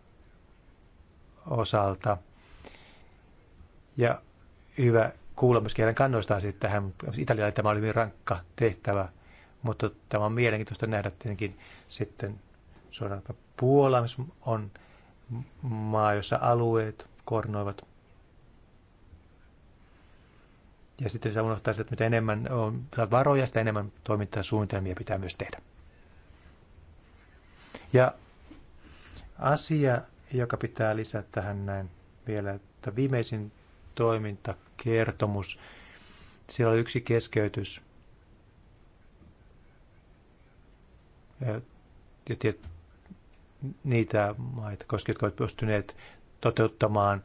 Speaker 2: osalta. Ja hyvä kuulla myöskin heidän kannoistaan siitä tähän. Italialle tämä oli hyvin rankka tehtävä, mutta tämä on mielenkiintoista nähdä tietenkin sitten suoraan Puola, missä on maa, jossa alueet kornoivat Ja sitten se unohtaa sitä, että mitä enemmän on varoja, sitä enemmän toimintaa suunnitelmia pitää myös tehdä. Ja asia, joka pitää lisätä tähän näin vielä, että viimeisin toimintakertomus. Siellä oli yksi keskeytys. Ja, ja niitä maita koska jotka olivat pystyneet toteuttamaan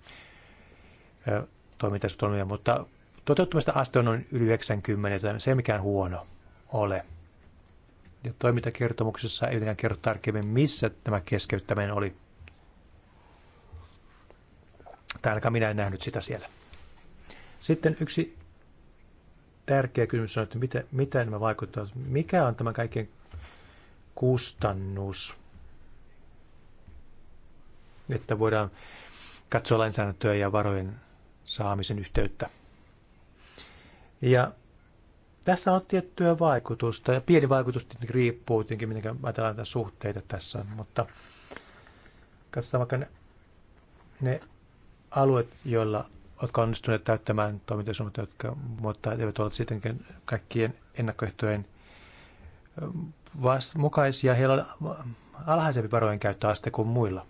Speaker 2: toimintasuunnitelmia, mutta toteuttamista aste on noin yli 90, joten se ei mikään huono ole. Ja toimintakertomuksessa ei jotenkään kerro tarkemmin, missä tämä keskeyttäminen oli. Tai ainakaan minä en nähnyt sitä siellä. Sitten yksi tärkeä kysymys on, että miten, mitä nämä vaikuttavat. Mikä on tämä kaiken kustannus? Että voidaan katsoa lainsäädäntöä ja varojen saamisen yhteyttä. Ja tässä on tiettyä vaikutusta, ja pieni vaikutus tietenkin riippuu tietenkin, miten ajatellaan näitä suhteita tässä, mutta katsotaan vaikka ne, ne alueet, joilla jotka onnistuneet täyttämään toimintasuunnat, jotka mutta eivät ole sittenkin kaikkien ennakkoehtojen mukaisia. Heillä on alhaisempi varojen käyttöaste kuin muilla.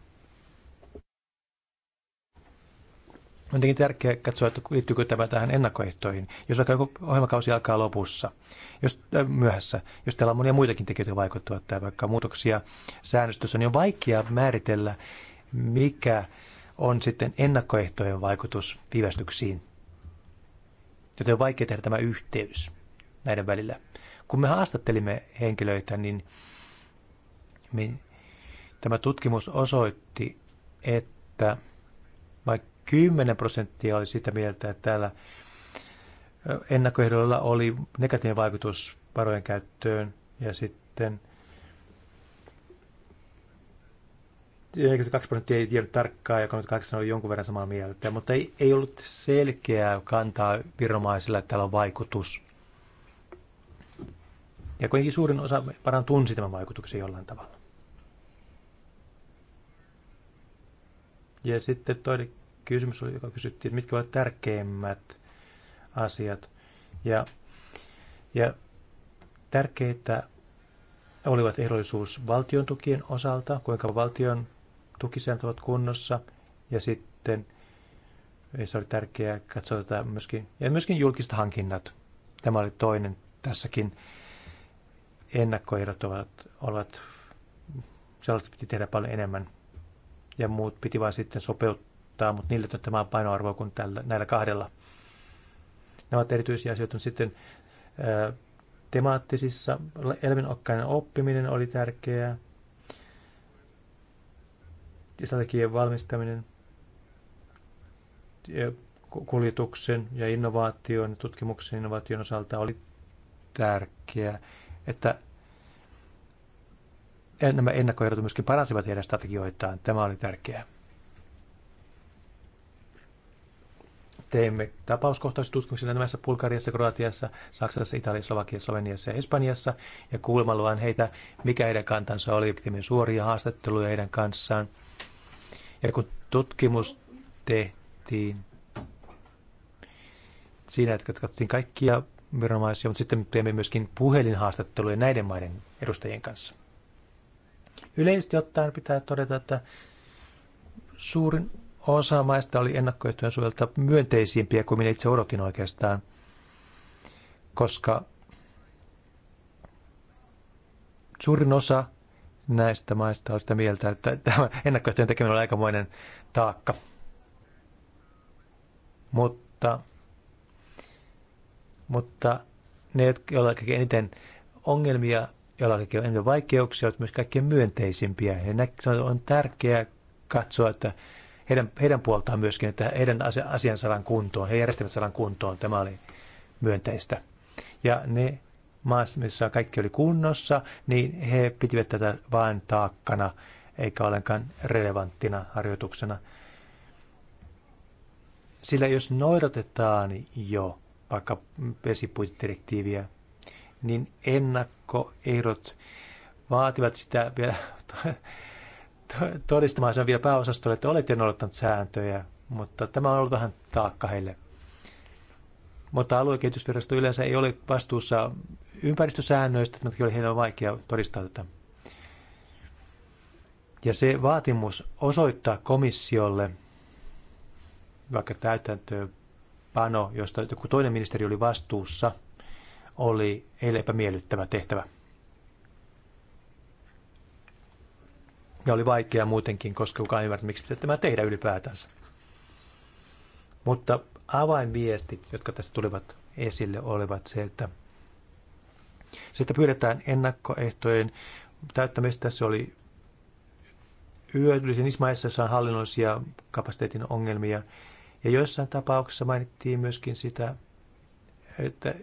Speaker 2: On tietenkin tärkeää katsoa, että liittyykö tämä tähän ennakkoehtoihin. Jos vaikka joku ohjelmakausi alkaa lopussa, jos, äh, myöhässä, jos täällä on monia muitakin tekijöitä, jotka vaikuttavat tai vaikka muutoksia säännöstössä, niin on vaikea määritellä, mikä on sitten ennakkoehtojen vaikutus viivästyksiin. Joten on vaikea tehdä tämä yhteys näiden välillä. Kun me haastattelimme henkilöitä, niin, me, tämä tutkimus osoitti, että vaikka 10 prosenttia oli sitä mieltä, että täällä ennakkoehdolla oli negatiivinen vaikutus varojen käyttöön ja sitten 42 prosenttia ei tiedä tarkkaan ja 38 oli jonkun verran samaa mieltä, mutta ei, ei ollut selkeää kantaa viranomaisilla, että tällä on vaikutus. Ja kuitenkin suurin osa paran tunsi tämän vaikutuksen jollain tavalla. Ja sitten toinen kysymys, oli, joka kysyttiin, että mitkä ovat tärkeimmät asiat. Ja, ja tärkeitä olivat ehdollisuus valtion tukien osalta, kuinka valtion tukisäännöt ovat kunnossa ja sitten se oli tärkeää katsoa tätä myöskin, ja myöskin julkiset hankinnat. Tämä oli toinen tässäkin. Ennakkoehdot ovat, ovat sellaiset piti tehdä paljon enemmän ja muut piti vain sitten sopeuttaa, mutta niille on tämä painoarvo kuin tällä, näillä kahdella. Nämä ovat erityisiä asioita, mutta sitten ää, temaattisissa elvinokkainen oppiminen oli tärkeää, ja valmistaminen ja kuljetuksen ja innovaation, tutkimuksen innovaation osalta oli tärkeää, että e-, nämä ennakkoehdot myöskin paransivat heidän strategioitaan. Tämä oli tärkeää. Teimme tapauskohtaisia tutkimuksia näissä Bulgariassa, Kroatiassa, Saksassa, Italiassa, Slovakiassa, Sloveniassa ja Espanjassa. Ja kuulemalla heitä, mikä heidän kantansa oli, Teimme suoria haastatteluja heidän kanssaan – ja kun tutkimus tehtiin siinä, että katsottiin kaikkia viranomaisia, mutta sitten teemme myöskin puhelinhaastatteluja näiden maiden edustajien kanssa. Yleisesti ottaen pitää todeta, että suurin osa maista oli ennakkoehtojen suojelta myönteisimpiä kuin minä itse odotin oikeastaan, koska suurin osa näistä maista on sitä mieltä, että tämä ennakkoehtojen tekeminen on aikamoinen taakka. Mutta, mutta ne, joilla on eniten ongelmia, joilla on eniten vaikeuksia, ovat myös kaikkein myönteisimpiä. Ja on tärkeää katsoa, että heidän, heidän puoltaan myöskin, että heidän asiansa saadaan kuntoon, he järjestelmät saadaan kuntoon. Tämä oli myönteistä. Ja ne, maassa, missä kaikki oli kunnossa, niin he pitivät tätä vain taakkana eikä ollenkaan relevanttina harjoituksena. Sillä jos noudatetaan jo vaikka vesipuitedirektiiviä, niin ennakkoehdot vaativat sitä vielä todistamaan sen vielä pääosastolle, että olette noudattanut sääntöjä, mutta tämä on ollut vähän taakka heille. Mutta aluekehitysvirasto yleensä ei ole vastuussa ympäristösäännöistä, että oli heillä vaikea todistaa tätä. Ja se vaatimus osoittaa komissiolle, vaikka täytäntöönpano, josta joku toinen ministeri oli vastuussa, oli heille epämiellyttävä tehtävä. Ja oli vaikea muutenkin, koska kukaan ei ymmärtänyt, miksi pitää tämä tehdä ylipäätänsä. Mutta avainviestit, jotka tästä tulivat esille, olivat se, että sitten pyydetään ennakkoehtojen täyttämistä. Se oli yöllisen Ismaissa, jossa on hallinnollisia kapasiteetin ongelmia. Ja joissain tapauksissa mainittiin myöskin sitä, että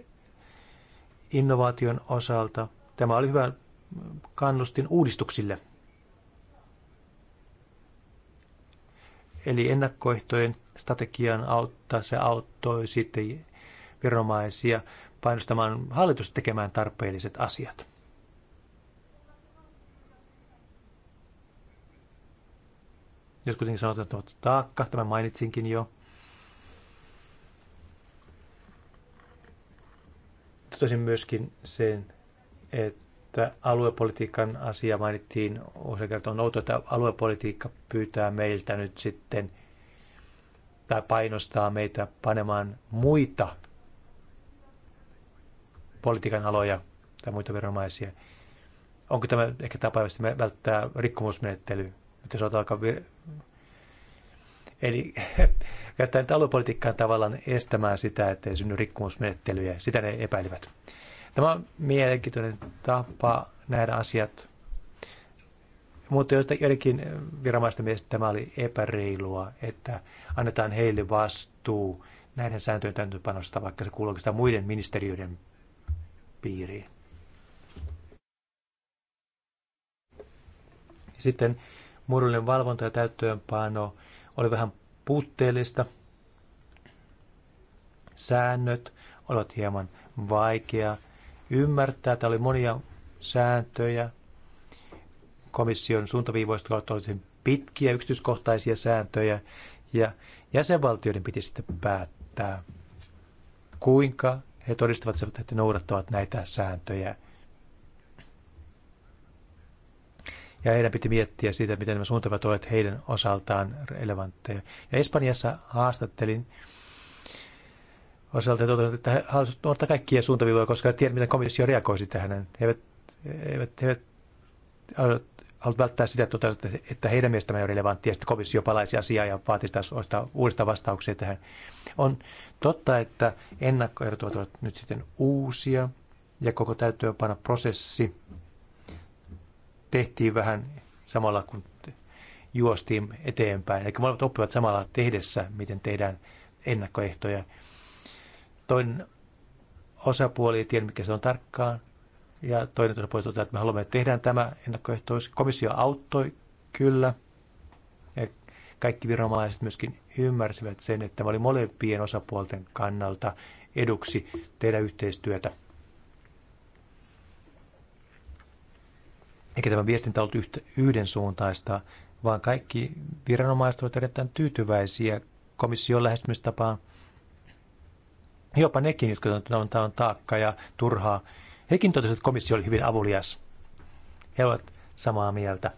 Speaker 2: innovaation osalta tämä oli hyvä kannustin uudistuksille. Eli ennakkoehtojen strategian auttaa, se auttoi sitten viranomaisia painostamaan hallitusta tekemään tarpeelliset asiat. Jos kuitenkin sanotaan, että on taakka, tämä mainitsinkin jo. Tosin myöskin sen, että aluepolitiikan asia mainittiin usein kertaa. On outo, että aluepolitiikka pyytää meiltä nyt sitten tai painostaa meitä panemaan muita politiikan aloja tai muita viranomaisia. Onko tämä ehkä tapa, josta me välttää rikkomusmenettely, että se on aika vir- Eli käyttää nyt aluepolitiikkaa tavallaan estämään sitä, ettei synny rikkomusmenettelyjä. Sitä ne epäilivät. Tämä on mielenkiintoinen tapa nähdä asiat. Mutta joidenkin viranomaisten mielestä tämä oli epäreilua, että annetaan heille vastuu näiden sääntöjen täytäntöönpanosta, vaikka se kuuluu sitä muiden ministeriöiden piiriin. Sitten muodollinen valvonta ja täyttöönpano oli vähän puutteellista. Säännöt olivat hieman vaikea ymmärtää. Täällä oli monia sääntöjä. Komission suuntaviivoista oli pitkiä yksityiskohtaisia sääntöjä ja jäsenvaltioiden piti sitten päättää, kuinka he todistavat, että noudattavat näitä sääntöjä. Ja heidän piti miettiä siitä, miten nämä suuntavat olet heidän osaltaan relevantteja. Ja Espanjassa haastattelin osalta, että he halusivat ottaa kaikkia suuntaviivoja, koska he tiedät, miten komissio reagoisi tähän. He eivät, he eivät, he eivät haluat välttää sitä, että, että heidän mielestään ei ole relevanttia, että komissio palaisi asiaa ja vaatisi taas uudesta vastauksia tähän. On totta, että ennakkoehdot ovat nyt sitten uusia ja koko täyttöönpana prosessi tehtiin vähän samalla kuin juostiin eteenpäin. Eli molemmat oppivat samalla tehdessä, miten tehdään ennakkoehtoja. Toinen osapuoli ei tiedä, mikä se on tarkkaan, ja toinen tosiaan pois että me haluamme, että tehdään tämä ennakkoehtois. Komissio auttoi kyllä. Ja kaikki viranomaiset myöskin ymmärsivät sen, että tämä oli molempien osapuolten kannalta eduksi tehdä yhteistyötä. Eikä tämä viestintä ollut yhtä, yhdensuuntaista, vaan kaikki viranomaiset olivat erittäin tyytyväisiä komission lähestymistapaan. Jopa nekin, jotka sanoivat, että tämä on taakka ja turhaa Hekin totesivat, että komissio oli hyvin avulias. He ovat samaa mieltä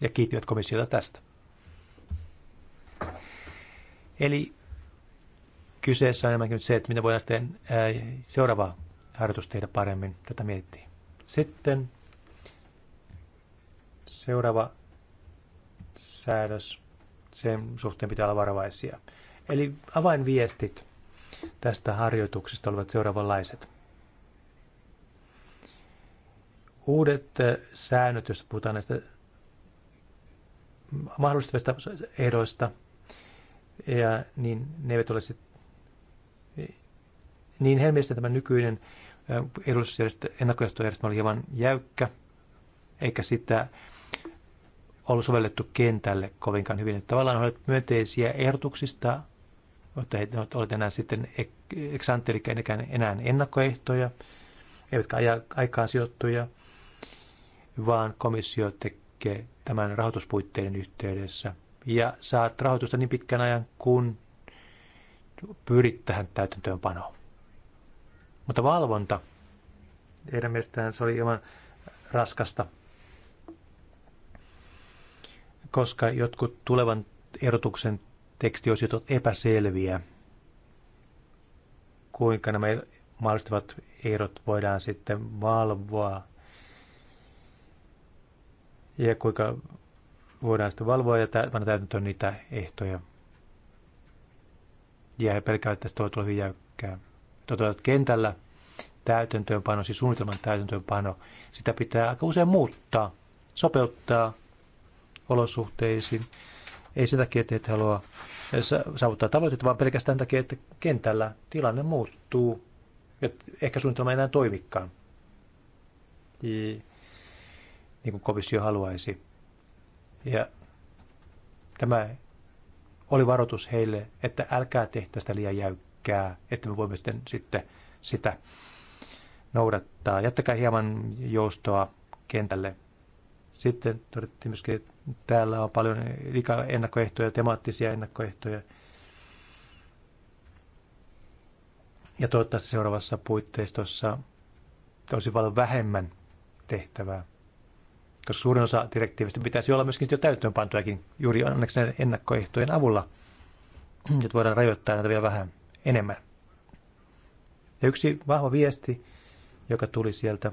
Speaker 2: ja kiittivät komissiota tästä. Eli kyseessä on enemmänkin nyt se, että mitä voidaan sitten seuraava harjoitus tehdä paremmin. Tätä miettiä. Sitten seuraava säädös. Sen suhteen pitää olla varovaisia. Eli avainviestit tästä harjoituksesta olivat seuraavanlaiset. uudet eh, säännöt, jos puhutaan näistä mahdollistavista ehdoista, ja niin ne eivät ole sit, niin helmiästä tämä nykyinen eh, ennakkojohtojärjestelmä oli hieman jäykkä, eikä sitä ollut sovellettu kentälle kovinkaan hyvin. Että tavallaan olet myönteisiä ehdotuksista, mutta ei ole enää sitten ex eli enää ennakkoehtoja, eivätkä aikaan sijoittuja vaan komissio tekee tämän rahoituspuitteiden yhteydessä. Ja saat rahoitusta niin pitkän ajan, kun pyrit tähän täytäntöönpanoon. Mutta valvonta, teidän mielestään se oli ilman raskasta, koska jotkut tulevan erotuksen tekstiosiot epäselviä, kuinka nämä mahdollistavat erot voidaan sitten valvoa ja kuinka voidaan sitten valvoa ja panna täytäntöön niitä ehtoja. Ja he pelkäävät, että tästä voi tulla hyvin jäykkää. Toteavat kentällä täytäntöönpano, siis suunnitelman täytäntöönpano, sitä pitää aika usein muuttaa, sopeuttaa olosuhteisiin. Ei sen takia, että et halua saavuttaa tavoitteita, vaan pelkästään takia, että kentällä tilanne muuttuu, että ehkä suunnitelma ei enää toimikaan niin kuin komissio haluaisi. Ja tämä oli varoitus heille, että älkää tehtä sitä liian jäykkää, että me voimme sitten, sitten sitä noudattaa. Jättäkää hieman joustoa kentälle. Sitten todettiin myöskin, että täällä on paljon ennakkoehtoja, temaattisia ennakkoehtoja. Ja toivottavasti seuraavassa puitteistossa olisi paljon vähemmän tehtävää koska suurin osa direktiivistä pitäisi olla myöskin jo täyttöönpantojakin juuri onneksi näiden ennakkoehtojen avulla, jotta voidaan rajoittaa näitä vielä vähän enemmän. Ja yksi vahva viesti, joka tuli sieltä,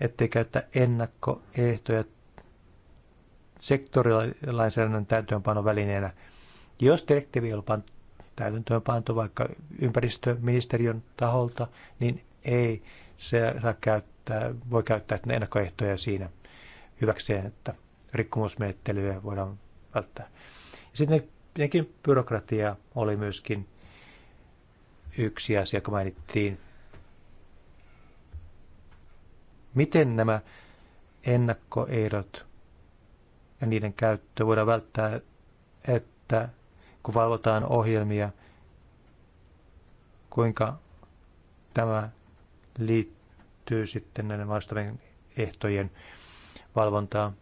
Speaker 2: ettei käyttää ennakkoehtoja sektorilainsäädännön täytäntöönpanon välineenä. Jos direktiivi on täytäntöönpanto vaikka ympäristöministeriön taholta, niin ei se saa käyttää, voi käyttää ennakkoehtoja siinä hyväkseen, että rikkomusmenettelyä voidaan välttää. Ja sitten tietenkin byrokratia oli myöskin yksi asia, joka mainittiin. Miten nämä ennakkoehdot ja niiden käyttö voidaan välttää, että kun valvotaan ohjelmia, kuinka tämä liittyy sitten näiden vastaavien ehtojen valvontaa.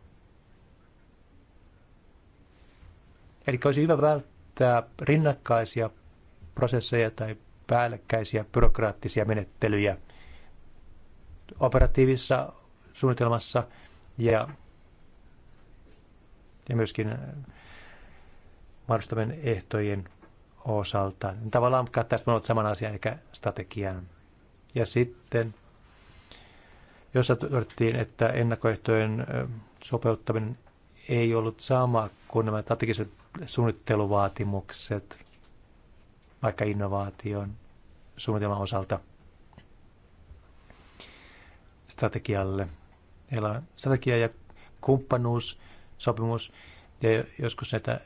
Speaker 2: Eli olisi hyvä välttää rinnakkaisia prosesseja tai päällekkäisiä byrokraattisia menettelyjä operatiivisessa suunnitelmassa ja, ja myöskin äh, mahdollistavien ehtojen osalta. Tavallaan katsotaan saman asian, eli strategian. Ja sitten jossa todettiin, että ennakkoehtojen sopeuttaminen ei ollut sama kuin nämä strategiset suunnitteluvaatimukset, vaikka innovaation suunnitelman osalta strategialle. Meillä on strategia ja kumppanuus, sopimus, ja joskus näitä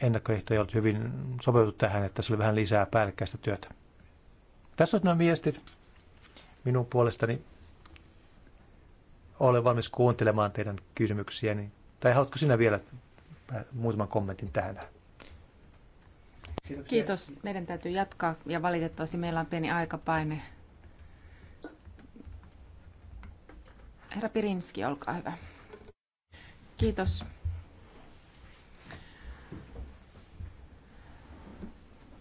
Speaker 2: ennakkoehtoja on hyvin sopeutu tähän, että se oli vähän lisää päällekkäistä työtä. Tässä on nämä viestit minun puolestani olen valmis kuuntelemaan teidän kysymyksiä. Niin, tai haluatko sinä vielä muutaman kommentin tähän? Kiitoksia. Kiitos.
Speaker 3: Meidän täytyy jatkaa ja valitettavasti meillä on pieni aikapaine. Herra Pirinski, olkaa hyvä. Kiitos.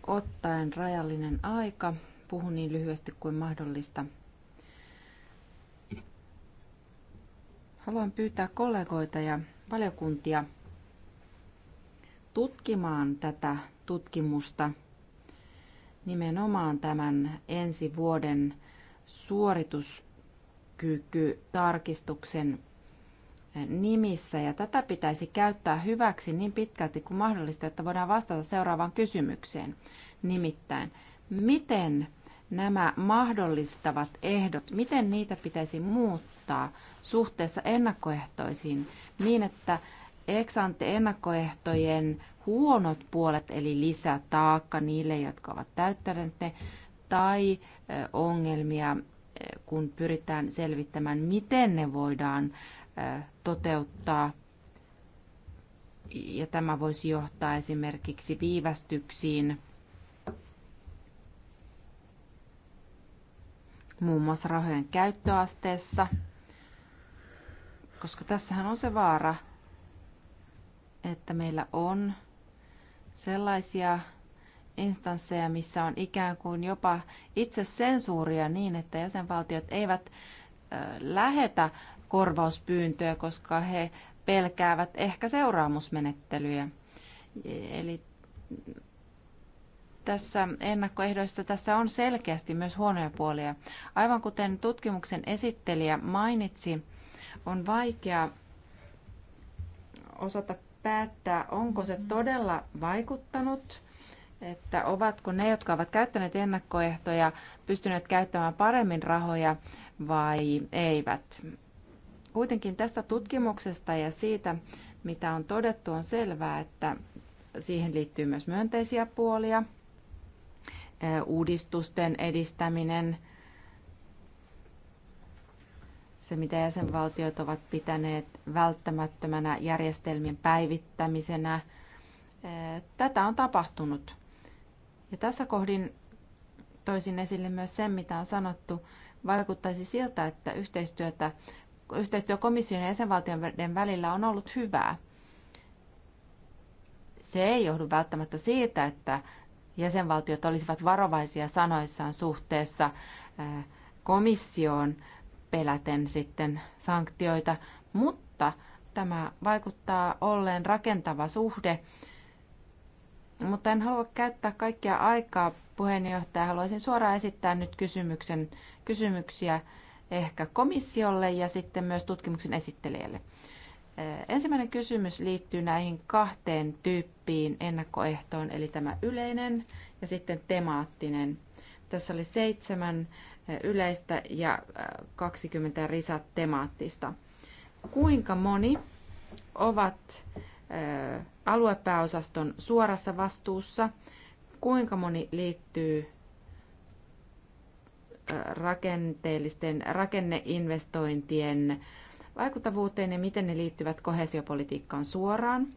Speaker 3: Ottaen rajallinen aika, puhun niin lyhyesti kuin mahdollista – Haluan pyytää kollegoita ja valiokuntia tutkimaan tätä tutkimusta nimenomaan tämän ensi vuoden suorituskykytarkistuksen nimissä. Ja tätä pitäisi käyttää hyväksi niin pitkälti kuin mahdollista, että voidaan vastata seuraavaan kysymykseen. Nimittäin, miten nämä mahdollistavat ehdot, miten niitä pitäisi muuttaa? ottaa suhteessa ennakkoehtoisiin niin, että eksante ennakkoehtojen huonot puolet, eli taakka niille, jotka ovat täyttäneet ne, tai ongelmia, kun pyritään selvittämään, miten ne voidaan toteuttaa. Ja tämä voisi johtaa esimerkiksi viivästyksiin, muun muassa rahojen käyttöasteessa – koska tässähän on se vaara, että meillä on sellaisia instansseja, missä on ikään kuin jopa itse sensuuria niin, että jäsenvaltiot eivät lähetä korvauspyyntöjä, koska he pelkäävät ehkä seuraamusmenettelyjä. Eli tässä ennakkoehdoissa tässä on selkeästi myös huonoja puolia. Aivan kuten tutkimuksen esittelijä mainitsi, on vaikea osata päättää, onko se todella vaikuttanut, että ovatko ne, jotka ovat käyttäneet ennakkoehtoja, pystyneet käyttämään paremmin rahoja vai eivät. Kuitenkin tästä tutkimuksesta ja siitä, mitä on todettu, on selvää, että siihen liittyy myös myönteisiä puolia. Uudistusten edistäminen – se, mitä jäsenvaltiot ovat pitäneet välttämättömänä järjestelmien päivittämisenä. Eh, tätä on tapahtunut. Ja tässä kohdin toisin esille myös sen, mitä on sanottu. Vaikuttaisi siltä, että yhteistyötä, yhteistyö komission ja jäsenvaltioiden välillä on ollut hyvää. Se ei johdu välttämättä siitä, että jäsenvaltiot olisivat varovaisia sanoissaan suhteessa eh, komissioon – peläten sitten sanktioita, mutta tämä vaikuttaa olleen rakentava suhde. Mutta en halua käyttää kaikkia aikaa, puheenjohtaja. Haluaisin suoraan esittää nyt kysymyksen, kysymyksiä ehkä komissiolle ja sitten myös tutkimuksen esittelijälle. Ensimmäinen kysymys liittyy näihin kahteen tyyppiin ennakkoehtoon, eli tämä yleinen ja sitten temaattinen. Tässä oli seitsemän yleistä ja 20 äh, risat temaattista. Kuinka moni ovat äh, aluepääosaston suorassa vastuussa? Kuinka moni liittyy äh, rakenteellisten rakenneinvestointien vaikuttavuuteen ja miten ne liittyvät kohesiopolitiikkaan suoraan?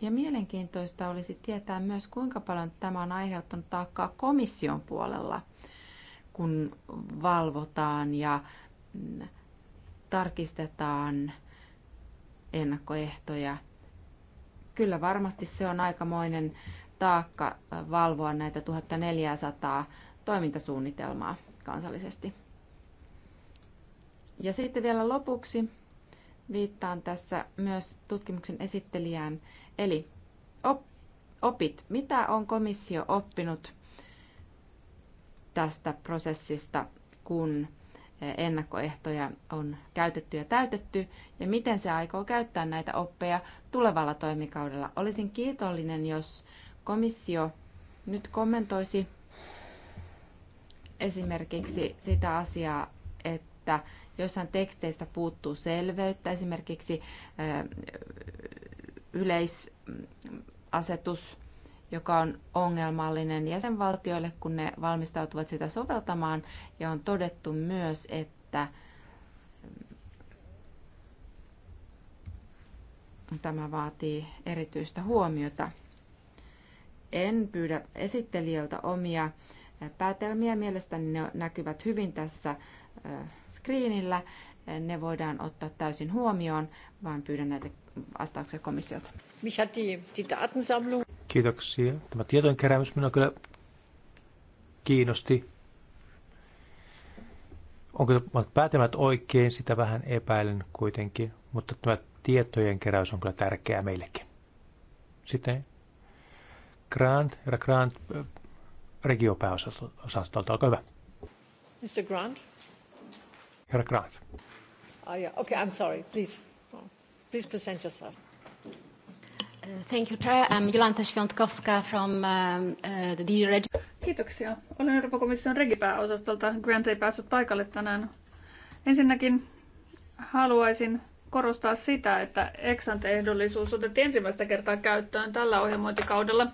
Speaker 3: Ja mielenkiintoista olisi tietää myös, kuinka paljon tämä on aiheuttanut taakkaa komission puolella, kun valvotaan ja mm, tarkistetaan ennakkoehtoja. Kyllä varmasti se on aikamoinen taakka äh, valvoa näitä 1400 toimintasuunnitelmaa kansallisesti. Ja sitten vielä lopuksi viittaan tässä myös tutkimuksen esittelijään Eli opit, mitä on komissio oppinut tästä prosessista, kun eh, ennakkoehtoja on käytetty ja täytetty, ja miten se aikoo käyttää näitä oppeja tulevalla toimikaudella. Olisin kiitollinen, jos komissio nyt kommentoisi esimerkiksi sitä asiaa, että jossain teksteistä puuttuu selveyttä, esimerkiksi eh, yleisasetus, joka on ongelmallinen jäsenvaltioille, kun ne valmistautuvat sitä soveltamaan. Ja on todettu myös, että tämä vaatii erityistä huomiota. En pyydä esittelijältä omia päätelmiä. Mielestäni ne näkyvät hyvin tässä äh, screenillä. Ne voidaan ottaa täysin huomioon, vaan pyydän näitä vastauksia komissiolta.
Speaker 2: Kiitoksia. Tämä tietojen keräämys minua kyllä kiinnosti. Onko päätelmät oikein, sitä vähän epäilen kuitenkin, mutta tämä tietojen keräys on kyllä tärkeää meillekin. Sitten Grant, herra Grant, äh, regiopääosastolta, olkaa hyvä. Mr. Grant? Herra Grant.
Speaker 1: Oh, yeah. Okay, I'm sorry, please. Please present yourself.
Speaker 3: Uh, thank you, Chair. I'm Jolanta Świątkowska from um, uh, the DG Regi. Kiitoksia. Olen Euroopan komission regipääosastolta. Grant ei päässyt
Speaker 1: paikalle tänään. Ensinnäkin haluaisin korostaa sitä, että Exante-ehdollisuus otettiin ensimmäistä kertaa käyttöön tällä ohjelmointikaudella.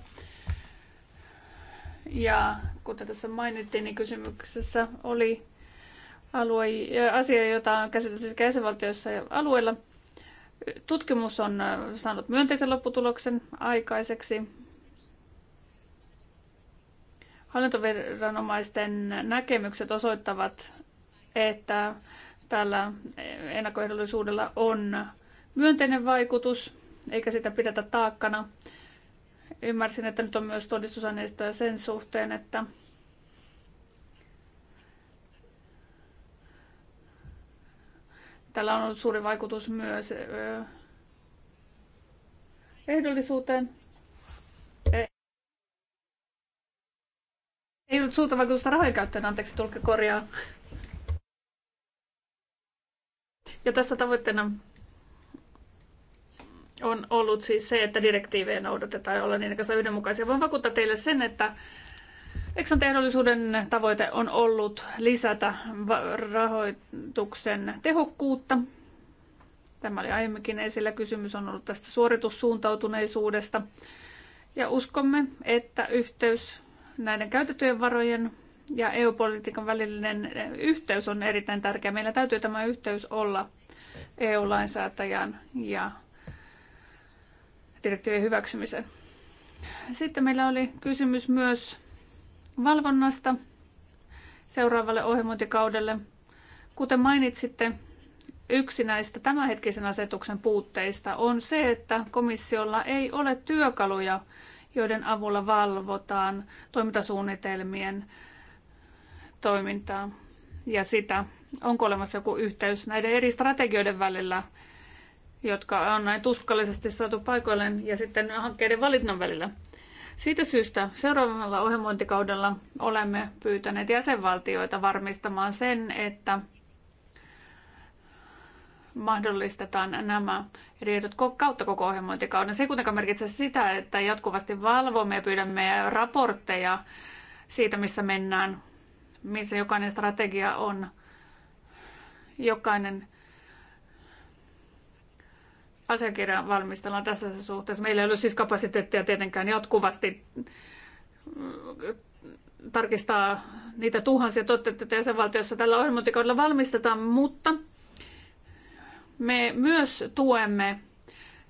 Speaker 1: Ja kuten tässä mainittiin, niin kysymyksessä oli alue, asia, jota on käsitelty sekä jäsenvaltioissa ja alueilla – Tutkimus on äh, saanut myönteisen lopputuloksen aikaiseksi. Hallintoviranomaisten näkemykset osoittavat, että tällä ennakkoehdollisuudella on myönteinen vaikutus, eikä sitä pidetä taakkana. Ymmärsin, että nyt on myös todistusaineistoja sen suhteen, että Tällä on ollut suuri vaikutus myös ehdollisuuteen. E- Ei ollut suurta vaikutusta rahojen käyttöön, anteeksi, tulkki korjaa. Ja tässä tavoitteena on ollut siis se, että direktiivejä noudatetaan ja olla niiden kanssa yhdenmukaisia. Voin vakuuttaa teille sen, että Eksanten ehdollisuuden tavoite on ollut lisätä rahoituksen tehokkuutta. Tämä oli aiemminkin esillä. Kysymys on ollut tästä suoritussuuntautuneisuudesta. Ja uskomme, että yhteys näiden käytettyjen varojen ja EU-politiikan välinen yhteys on erittäin tärkeä. Meillä täytyy tämä yhteys olla EU-lainsäätäjän ja direktiivien hyväksymisen. Sitten meillä oli kysymys myös valvonnasta seuraavalle ohjelmointikaudelle. Kuten mainitsitte, yksi näistä tämänhetkisen asetuksen puutteista on se, että komissiolla ei ole työkaluja, joiden avulla valvotaan toimintasuunnitelmien toimintaa ja sitä, onko olemassa joku yhteys näiden eri strategioiden välillä, jotka on näin tuskallisesti saatu paikoilleen, ja sitten hankkeiden valinnan välillä. Siitä syystä seuraavalla ohjelmointikaudella olemme pyytäneet jäsenvaltioita varmistamaan sen, että mahdollistetaan nämä eri ehdot kautta koko ohjelmointikauden. Se ei kuitenkaan merkitse sitä, että jatkuvasti valvomme ja pyydämme raportteja siitä, missä mennään, missä jokainen strategia on, jokainen asiakirjan valmistellaan tässä suhteessa. Meillä ei ole siis kapasiteettia tietenkään jatkuvasti mm, tarkistaa niitä tuhansia tuotteita, jäsenvaltioissa tällä ohjelmointikaudella valmistetaan, mutta me myös tuemme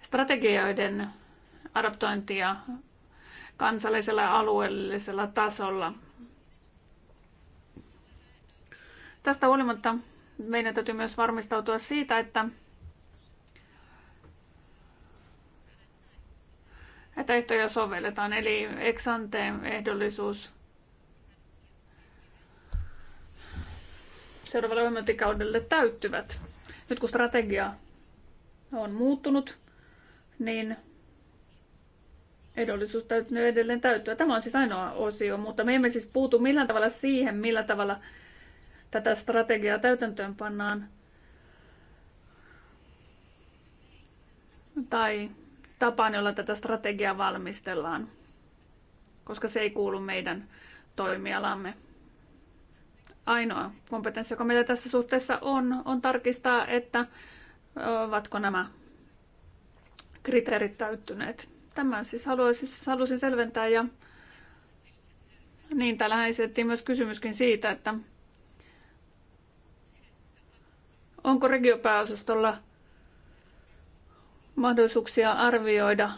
Speaker 1: strategioiden adaptointia kansallisella ja alueellisella tasolla. Tästä huolimatta meidän täytyy myös varmistautua siitä, että että ehtoja sovelletaan, eli eksanteen ehdollisuus seuraavalle ohjelmointikaudelle täyttyvät. Nyt kun strategia on muuttunut, niin edullisuus täytyy edelleen täyttyä. Tämä on siis ainoa osio, mutta me emme siis puutu millään tavalla siihen, millä tavalla tätä strategiaa täytäntöön pannaan tai tapaan, jolla tätä strategiaa valmistellaan, koska se ei kuulu meidän toimialamme. Ainoa kompetenssi, joka meillä tässä suhteessa on, on tarkistaa, että ovatko nämä kriteerit täyttyneet. Tämän siis haluaisin, halusin selventää ja niin, täällähän esitettiin myös kysymyskin siitä, että onko regiopääosastolla mahdollisuuksia arvioida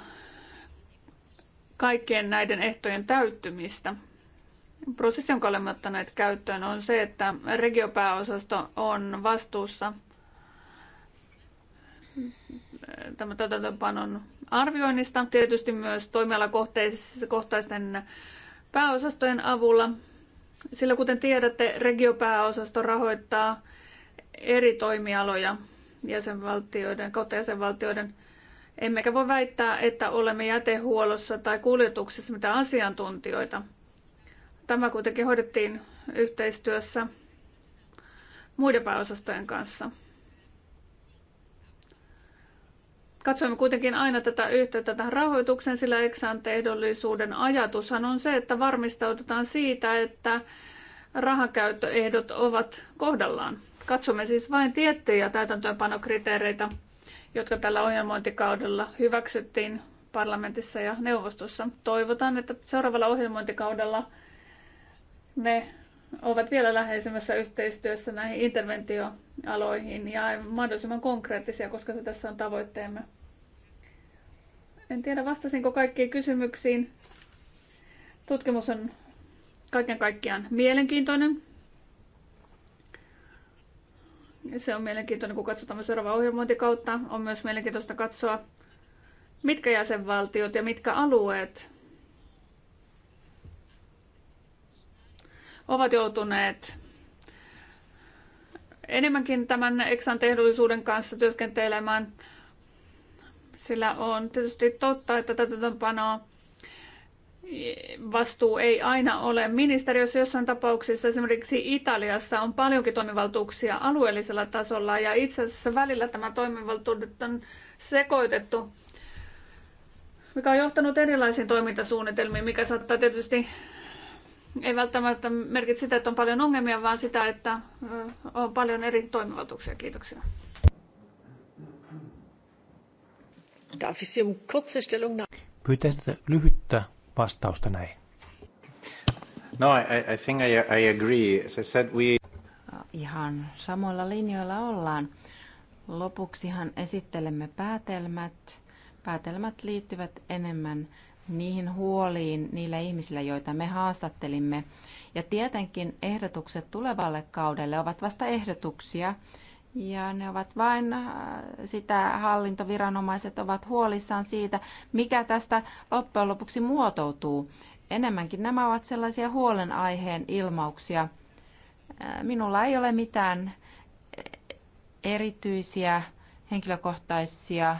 Speaker 1: kaikkien näiden ehtojen täyttymistä. Prosessi, jonka olemme ottaneet käyttöön, on se, että regiopääosasto on vastuussa tämän täytäntöönpanon arvioinnista, tietysti myös toimialakohtaisten pääosastojen avulla. Sillä kuten tiedätte, regiopääosasto rahoittaa eri toimialoja jäsenvaltioiden, kautta jäsenvaltioiden Emmekä voi väittää, että olemme jätehuollossa tai kuljetuksessa mitä asiantuntijoita. Tämä kuitenkin hoidettiin yhteistyössä muiden pääosastojen kanssa. Katsoimme kuitenkin aina tätä yhteyttä tähän rahoitukseen, sillä eksanteehdollisuuden ajatushan on se, että varmistaututaan siitä, että rahakäyttöehdot ovat kohdallaan. Katsomme siis vain tiettyjä täytäntöönpanokriteereitä – jotka tällä ohjelmointikaudella hyväksyttiin parlamentissa ja neuvostossa. Toivotaan, että seuraavalla ohjelmointikaudella ne ovat vielä läheisemmässä yhteistyössä näihin interventioaloihin ja mahdollisimman konkreettisia, koska se tässä on tavoitteemme. En tiedä, vastasinko kaikkiin kysymyksiin. Tutkimus on kaiken kaikkiaan mielenkiintoinen. Se on mielenkiintoinen, kun katsotaan seuraavaa ohjelmointikautta. On myös mielenkiintoista katsoa, mitkä jäsenvaltiot ja mitkä alueet ovat joutuneet enemmänkin tämän eksan tehdollisuuden kanssa työskentelemään. Sillä on tietysti totta, että täytäntöönpanoa vastuu ei aina ole ministeriössä. Jossain tapauksissa esimerkiksi Italiassa on paljonkin toimivaltuuksia alueellisella tasolla ja itse asiassa välillä tämä toimivaltuudet on sekoitettu, mikä on johtanut erilaisiin toimintasuunnitelmiin, mikä saattaa tietysti ei välttämättä merkitse sitä, että on paljon ongelmia, vaan sitä, että on paljon eri toimivaltuuksia. Kiitoksia. Darf ich Sie um kurze Stellungnahme?
Speaker 2: Pyytäisitte lyhyttä vastausta näihin. No, I, I think I, I agree. As I said, we...
Speaker 3: Ihan samoilla linjoilla ollaan. Lopuksihan esittelemme päätelmät. Päätelmät liittyvät enemmän niihin huoliin niillä ihmisillä, joita me haastattelimme. Ja tietenkin ehdotukset tulevalle kaudelle ovat vasta ehdotuksia, ja ne ovat vain äh, sitä, hallintoviranomaiset ovat huolissaan siitä, mikä tästä loppujen lopuksi muotoutuu. Enemmänkin nämä ovat sellaisia huolenaiheen ilmauksia. Äh, minulla ei ole mitään erityisiä henkilökohtaisia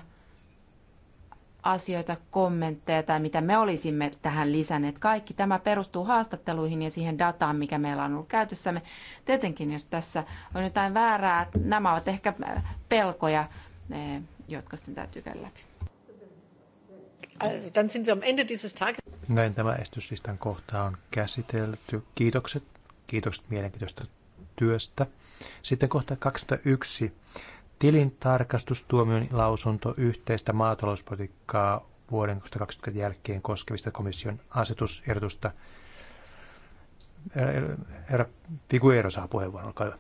Speaker 3: asioita, kommentteja tai mitä me olisimme tähän lisänneet. Kaikki tämä perustuu haastatteluihin ja siihen dataan, mikä meillä on ollut käytössämme. Tietenkin, jos tässä on jotain väärää, nämä ovat ehkä pelkoja, eh, jotka sitten täytyy käydä läpi.
Speaker 2: Näin tämä estyslistan kohta on käsitelty. Kiitokset. Kiitokset mielenkiintoista työstä. Sitten kohta 21 tilintarkastustuomion lausunto yhteistä maatalouspolitiikkaa vuoden 2020 jälkeen koskevista komission asetusehdotusta. Herra Figuero saa puheenvuoron, olkaa hyvä.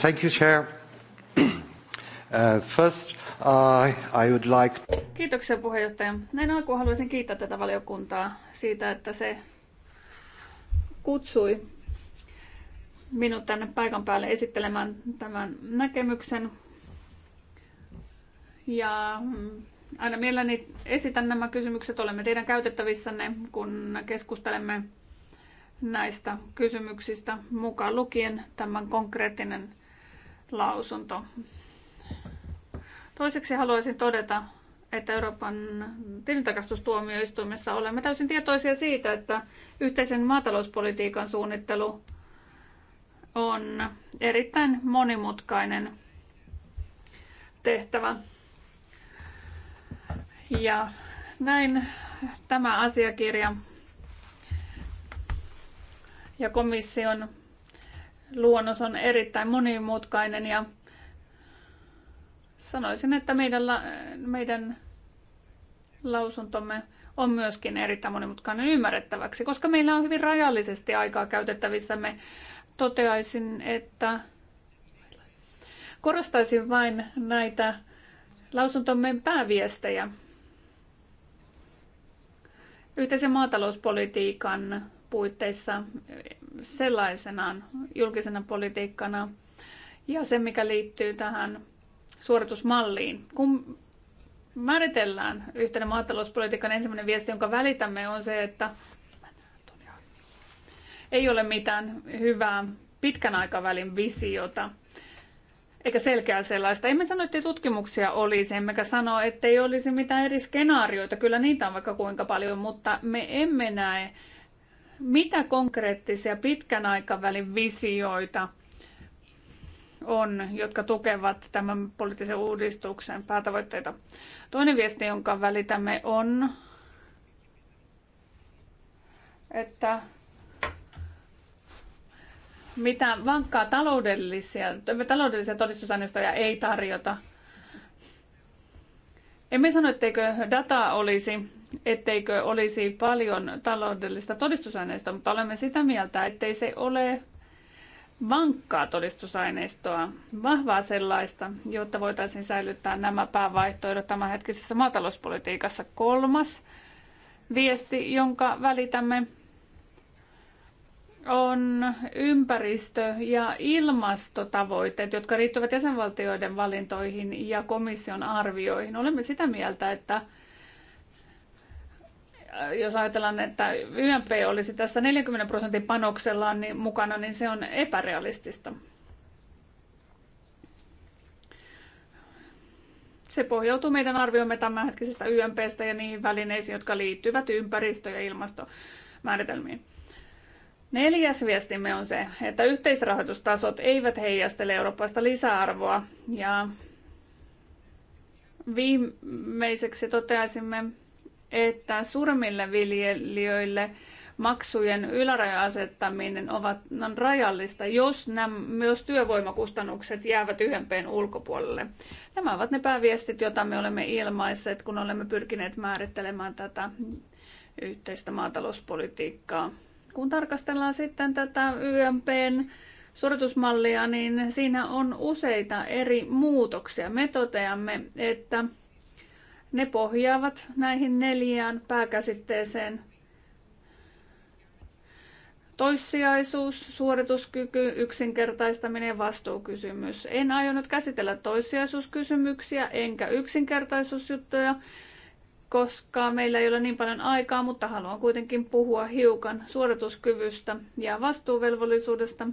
Speaker 2: Thank you, Chair. Uh, first, uh, I would like...
Speaker 1: Kiitoksia puheenjohtaja. Näin alkuun haluaisin kiittää tätä valiokuntaa siitä, että se kutsui minut tänne paikan päälle esittelemään tämän näkemyksen. Ja mm, aina mielelläni esitän nämä kysymykset. Olemme teidän käytettävissänne, kun keskustelemme näistä kysymyksistä, mukaan lukien tämän konkreettinen lausunto. Toiseksi haluaisin todeta, että Euroopan tilintarkastustuomioistuimessa olemme täysin tietoisia siitä, että yhteisen maatalouspolitiikan suunnittelu on erittäin monimutkainen tehtävä. Ja näin tämä asiakirja ja komission luonnos on erittäin monimutkainen ja Sanoisin, että meidän, meidän lausuntomme on myöskin erittäin monimutkainen ymmärrettäväksi, koska meillä on hyvin rajallisesti aikaa käytettävissämme. Toteaisin, että korostaisin vain näitä lausuntomme pääviestejä. Yhteisen maatalouspolitiikan puitteissa sellaisenaan julkisena politiikkana ja se, mikä liittyy tähän suoritusmalliin. Kun määritellään yhtenä maatalouspolitiikan ensimmäinen viesti, jonka välitämme, on se, että ei ole mitään hyvää pitkän aikavälin visiota, eikä selkeää sellaista. Emme sano, että tutkimuksia olisi, emmekä sano, että ei olisi mitään eri skenaarioita. Kyllä niitä on vaikka kuinka paljon, mutta me emme näe, mitä konkreettisia pitkän aikavälin visioita – on, jotka tukevat tämän poliittisen uudistuksen päätavoitteita. Toinen viesti, jonka välitämme, on, että mitä vankkaa taloudellisia, taloudellisia todistusaineistoja ei tarjota. Emme sano, etteikö dataa olisi, etteikö olisi paljon taloudellista todistusaineistoa, mutta olemme sitä mieltä, ettei se ole vankkaa todistusaineistoa, vahvaa sellaista, jotta voitaisiin säilyttää nämä päävaihtoehdot tämänhetkisessä maatalouspolitiikassa. Kolmas viesti, jonka välitämme, on ympäristö- ja ilmastotavoitteet, jotka riittyvät jäsenvaltioiden valintoihin ja komission arvioihin. Olemme sitä mieltä, että jos ajatellaan, että YMP olisi tässä 40 prosentin panoksellaan niin mukana, niin se on epärealistista. Se pohjautuu meidän arviomme tämänhetkisestä YMPstä ja niihin välineisiin, jotka liittyvät ympäristö- ja ilmastomääritelmiin. Neljäs viestimme on se, että yhteisrahoitustasot eivät heijastele eurooppaista lisäarvoa. Ja viimeiseksi toteaisimme, että suuremmille viljelijöille maksujen ylärajan asettaminen ovat, on rajallista, jos nämä, myös työvoimakustannukset jäävät yhempeen ulkopuolelle. Nämä ovat ne pääviestit, joita me olemme ilmaisseet, kun olemme pyrkineet määrittelemään tätä yhteistä maatalouspolitiikkaa. Kun tarkastellaan sitten tätä YMPn suoritusmallia, niin siinä on useita eri muutoksia. Me toteamme, että ne pohjaavat näihin neljään pääkäsitteeseen. Toissijaisuus, suorituskyky, yksinkertaistaminen ja vastuukysymys. En aio nyt käsitellä toissijaisuuskysymyksiä enkä yksinkertaisuusjuttuja, koska meillä ei ole niin paljon aikaa, mutta haluan kuitenkin puhua hiukan suorituskyvystä ja vastuuvelvollisuudesta.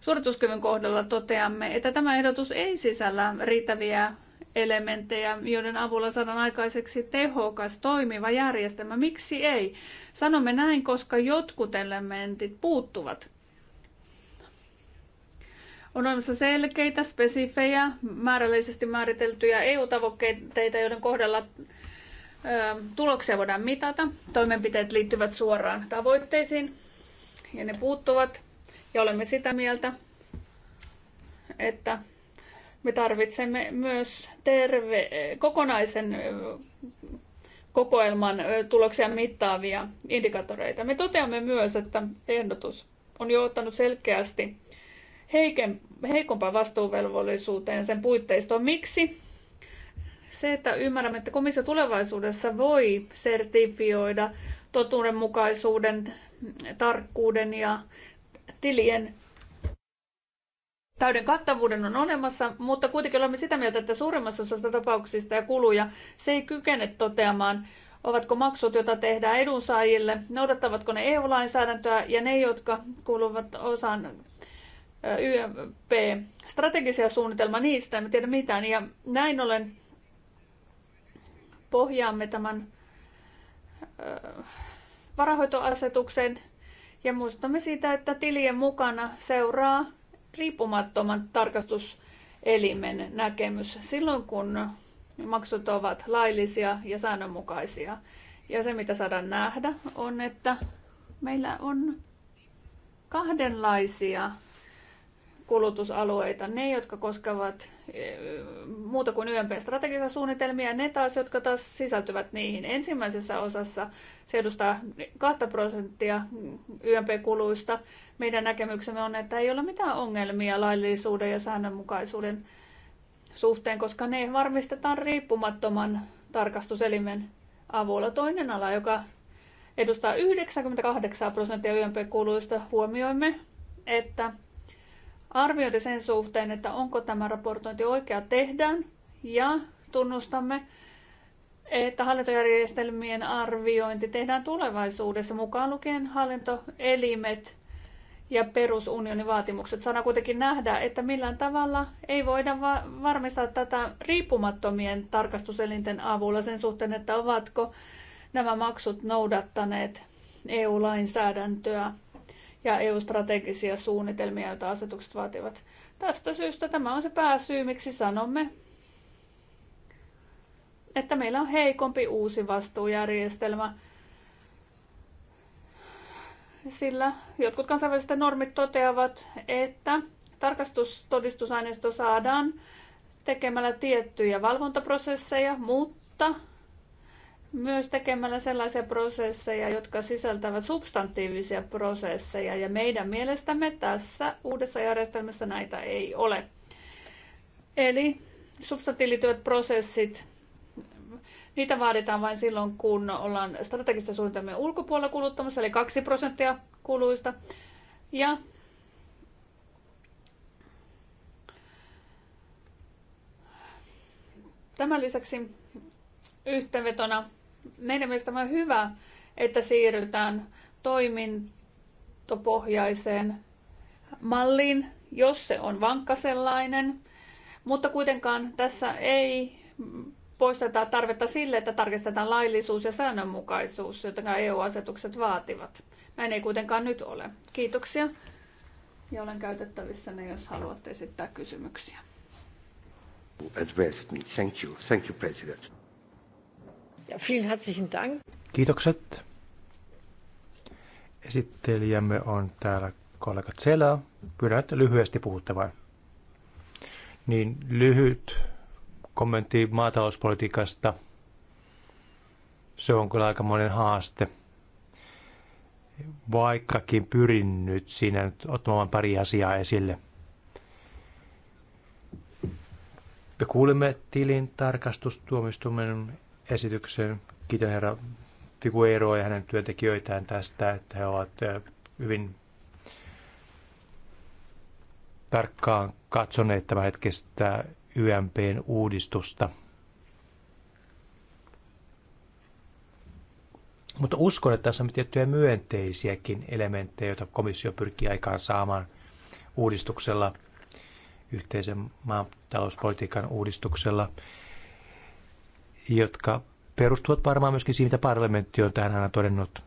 Speaker 1: Suorituskyvyn kohdalla toteamme, että tämä ehdotus ei sisällä riittäviä elementtejä, joiden avulla saadaan aikaiseksi tehokas, toimiva järjestelmä. Miksi ei? Sanomme näin, koska jotkut elementit puuttuvat. On olemassa selkeitä, spesifejä, määrällisesti määriteltyjä EU-tavoitteita, joiden kohdalla ö, tuloksia voidaan mitata. Toimenpiteet liittyvät suoraan tavoitteisiin ja ne puuttuvat. Ja olemme sitä mieltä, että me tarvitsemme myös terve, kokonaisen kokoelman tuloksia mittaavia indikaattoreita. Me toteamme myös, että ehdotus on jo ottanut selkeästi heiken, heikompaan vastuuvelvollisuuteen sen puitteistoon. Miksi? Se, että ymmärrämme, että komissio tulevaisuudessa voi sertifioida totuudenmukaisuuden, tarkkuuden ja tilien täyden kattavuuden on olemassa, mutta kuitenkin olemme sitä mieltä, että suurimmassa osassa tapauksista ja kuluja se ei kykene toteamaan, ovatko maksut, joita tehdään edunsaajille, noudattavatko ne EU-lainsäädäntöä ja ne, jotka kuuluvat osaan
Speaker 2: YMP
Speaker 1: strategisia suunnitelmaa niistä en tiedä mitään. Ja näin ollen pohjaamme tämän varahoitoasetuksen ja muistamme siitä, että tilien mukana seuraa riippumattoman tarkastuselimen näkemys silloin, kun maksut ovat laillisia ja säännönmukaisia. Ja se, mitä saadaan nähdä, on, että meillä on kahdenlaisia kulutusalueita, ne, jotka koskevat e, muuta kuin YMP-strategisia suunnitelmia, ne taas, jotka taas sisältyvät niihin. Ensimmäisessä osassa se edustaa 2 prosenttia YMP-kuluista. Meidän näkemyksemme on, että ei ole mitään ongelmia laillisuuden ja säännönmukaisuuden suhteen, koska ne varmistetaan riippumattoman tarkastuselimen avulla. Toinen ala, joka edustaa 98 prosenttia YMP-kuluista, huomioimme, että arvioita sen suhteen, että onko tämä raportointi oikea tehdään ja tunnustamme, että hallintojärjestelmien arviointi tehdään tulevaisuudessa mukaan lukien hallintoelimet ja perusunionin vaatimukset. Sana kuitenkin nähdä, että millään tavalla ei voida va- varmistaa tätä riippumattomien tarkastuselinten avulla sen suhteen, että ovatko nämä maksut noudattaneet EU-lainsäädäntöä ja EU-strategisia suunnitelmia, joita asetukset vaativat. Tästä syystä tämä on se pääsyy, miksi sanomme, että meillä on heikompi uusi vastuujärjestelmä, sillä jotkut kansainväliset normit toteavat, että tarkastustodistusaineisto saadaan tekemällä tiettyjä valvontaprosesseja, mutta myös tekemällä sellaisia prosesseja, jotka sisältävät substantiivisia prosesseja, ja meidän mielestämme tässä uudessa järjestelmässä näitä ei ole. Eli substantiivityöt prosessit, niitä vaaditaan vain silloin, kun ollaan strategista suunnitelmien ulkopuolella kuluttamassa, eli 2 prosenttia kuluista. Ja tämän lisäksi yhteenvetona meidän mielestä on hyvä, että siirrytään toimintopohjaiseen malliin, jos se on vankka sellainen, mutta kuitenkaan tässä ei poisteta tarvetta sille, että tarkistetaan laillisuus ja säännönmukaisuus, jota EU-asetukset vaativat. Näin ei kuitenkaan nyt ole. Kiitoksia ja olen käytettävissä ne, jos haluatte esittää kysymyksiä.
Speaker 2: Address me. Thank you. Thank you, President.
Speaker 1: Ja vielen herzlichen Dank.
Speaker 2: Kiitokset. Esittelijämme on täällä kollega Zela. Pyydän, että lyhyesti puhutte vain. Niin lyhyt kommentti maatalouspolitiikasta. Se on kyllä monen haaste. Vaikkakin pyrin nyt siinä nyt ottamaan pari asiaa esille. Me kuulimme tilin esityksen. Kiitän herra Figueroa ja hänen työntekijöitään tästä, että he ovat hyvin tarkkaan katsoneet tämän hetkestä YMPn uudistusta. Mutta uskon, että tässä on tiettyjä myönteisiäkin elementtejä, joita komissio pyrkii aikaan saamaan uudistuksella, yhteisen maatalouspolitiikan uudistuksella jotka perustuvat varmaan myöskin siihen, mitä parlamentti on tähän aina todennut,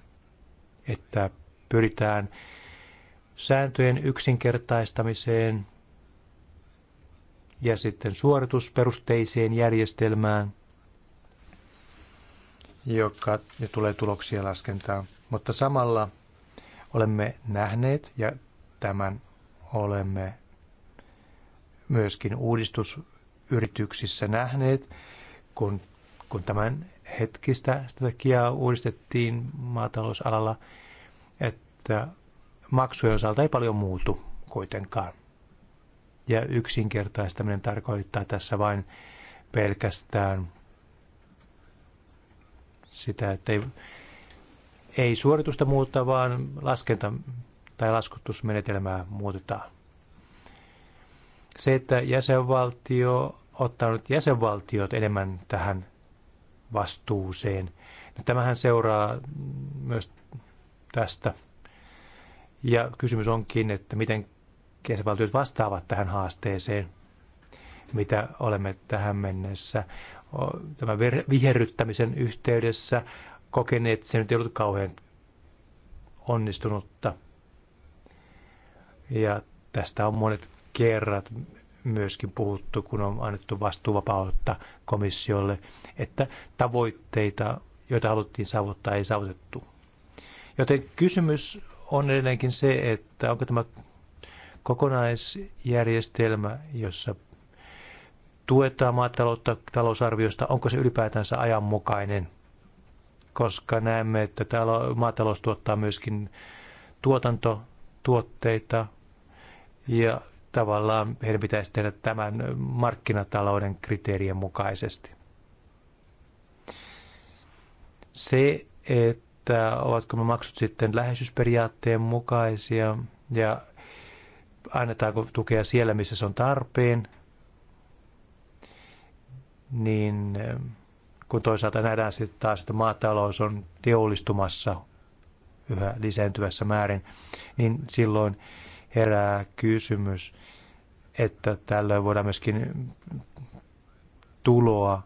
Speaker 2: että pyritään sääntöjen yksinkertaistamiseen ja sitten suoritusperusteiseen järjestelmään, joka ja tulee tuloksia laskentaan. Mutta samalla olemme nähneet, ja tämän olemme myöskin uudistusyrityksissä nähneet, kun kun tämän hetkistä strategiaa uudistettiin maatalousalalla, että maksujen osalta ei paljon muutu kuitenkaan. Ja yksinkertaistaminen tarkoittaa tässä vain pelkästään sitä, että ei, ei suoritusta muuta, vaan laskenta- tai laskutusmenetelmää muutetaan. Se, että jäsenvaltio ottaa nyt jäsenvaltiot enemmän tähän vastuuseen. No, tämähän seuraa myös tästä. Ja kysymys onkin, että miten jäsenvaltiot vastaavat tähän haasteeseen, mitä olemme tähän mennessä tämän viherryttämisen yhteydessä kokeneet, että se nyt ei ollut kauhean onnistunutta. Ja tästä on monet kerrat myöskin puhuttu, kun on annettu vastuuvapautta komissiolle, että tavoitteita, joita haluttiin saavuttaa, ei saavutettu. Joten kysymys on edelleenkin se, että onko tämä kokonaisjärjestelmä, jossa tuetaan maataloutta talousarviosta, onko se ylipäätänsä ajanmukainen, koska näemme, että täällä maatalous tuottaa myöskin tuotantotuotteita ja tavallaan heidän pitäisi tehdä tämän markkinatalouden kriteerien mukaisesti. Se, että ovatko me maksut sitten läheisyysperiaatteen mukaisia ja annetaanko tukea siellä, missä se on tarpeen, niin eh, kun toisaalta nähdään sitten taas, että maatalous on teollistumassa yhä lisääntyvässä määrin, niin silloin herää kysymys, että tällöin voidaan myöskin tuloa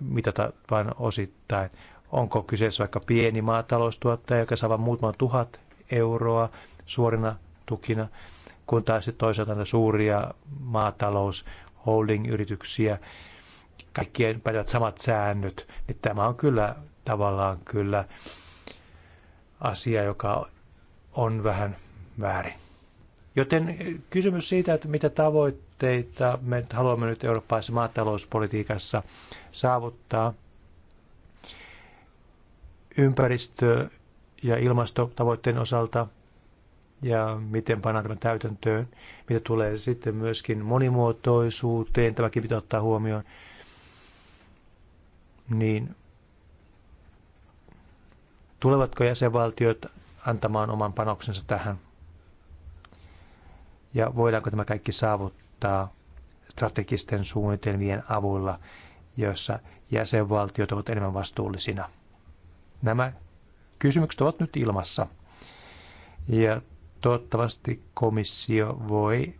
Speaker 2: mitata vain osittain. Onko kyseessä vaikka pieni maataloustuottaja, joka saa vain muutaman tuhat euroa suorina tukina, kun taas sitten toisaalta suuria maatalous-holding-yrityksiä, kaikkien päivät samat säännöt, niin tämä on kyllä tavallaan kyllä asia, joka on vähän väärin. Joten kysymys siitä, että mitä tavoitteita me haluamme nyt eurooppalaisessa maatalouspolitiikassa saavuttaa ympäristö- ja ilmastotavoitteen osalta ja miten pannaan tämä täytäntöön, mitä tulee sitten myöskin monimuotoisuuteen, tämäkin pitää ottaa huomioon, niin tulevatko jäsenvaltiot antamaan oman panoksensa tähän ja voidaanko tämä kaikki saavuttaa strategisten suunnitelmien avulla, joissa jäsenvaltiot ovat enemmän vastuullisina. Nämä kysymykset ovat nyt ilmassa ja toivottavasti komissio voi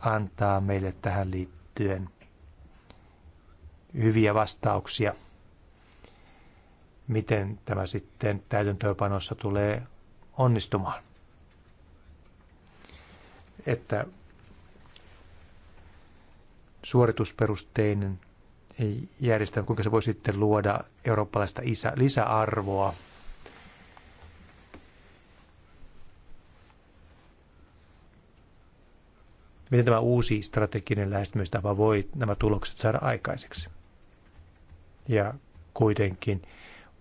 Speaker 2: antaa meille tähän liittyen hyviä vastauksia, miten tämä sitten täytäntöönpanossa tulee onnistumaan että suoritusperusteinen järjestelmä, kuinka se voi sitten luoda eurooppalaista isä, lisäarvoa. Miten tämä uusi strateginen lähestymistapa voi nämä tulokset saada aikaiseksi? Ja kuitenkin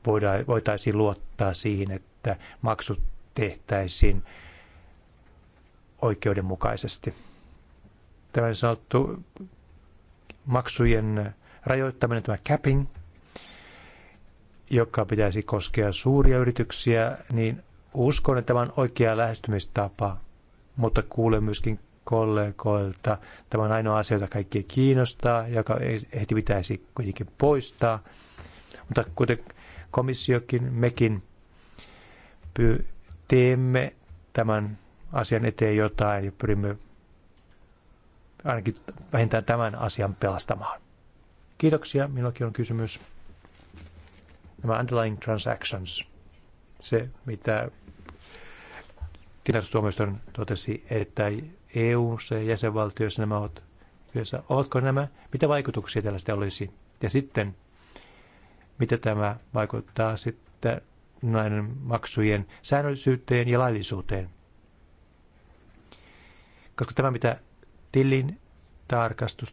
Speaker 2: voidaan, voitaisiin luottaa siihen, että maksut tehtäisiin oikeudenmukaisesti. Tämä niin sanottu maksujen rajoittaminen, tämä capping, joka pitäisi koskea suuria yrityksiä, niin uskon, että tämä on oikea lähestymistapa, mutta kuulen myöskin kollegoilta. Tämä on ainoa asia, jota kaikki kiinnostaa, joka heti pitäisi kuitenkin poistaa. Mutta kuten komissiokin, mekin teemme tämän asian eteen jotain ja pyrimme ainakin vähintään tämän asian pelastamaan. Kiitoksia. Minullakin on kysymys. Nämä underlying transactions, se mitä tilastuomioistuin totesi, että EU ja jäsenvaltioissa nämä ovat yhdessä. Ovatko nämä, mitä vaikutuksia tällaista olisi? Ja sitten, mitä tämä vaikuttaa sitten näiden maksujen säännöllisyyteen ja laillisuuteen? koska tämä mitä tilin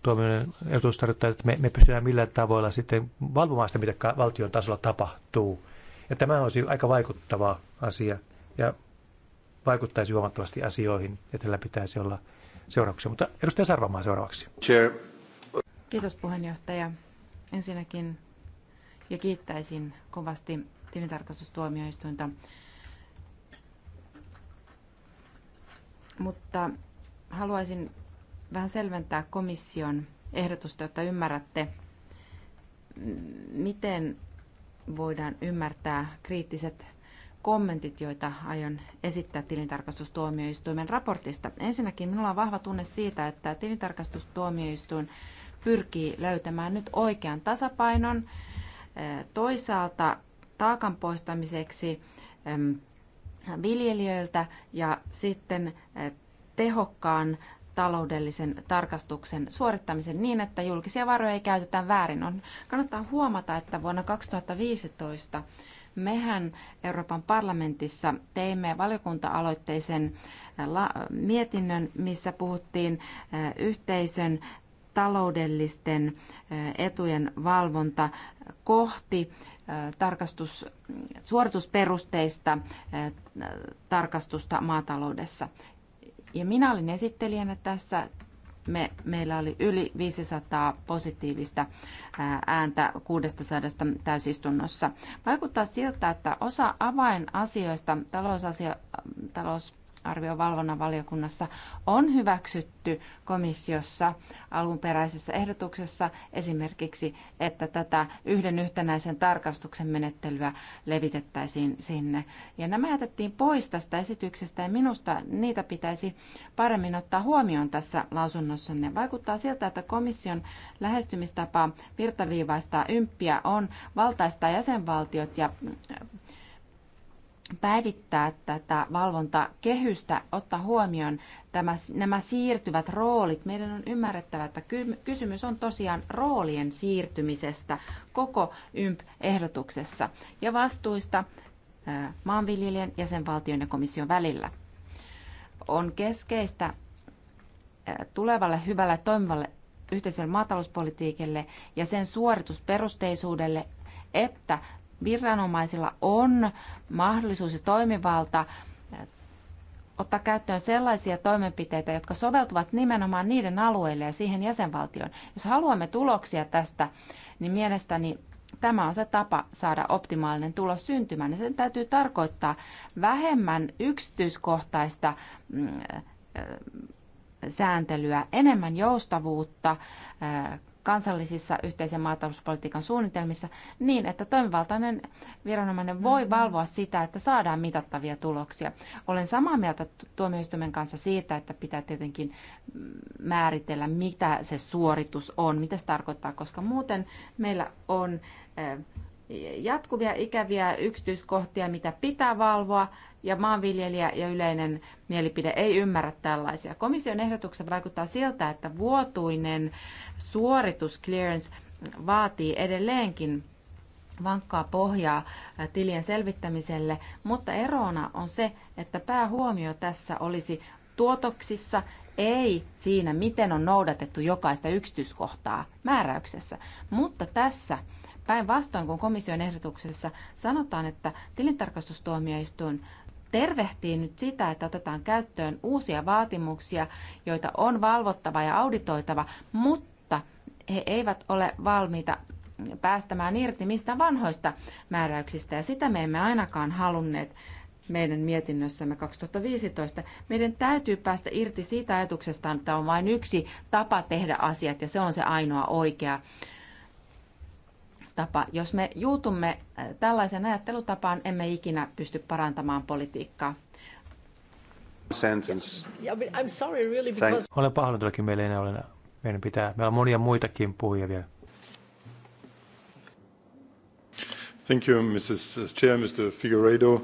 Speaker 2: tuominen etuus tarkoittaa, että me, me pystytään millään tavoilla sitten valvomaan sitä, mitä valtion tasolla tapahtuu. Ja tämä on aika vaikuttava asia ja vaikuttaisi huomattavasti asioihin ja tällä pitäisi olla seurauksia. Mutta edustaja Sarvamaa seuraavaksi. Chair.
Speaker 3: Kiitos puheenjohtaja. Ensinnäkin ja kiittäisin kovasti tilintarkastustuomioistuinta. Mutta Haluaisin vähän selventää komission ehdotusta, jotta ymmärrätte, miten voidaan ymmärtää kriittiset kommentit, joita aion esittää tilintarkastustuomioistuimen raportista. Ensinnäkin minulla on vahva tunne siitä, että tilintarkastustuomioistuin pyrkii löytämään nyt oikean tasapainon eh, toisaalta taakan poistamiseksi viljelijöiltä ja sitten eh, tehokkaan taloudellisen tarkastuksen suorittamisen niin, että julkisia varoja ei käytetä väärin. On, kannattaa huomata, että vuonna 2015 mehän Euroopan parlamentissa teimme valiokunta-aloitteisen äh, mietinnön, missä puhuttiin äh, yhteisön taloudellisten äh, etujen valvonta kohti tarkastus, suoritusperusteista tarkastusta maataloudessa. Ja minä olin esittelijänä tässä. Me, meillä oli yli 500 positiivista ääntä 600 täysistunnossa. Vaikuttaa siltä, että osa avainasioista talousasio, talous arviovalvonnan valiokunnassa on hyväksytty komissiossa alunperäisessä ehdotuksessa esimerkiksi, että tätä yhden yhtenäisen tarkastuksen menettelyä levitettäisiin sinne. Ja nämä jätettiin pois tästä esityksestä ja minusta niitä pitäisi paremmin ottaa huomioon tässä lausunnossanne. Vaikuttaa siltä, että komission lähestymistapa virtaviivaistaa ymppiä on valtaista jäsenvaltiot ja päivittää tätä valvontakehystä, ottaa huomioon tämä, nämä siirtyvät roolit. Meidän on ymmärrettävä, että kysymys on tosiaan roolien siirtymisestä koko YMP-ehdotuksessa ja vastuista maanviljelijän, jäsenvaltion ja komission välillä. On keskeistä tulevalle hyvälle toimivalle yhteiselle maatalouspolitiikalle ja sen suoritusperusteisuudelle, että viranomaisilla on mahdollisuus ja toimivalta ottaa käyttöön sellaisia toimenpiteitä, jotka soveltuvat nimenomaan niiden alueille ja siihen jäsenvaltioon. Jos haluamme tuloksia tästä, niin mielestäni tämä on se tapa saada optimaalinen tulos syntymään. Ja sen täytyy tarkoittaa vähemmän yksityiskohtaista mm, sääntelyä, enemmän joustavuutta, kansallisissa yhteisen maatalouspolitiikan suunnitelmissa niin, että toimivaltainen viranomainen voi mm-hmm. valvoa sitä, että saadaan mitattavia tuloksia. Olen samaa mieltä tuomioistuimen kanssa siitä, että pitää tietenkin määritellä, mitä se suoritus on, mitä se tarkoittaa, koska muuten meillä on eh, jatkuvia ikäviä yksityiskohtia, mitä pitää valvoa, ja maanviljelijä ja yleinen mielipide ei ymmärrä tällaisia. Komission ehdotuksen vaikuttaa siltä, että vuotuinen suoritus clearance vaatii edelleenkin vankkaa pohjaa tilien selvittämiselle, mutta erona on se, että päähuomio tässä olisi tuotoksissa, ei siinä, miten on noudatettu jokaista yksityiskohtaa määräyksessä. Mutta tässä Päinvastoin kun komission ehdotuksessa sanotaan, että tilintarkastustuomioistuin tervehtii nyt sitä, että otetaan käyttöön uusia vaatimuksia, joita on valvottava ja auditoitava, mutta he eivät ole valmiita päästämään irti mistä vanhoista määräyksistä, ja sitä me emme ainakaan halunneet meidän mietinnössämme 2015. Meidän täytyy päästä irti siitä ajatuksesta, että on vain yksi tapa tehdä asiat, ja se on se ainoa oikea tapa. Jos me juutumme äh, tällaisen ajattelutapaan, emme ikinä pysty parantamaan politiikkaa.
Speaker 2: Olen pahoitellekin, meillä ei enää ole meidän pitää. Meillä on monia muitakin puhujia vielä. Thank you, Mrs. Uh, Chair, Mr. Figueredo.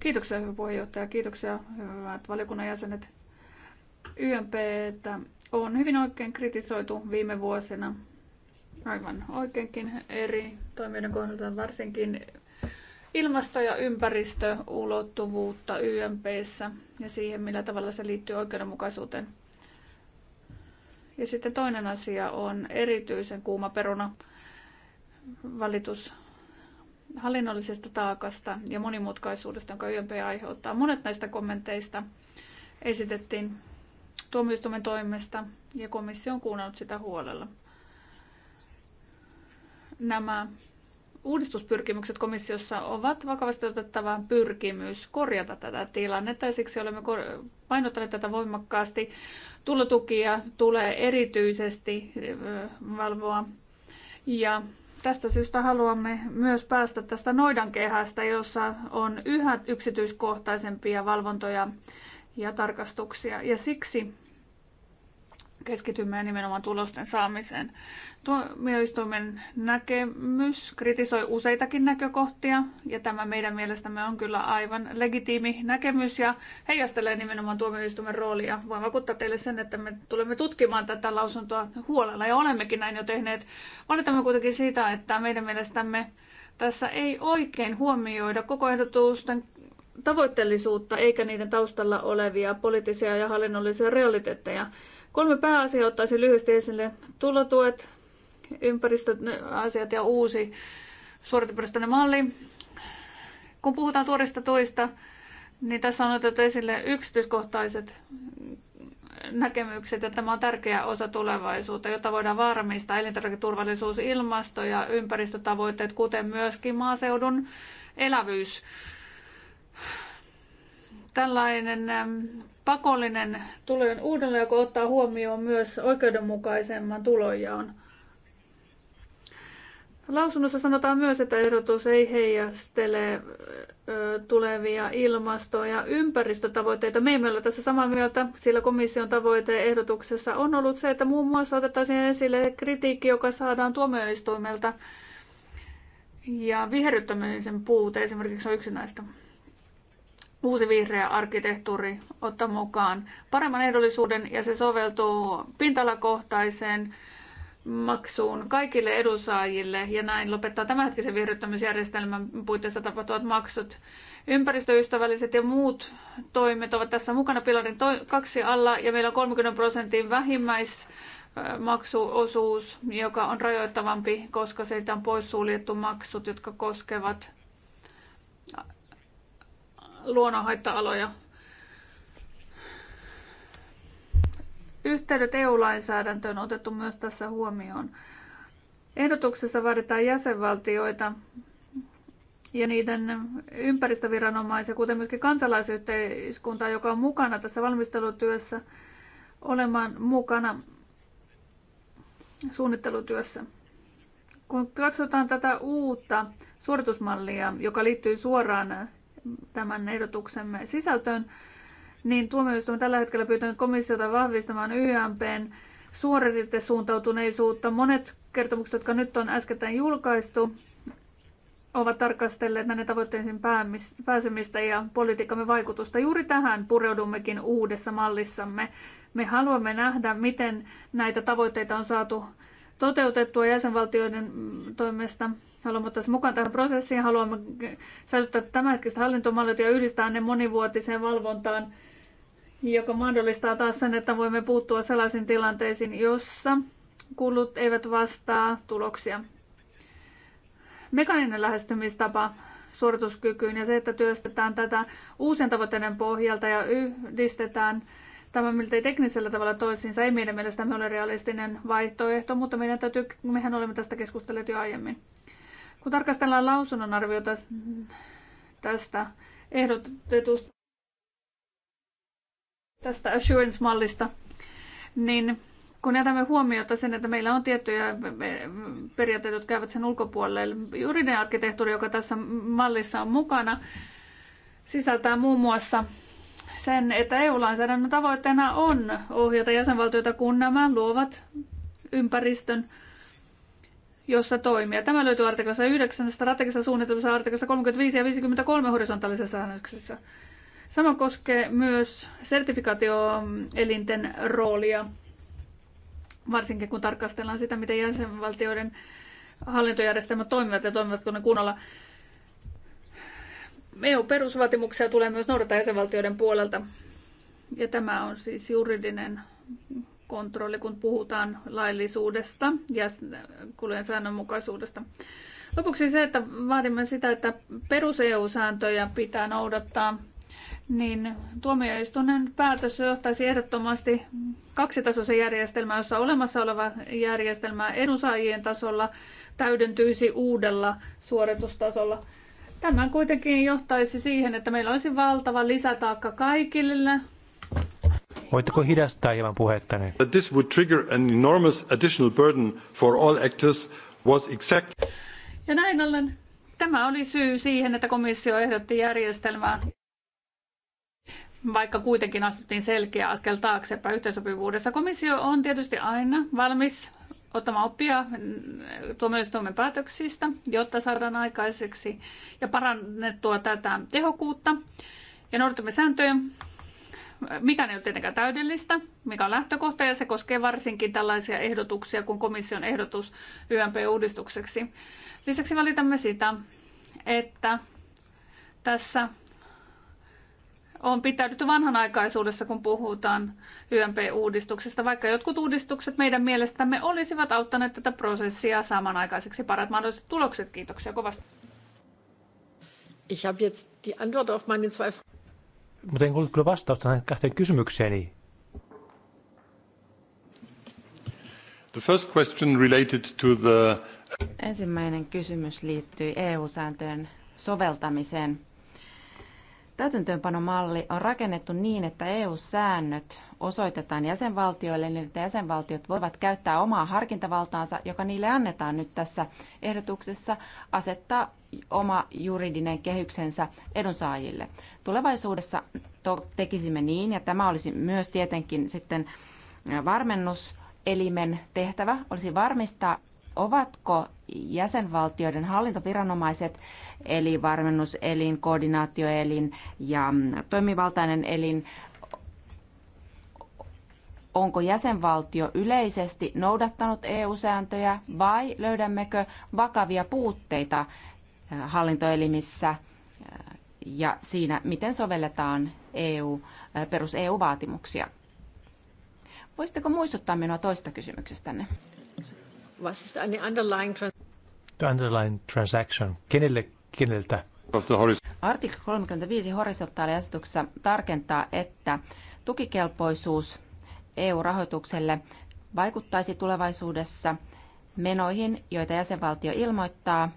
Speaker 1: Kiitoksia, hyvä puheenjohtaja. Kiitoksia, hyvät valiokunnan jäsenet. YMP on hyvin oikein kritisoitu viime vuosina aivan oikeinkin eri toimijoiden kohdalta, varsinkin ilmasto- ja ympäristöulottuvuutta YMPssä ja siihen, millä tavalla se liittyy oikeudenmukaisuuteen. Ja sitten toinen asia on erityisen kuuma peruna valitus hallinnollisesta taakasta ja monimutkaisuudesta, jonka YMP aiheuttaa. Monet näistä kommenteista esitettiin tuomioistuimen toimesta ja komissio on kuunnellut sitä huolella nämä uudistuspyrkimykset komissiossa ovat vakavasti otettava pyrkimys korjata tätä tilannetta ja siksi olemme painottaneet tätä voimakkaasti. Tulotukia tulee erityisesti valvoa ja tästä syystä haluamme myös päästä tästä noidankehästä, jossa on yhä yksityiskohtaisempia valvontoja ja tarkastuksia. Ja siksi keskitymme nimenomaan tulosten saamiseen. Tuomioistuimen näkemys kritisoi useitakin näkökohtia, ja tämä meidän mielestämme on kyllä aivan legitiimi näkemys ja heijastelee nimenomaan tuomioistuimen roolia. Voin vakuuttaa teille sen, että me tulemme tutkimaan tätä lausuntoa huolella, ja olemmekin näin jo tehneet. Valitamme kuitenkin siitä, että meidän mielestämme tässä ei oikein huomioida koko ehdotusten tavoitteellisuutta eikä niiden taustalla olevia poliittisia ja hallinnollisia realiteetteja. Kolme pääasiaa ottaisin lyhyesti esille. Tulotuet, ympäristöasiat ja uusi suoriteperustainen malli. Kun puhutaan tuorista tuista, niin tässä on otettu esille yksityiskohtaiset näkemykset, ja tämä on tärkeä osa tulevaisuutta, jota voidaan varmistaa elintarviketurvallisuus, ilmasto ja ympäristötavoitteet, kuten myöskin maaseudun elävyys. Tällainen pakollinen tulojen uudelleenjako ottaa huomioon myös oikeudenmukaisemman tulonjaon. Lausunnossa sanotaan myös, että ehdotus ei heijastele tulevia ilmasto- ja ympäristötavoitteita. Me emme ole tässä samaa mieltä, sillä komission tavoite ehdotuksessa on ollut se, että muun muassa otettaisiin esille kritiikki, joka saadaan tuomioistuimelta. Ja viherryttämisen puute esimerkiksi on yksi näistä uusi vihreä arkkitehtuuri ottaa mukaan paremman ehdollisuuden ja se soveltuu pintalakohtaiseen maksuun kaikille edunsaajille ja näin lopettaa tämänhetkisen vihreyttämisjärjestelmän puitteissa tapahtuvat maksut. Ympäristöystävälliset ja muut toimet ovat tässä mukana pilarin to- kaksi alla ja meillä on 30 prosentin vähimmäismaksuosuus, joka on rajoittavampi, koska siitä on poissuljettu maksut, jotka koskevat luonnonhaitta-aloja. Yhteydet EU-lainsäädäntöön on otettu myös tässä huomioon. Ehdotuksessa vaaditaan jäsenvaltioita ja niiden ympäristöviranomaisia, kuten myöskin kansalaisyhteiskuntaa, joka on mukana tässä valmistelutyössä, olemaan mukana suunnittelutyössä. Kun katsotaan tätä uutta suoritusmallia, joka liittyy suoraan tämän ehdotuksemme sisältöön, niin tuomioistuin on tällä hetkellä pyytänyt komissiota vahvistamaan YMPn suuntautuneisuutta. Monet kertomukset, jotka nyt on äskettäin julkaistu, ovat tarkastelleet näiden tavoitteisiin pääsemistä ja politiikkamme vaikutusta. Juuri tähän pureudummekin uudessa mallissamme. Me haluamme nähdä, miten näitä tavoitteita on saatu toteutettua jäsenvaltioiden mm, toimesta. Haluamme ottaa mukaan tähän prosessiin, haluamme säilyttää tämänhetkiset hallintomallit ja yhdistää ne monivuotiseen valvontaan, joka mahdollistaa taas sen, että voimme puuttua sellaisiin tilanteisiin, jossa kulut eivät vastaa tuloksia. Mekaninen lähestymistapa suorituskykyyn ja se, että työstetään tätä uusien tavoitteiden pohjalta ja yhdistetään – tämä miltei teknisellä tavalla toisiinsa. Ei meidän mielestämme ole realistinen vaihtoehto, mutta meidän täytyy, mehän olemme tästä keskustelleet jo aiemmin. Kun tarkastellaan lausunnon arviota tästä ehdotetusta tästä assurance-mallista, niin kun jätämme huomiota sen, että meillä on tiettyjä periaatteita, jotka käyvät sen ulkopuolelle, juridinen arkkitehtuuri, joka tässä mallissa on mukana, sisältää muun muassa sen, että EU-lainsäädännön tavoitteena on ohjata jäsenvaltioita, kun nämä luovat ympäristön, jossa toimia. Tämä löytyy artiklassa 9 strategisessa suunnitelmassa artiklassa 35 ja 53 horisontaalisessa säännöksessä. Sama koskee myös sertifikaatioelinten roolia, varsinkin kun tarkastellaan sitä, miten jäsenvaltioiden hallintojärjestelmät toimivat ja toimivatko ne kunnolla. EU-perusvaatimuksia tulee myös noudattaa jäsenvaltioiden puolelta. Ja tämä on siis juridinen kontrolli, kun puhutaan laillisuudesta ja kulujen säännönmukaisuudesta. Lopuksi se, että vaadimme sitä, että perus EU-sääntöjä pitää noudattaa, niin tuomioistuinen päätös johtaisi ehdottomasti kaksitasoisen järjestelmään, jossa olemassa oleva järjestelmä edunsaajien tasolla täydentyisi uudella suoritustasolla. Tämä kuitenkin johtaisi siihen, että meillä olisi valtava lisätaakka kaikille.
Speaker 2: Voitteko hidastaa hieman puhettani? this would trigger an enormous additional burden for all actors was exact.
Speaker 1: Ja näin ollen tämä oli syy siihen, että komissio ehdotti järjestelmää vaikka kuitenkin astuttiin selkeä askel taaksepäin yhteensopivuudessa. Komissio on tietysti aina valmis ottamaan oppia mm, tuomioistuimen päätöksistä, jotta saadaan aikaiseksi ja parannettua tätä tehokkuutta. Ja noudatamme sääntöjä. mikä ei ole tietenkään täydellistä, mikä on lähtökohta, ja se koskee varsinkin tällaisia ehdotuksia kuin komission ehdotus YMP-uudistukseksi. Lisäksi valitamme sitä, että tässä on pitäydytty vanhanaikaisuudessa, kun puhutaan YMP-uudistuksesta, vaikka jotkut uudistukset meidän mielestämme olisivat auttaneet tätä prosessia samanaikaiseksi parat mahdolliset tulokset. Kiitoksia kovasti. Ich habe jetzt die Antwort auf meine zwei...
Speaker 2: Mutta en kuullut kyllä vastausta näihin kahteen kysymykseeni. The first question related to the...
Speaker 3: Ensimmäinen kysymys liittyy EU-sääntöjen soveltamiseen Täytäntöönpanomalli on rakennettu niin, että EU-säännöt osoitetaan jäsenvaltioille, niin että jäsenvaltiot voivat käyttää omaa harkintavaltaansa, joka niille annetaan nyt tässä ehdotuksessa, asettaa oma juridinen kehyksensä edunsaajille. Tulevaisuudessa tekisimme niin, ja tämä olisi myös tietenkin sitten varmennuselimen tehtävä, olisi varmistaa, ovatko jäsenvaltioiden hallintoviranomaiset, eli varmennuselin, koordinaatioelin ja mm, toimivaltainen elin, onko jäsenvaltio yleisesti noudattanut EU-sääntöjä vai löydämmekö vakavia puutteita eh, hallintoelimissä eh, ja siinä, miten sovelletaan EU, eh, perus-EU-vaatimuksia. Voisitteko muistuttaa minua toista kysymyksestänne? Was ist eine underlying transaction?
Speaker 2: Underlying transaction. Kenelle, keneltä?
Speaker 3: Artikla 35 horisontaaliasetuksessa tarkentaa, että tukikelpoisuus EU-rahoitukselle vaikuttaisi tulevaisuudessa menoihin, joita jäsenvaltio ilmoittaa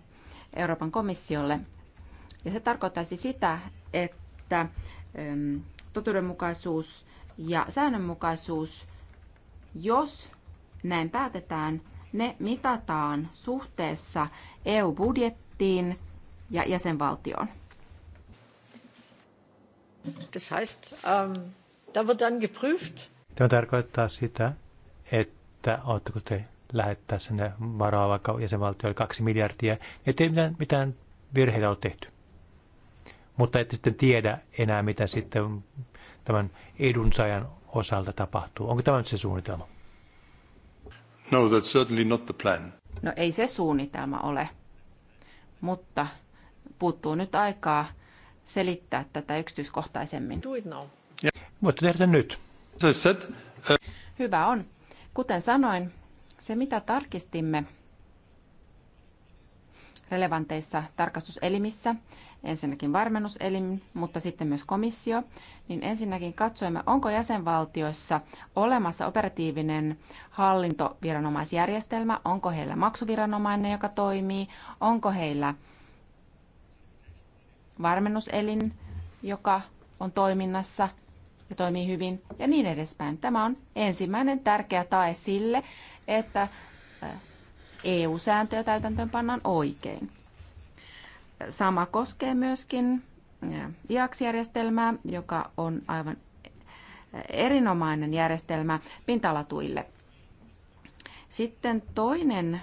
Speaker 3: Euroopan komissiolle. Ja se tarkoittaisi sitä, että totuudenmukaisuus ja säännönmukaisuus, jos näin päätetään, ne mitataan suhteessa EU-budjettiin ja jäsenvaltioon. Das heißt, um, da
Speaker 1: wird dann geprüft.
Speaker 2: Tämä tarkoittaa sitä, että oletteko te lähettää sinne varaa vaikka jäsenvaltioille kaksi miljardia, ettei mitään, mitään virheitä ole tehty. Mutta ette sitten tiedä enää, mitä sitten tämän edunsaajan osalta tapahtuu. Onko tämä nyt se suunnitelma? No, that's certainly not the plan.
Speaker 3: No ei se suunnitelma ole, mutta puuttuu nyt aikaa selittää tätä yksityiskohtaisemmin. Do it now.
Speaker 2: Yeah. Voitte tehdä sen nyt. As I said, uh...
Speaker 3: Hyvä on. Kuten sanoin, se mitä tarkistimme relevanteissa tarkastuselimissä, ensinnäkin varmennuselin, mutta sitten myös komissio, niin ensinnäkin katsoimme, onko jäsenvaltioissa olemassa operatiivinen hallintoviranomaisjärjestelmä, onko heillä maksuviranomainen, joka toimii, onko heillä varmennuselin, joka on toiminnassa ja toimii hyvin ja niin edespäin. Tämä on ensimmäinen tärkeä tae sille, että äh, EU-sääntöjä täytäntöön pannaan oikein. Sama koskee myöskin eh, IAX-järjestelmää, joka on aivan erinomainen järjestelmä pintalatuille. Sitten toinen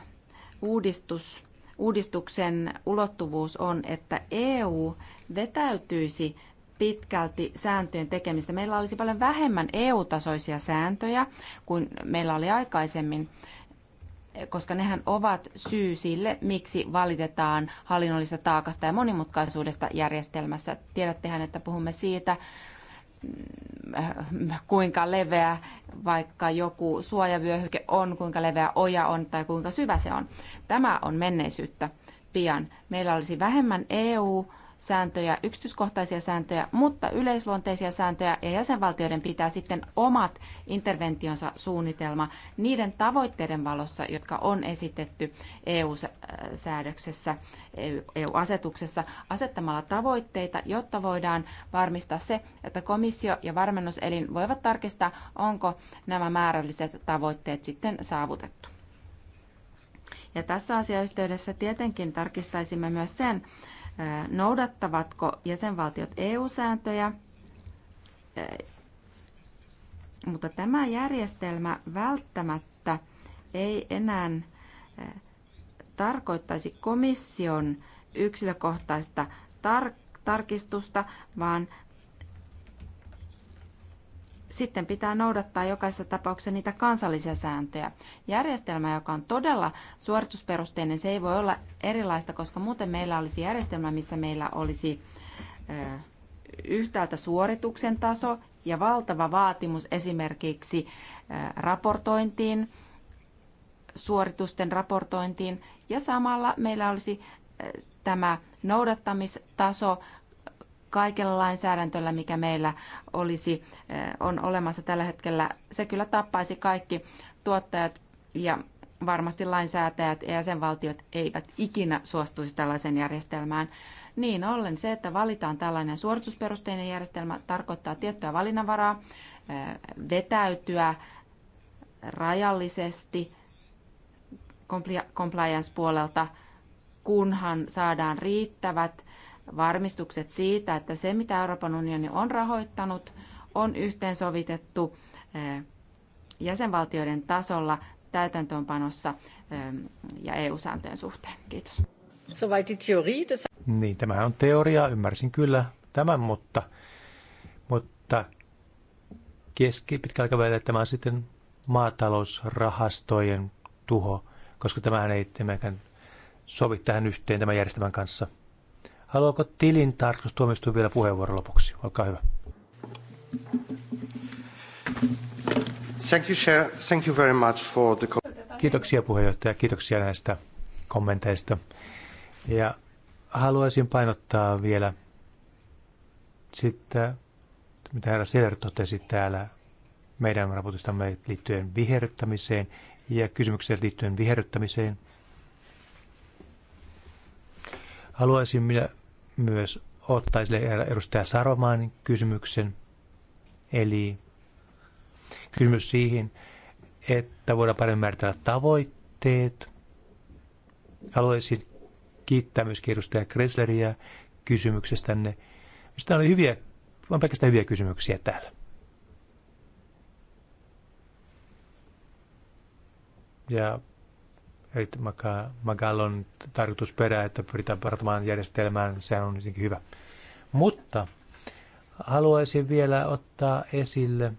Speaker 3: uudistus, uudistuksen ulottuvuus on, että EU vetäytyisi pitkälti sääntöjen tekemistä. Meillä olisi paljon vähemmän EU-tasoisia sääntöjä kuin meillä oli aikaisemmin koska nehän ovat syy sille, miksi valitetaan hallinnollisesta taakasta ja monimutkaisuudesta järjestelmässä. Tiedättehän, että puhumme siitä, mm, kuinka leveä vaikka joku suojavyöhyke on, kuinka leveä oja on tai kuinka syvä se on. Tämä on menneisyyttä pian. Meillä olisi vähemmän EU- sääntöjä, yksityiskohtaisia sääntöjä, mutta yleisluonteisia sääntöjä ja jäsenvaltioiden pitää sitten omat interventionsa suunnitelma niiden tavoitteiden valossa, jotka on esitetty EU-säädöksessä, EU-asetuksessa asettamalla tavoitteita, jotta voidaan varmistaa se, että komissio ja varmennuselin voivat tarkistaa, onko nämä määrälliset tavoitteet sitten saavutettu. Ja tässä asiayhteydessä tietenkin tarkistaisimme myös sen, noudattavatko jäsenvaltiot EU-sääntöjä, mutta tämä järjestelmä välttämättä ei enää tarkoittaisi komission yksilökohtaista tar- tarkistusta, vaan sitten pitää noudattaa jokaisessa tapauksessa niitä kansallisia sääntöjä. Järjestelmä, joka on todella suoritusperusteinen, se ei voi olla erilaista, koska muuten meillä olisi järjestelmä, missä meillä olisi ö, yhtäältä suorituksen taso ja valtava vaatimus esimerkiksi ö, raportointiin, suoritusten raportointiin, ja samalla meillä olisi ö, tämä noudattamistaso, kaikella lainsäädäntöllä, mikä meillä olisi, eh, on olemassa tällä hetkellä, se kyllä tappaisi kaikki tuottajat ja varmasti lainsäätäjät ja jäsenvaltiot eivät ikinä suostuisi tällaiseen järjestelmään. Niin ollen se, että valitaan tällainen suoritusperusteinen järjestelmä, tarkoittaa tiettyä valinnanvaraa, eh, vetäytyä rajallisesti compliance-puolelta, kunhan saadaan riittävät varmistukset siitä, että se mitä Euroopan unioni on rahoittanut, on yhteensovitettu eh, jäsenvaltioiden tasolla täytäntöönpanossa eh, ja EU-sääntöjen suhteen. Kiitos.
Speaker 2: Niin, tämä on teoria, ymmärsin kyllä tämän, mutta, mutta keski, pitkällä aikavälillä tämä on sitten maatalousrahastojen tuho, koska tämähän ei sovi tähän yhteen tämän järjestelmän kanssa. Haluaako tuomistua vielä puheenvuoron lopuksi? Olkaa hyvä. Thank you, Chair. Thank you very much for the... Kiitoksia puheenjohtaja, kiitoksia näistä kommenteista. Ja haluaisin painottaa vielä sitä, mitä herra Seller totesi täällä meidän raportistamme liittyen viherryttämiseen ja kysymykseen liittyen viherryttämiseen. Haluaisin minä myös ottaa esille edustaja Saromaan kysymyksen. Eli kysymys siihen, että voidaan paremmin määritellä tavoitteet. Haluaisin kiittää myös edustaja Kressleriä kysymyksestänne. Mistä oli hyviä, on pelkästään hyviä kysymyksiä täällä. Ja Eli Magallon tarkoitusperä, että pyritään parantamaan järjestelmään, sehän on jotenkin hyvä. Mutta haluaisin vielä ottaa esille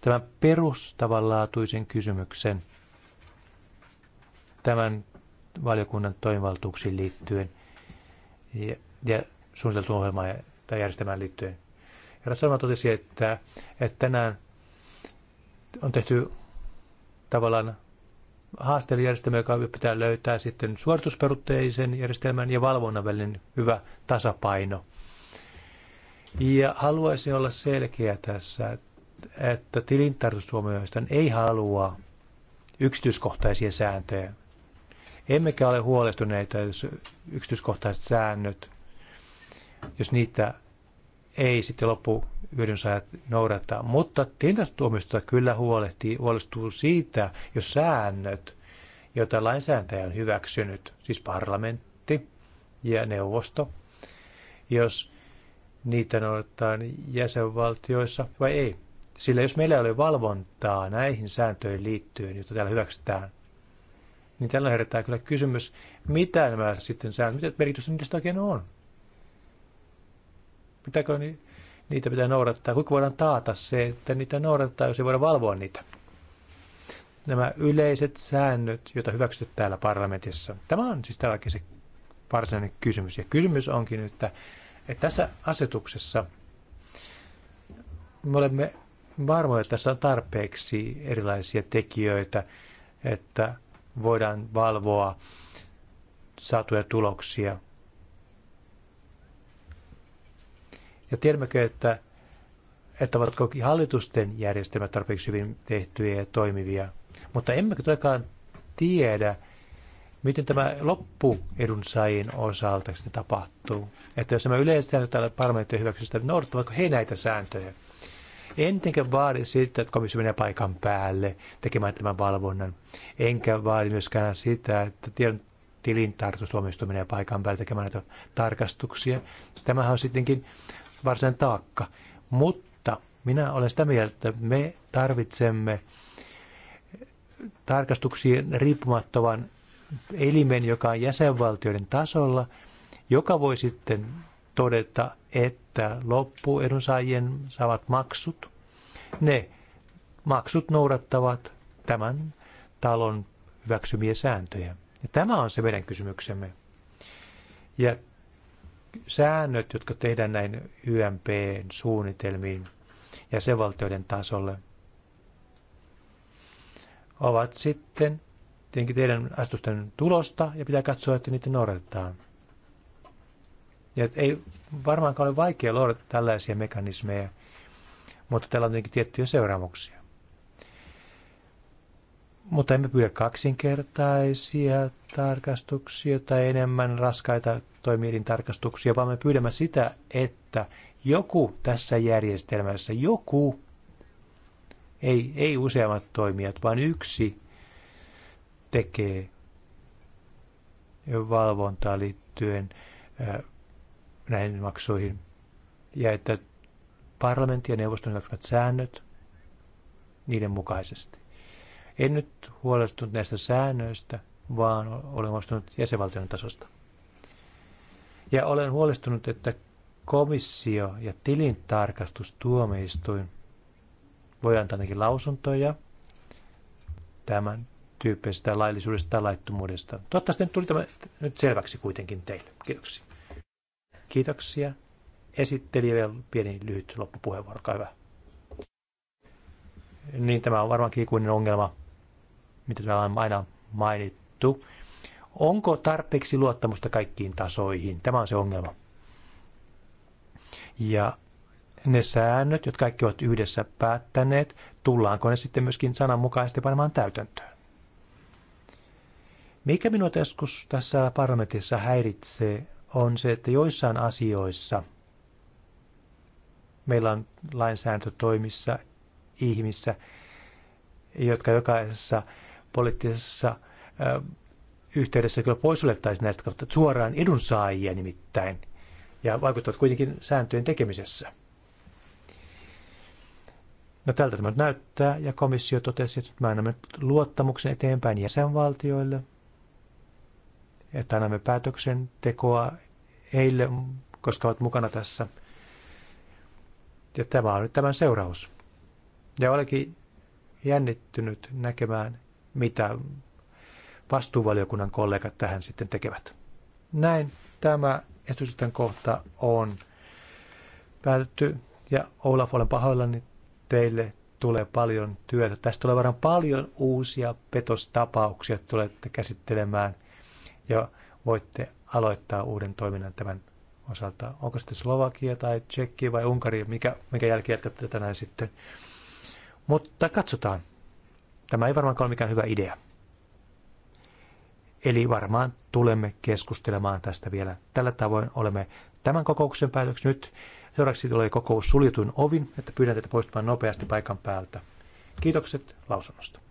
Speaker 2: tämän perustavanlaatuisen kysymyksen tämän valiokunnan toimivaltuuksiin liittyen ja, ja suunniteltuun ohjelmaan tai järjestelmään liittyen. Ja Salma totesi, että, että tänään on tehty tavallaan haasteellinen joka pitää löytää sitten suoritusperutteisen järjestelmän ja valvonnan välinen hyvä tasapaino. Ja haluaisin olla selkeä tässä, että tilintarkastusomioista ei halua yksityiskohtaisia sääntöjä. Emmekä ole huolestuneita, jos yksityiskohtaiset säännöt, jos niitä ei sitten loppu hyödynsaajat noudattaa. Mutta tilintarkastustuomioistuin kyllä huolehtii, huolestuu siitä, jos säännöt, joita lainsäätäjä on hyväksynyt, siis parlamentti ja neuvosto, jos niitä noudattaa jäsenvaltioissa vai ei. Sillä jos meillä oli valvontaa näihin sääntöihin liittyen, joita täällä hyväksytään, niin tällä herättää kyllä kysymys, mitä nämä sitten säännöt, mitä merkitystä niistä oikein on? Pitääkö niin niitä pitää noudattaa. Kuinka voidaan taata se, että niitä noudattaa, jos ei voida valvoa niitä? Nämä yleiset säännöt, joita hyväksytään täällä parlamentissa. Tämä on siis tälläkin se varsinainen kysymys. Ja kysymys onkin että, että tässä asetuksessa me olemme varmoja, että tässä on tarpeeksi erilaisia tekijöitä, että voidaan valvoa saatuja tuloksia Ja tiedämmekö, että, että ovatko hallitusten järjestelmät tarpeeksi hyvin tehtyjä ja toimivia. Mutta emmekö todellakaan tiedä, miten tämä loppu edunsaajien osalta sitten tapahtuu. Että jos nämä yleensä täällä parlamentti hyväksystä, niin noudattavatko he näitä sääntöjä? Entenkä vaadi sitä, että komissio menee paikan päälle tekemään tämän valvonnan. Enkä vaadi myöskään sitä, että tiedon tilintarkastustuomioistuin menee paikan päälle tekemään näitä tarkastuksia. Tämähän on sittenkin varsin taakka. Mutta minä olen sitä mieltä, että me tarvitsemme tarkastuksiin riippumattoman elimen, joka on jäsenvaltioiden tasolla, joka voi sitten todeta, että loppuedunsaajien saavat maksut, ne maksut noudattavat tämän talon hyväksymiä sääntöjä. Ja tämä on se meidän kysymyksemme. Ja säännöt, jotka tehdään näin YMP-suunnitelmiin jäsenvaltioiden tasolle, ovat sitten tietenkin teidän astusten tulosta ja pitää katsoa, että niitä noudatetaan. Ja et ei varmaankaan ole vaikea luoda tällaisia mekanismeja, mutta tällä on tietenkin tiettyjä seuraamuksia mutta emme pyydä kaksinkertaisia tarkastuksia tai enemmän raskaita toimielin tarkastuksia, vaan me pyydämme sitä, että joku tässä järjestelmässä, joku, ei, ei useammat toimijat, vaan yksi tekee valvontaa liittyen näihin maksuihin. Ja että parlamentin ja neuvoston hyväksymät säännöt niiden mukaisesti. En nyt huolestunut näistä säännöistä, vaan olen huolestunut jäsenvaltion tasosta. Ja olen huolestunut, että komissio ja tilintarkastustuomioistuin voi antaa ainakin lausuntoja tämän tyyppisestä laillisuudesta tai laittomuudesta. Toivottavasti nyt tuli tämä nyt selväksi kuitenkin teille. Kiitoksia. Kiitoksia. Esitteli vielä pieni lyhyt loppupuheenvuoro, hyvä. Niin tämä on varmaankin ikuinen ongelma mitä täällä on aina mainittu. Onko tarpeeksi luottamusta kaikkiin tasoihin? Tämä on se ongelma. Ja ne säännöt, jotka kaikki ovat yhdessä päättäneet, tullaanko ne sitten myöskin sananmukaisesti panemaan täytäntöön? Mikä minua joskus tässä parlamentissa häiritsee, on se, että joissain asioissa meillä on lainsäädäntötoimissa ihmissä, jotka jokaisessa poliittisessa yhteydessä kyllä poissuljettaisiin näistä kautta suoraan edunsaajia nimittäin ja vaikuttavat kuitenkin sääntöjen tekemisessä. No tältä tämä näyttää ja komissio totesi, että me annamme luottamuksen eteenpäin jäsenvaltioille, että annamme päätöksentekoa heille, koska ovat mukana tässä. Ja tämä on nyt tämän seuraus. Ja olenkin jännittynyt näkemään, mitä vastuuvaliokunnan kollegat tähän sitten tekevät. Näin tämä esitysten kohta on päätetty ja Olaf, olen pahoillani teille tulee paljon työtä. Tästä tulee varmaan paljon uusia petostapauksia, että tulette käsittelemään ja voitte aloittaa uuden toiminnan tämän osalta. Onko sitten Slovakia tai Tsekki vai Unkari, mikä, mikä jälki jättää tänään sitten. Mutta katsotaan, Tämä ei varmaankaan ole mikään hyvä idea. Eli varmaan tulemme keskustelemaan tästä vielä. Tällä tavoin olemme tämän kokouksen päätöksi nyt. Seuraavaksi tulee kokous suljetun ovin, että pyydän teitä poistumaan nopeasti paikan päältä. Kiitokset lausunnosta.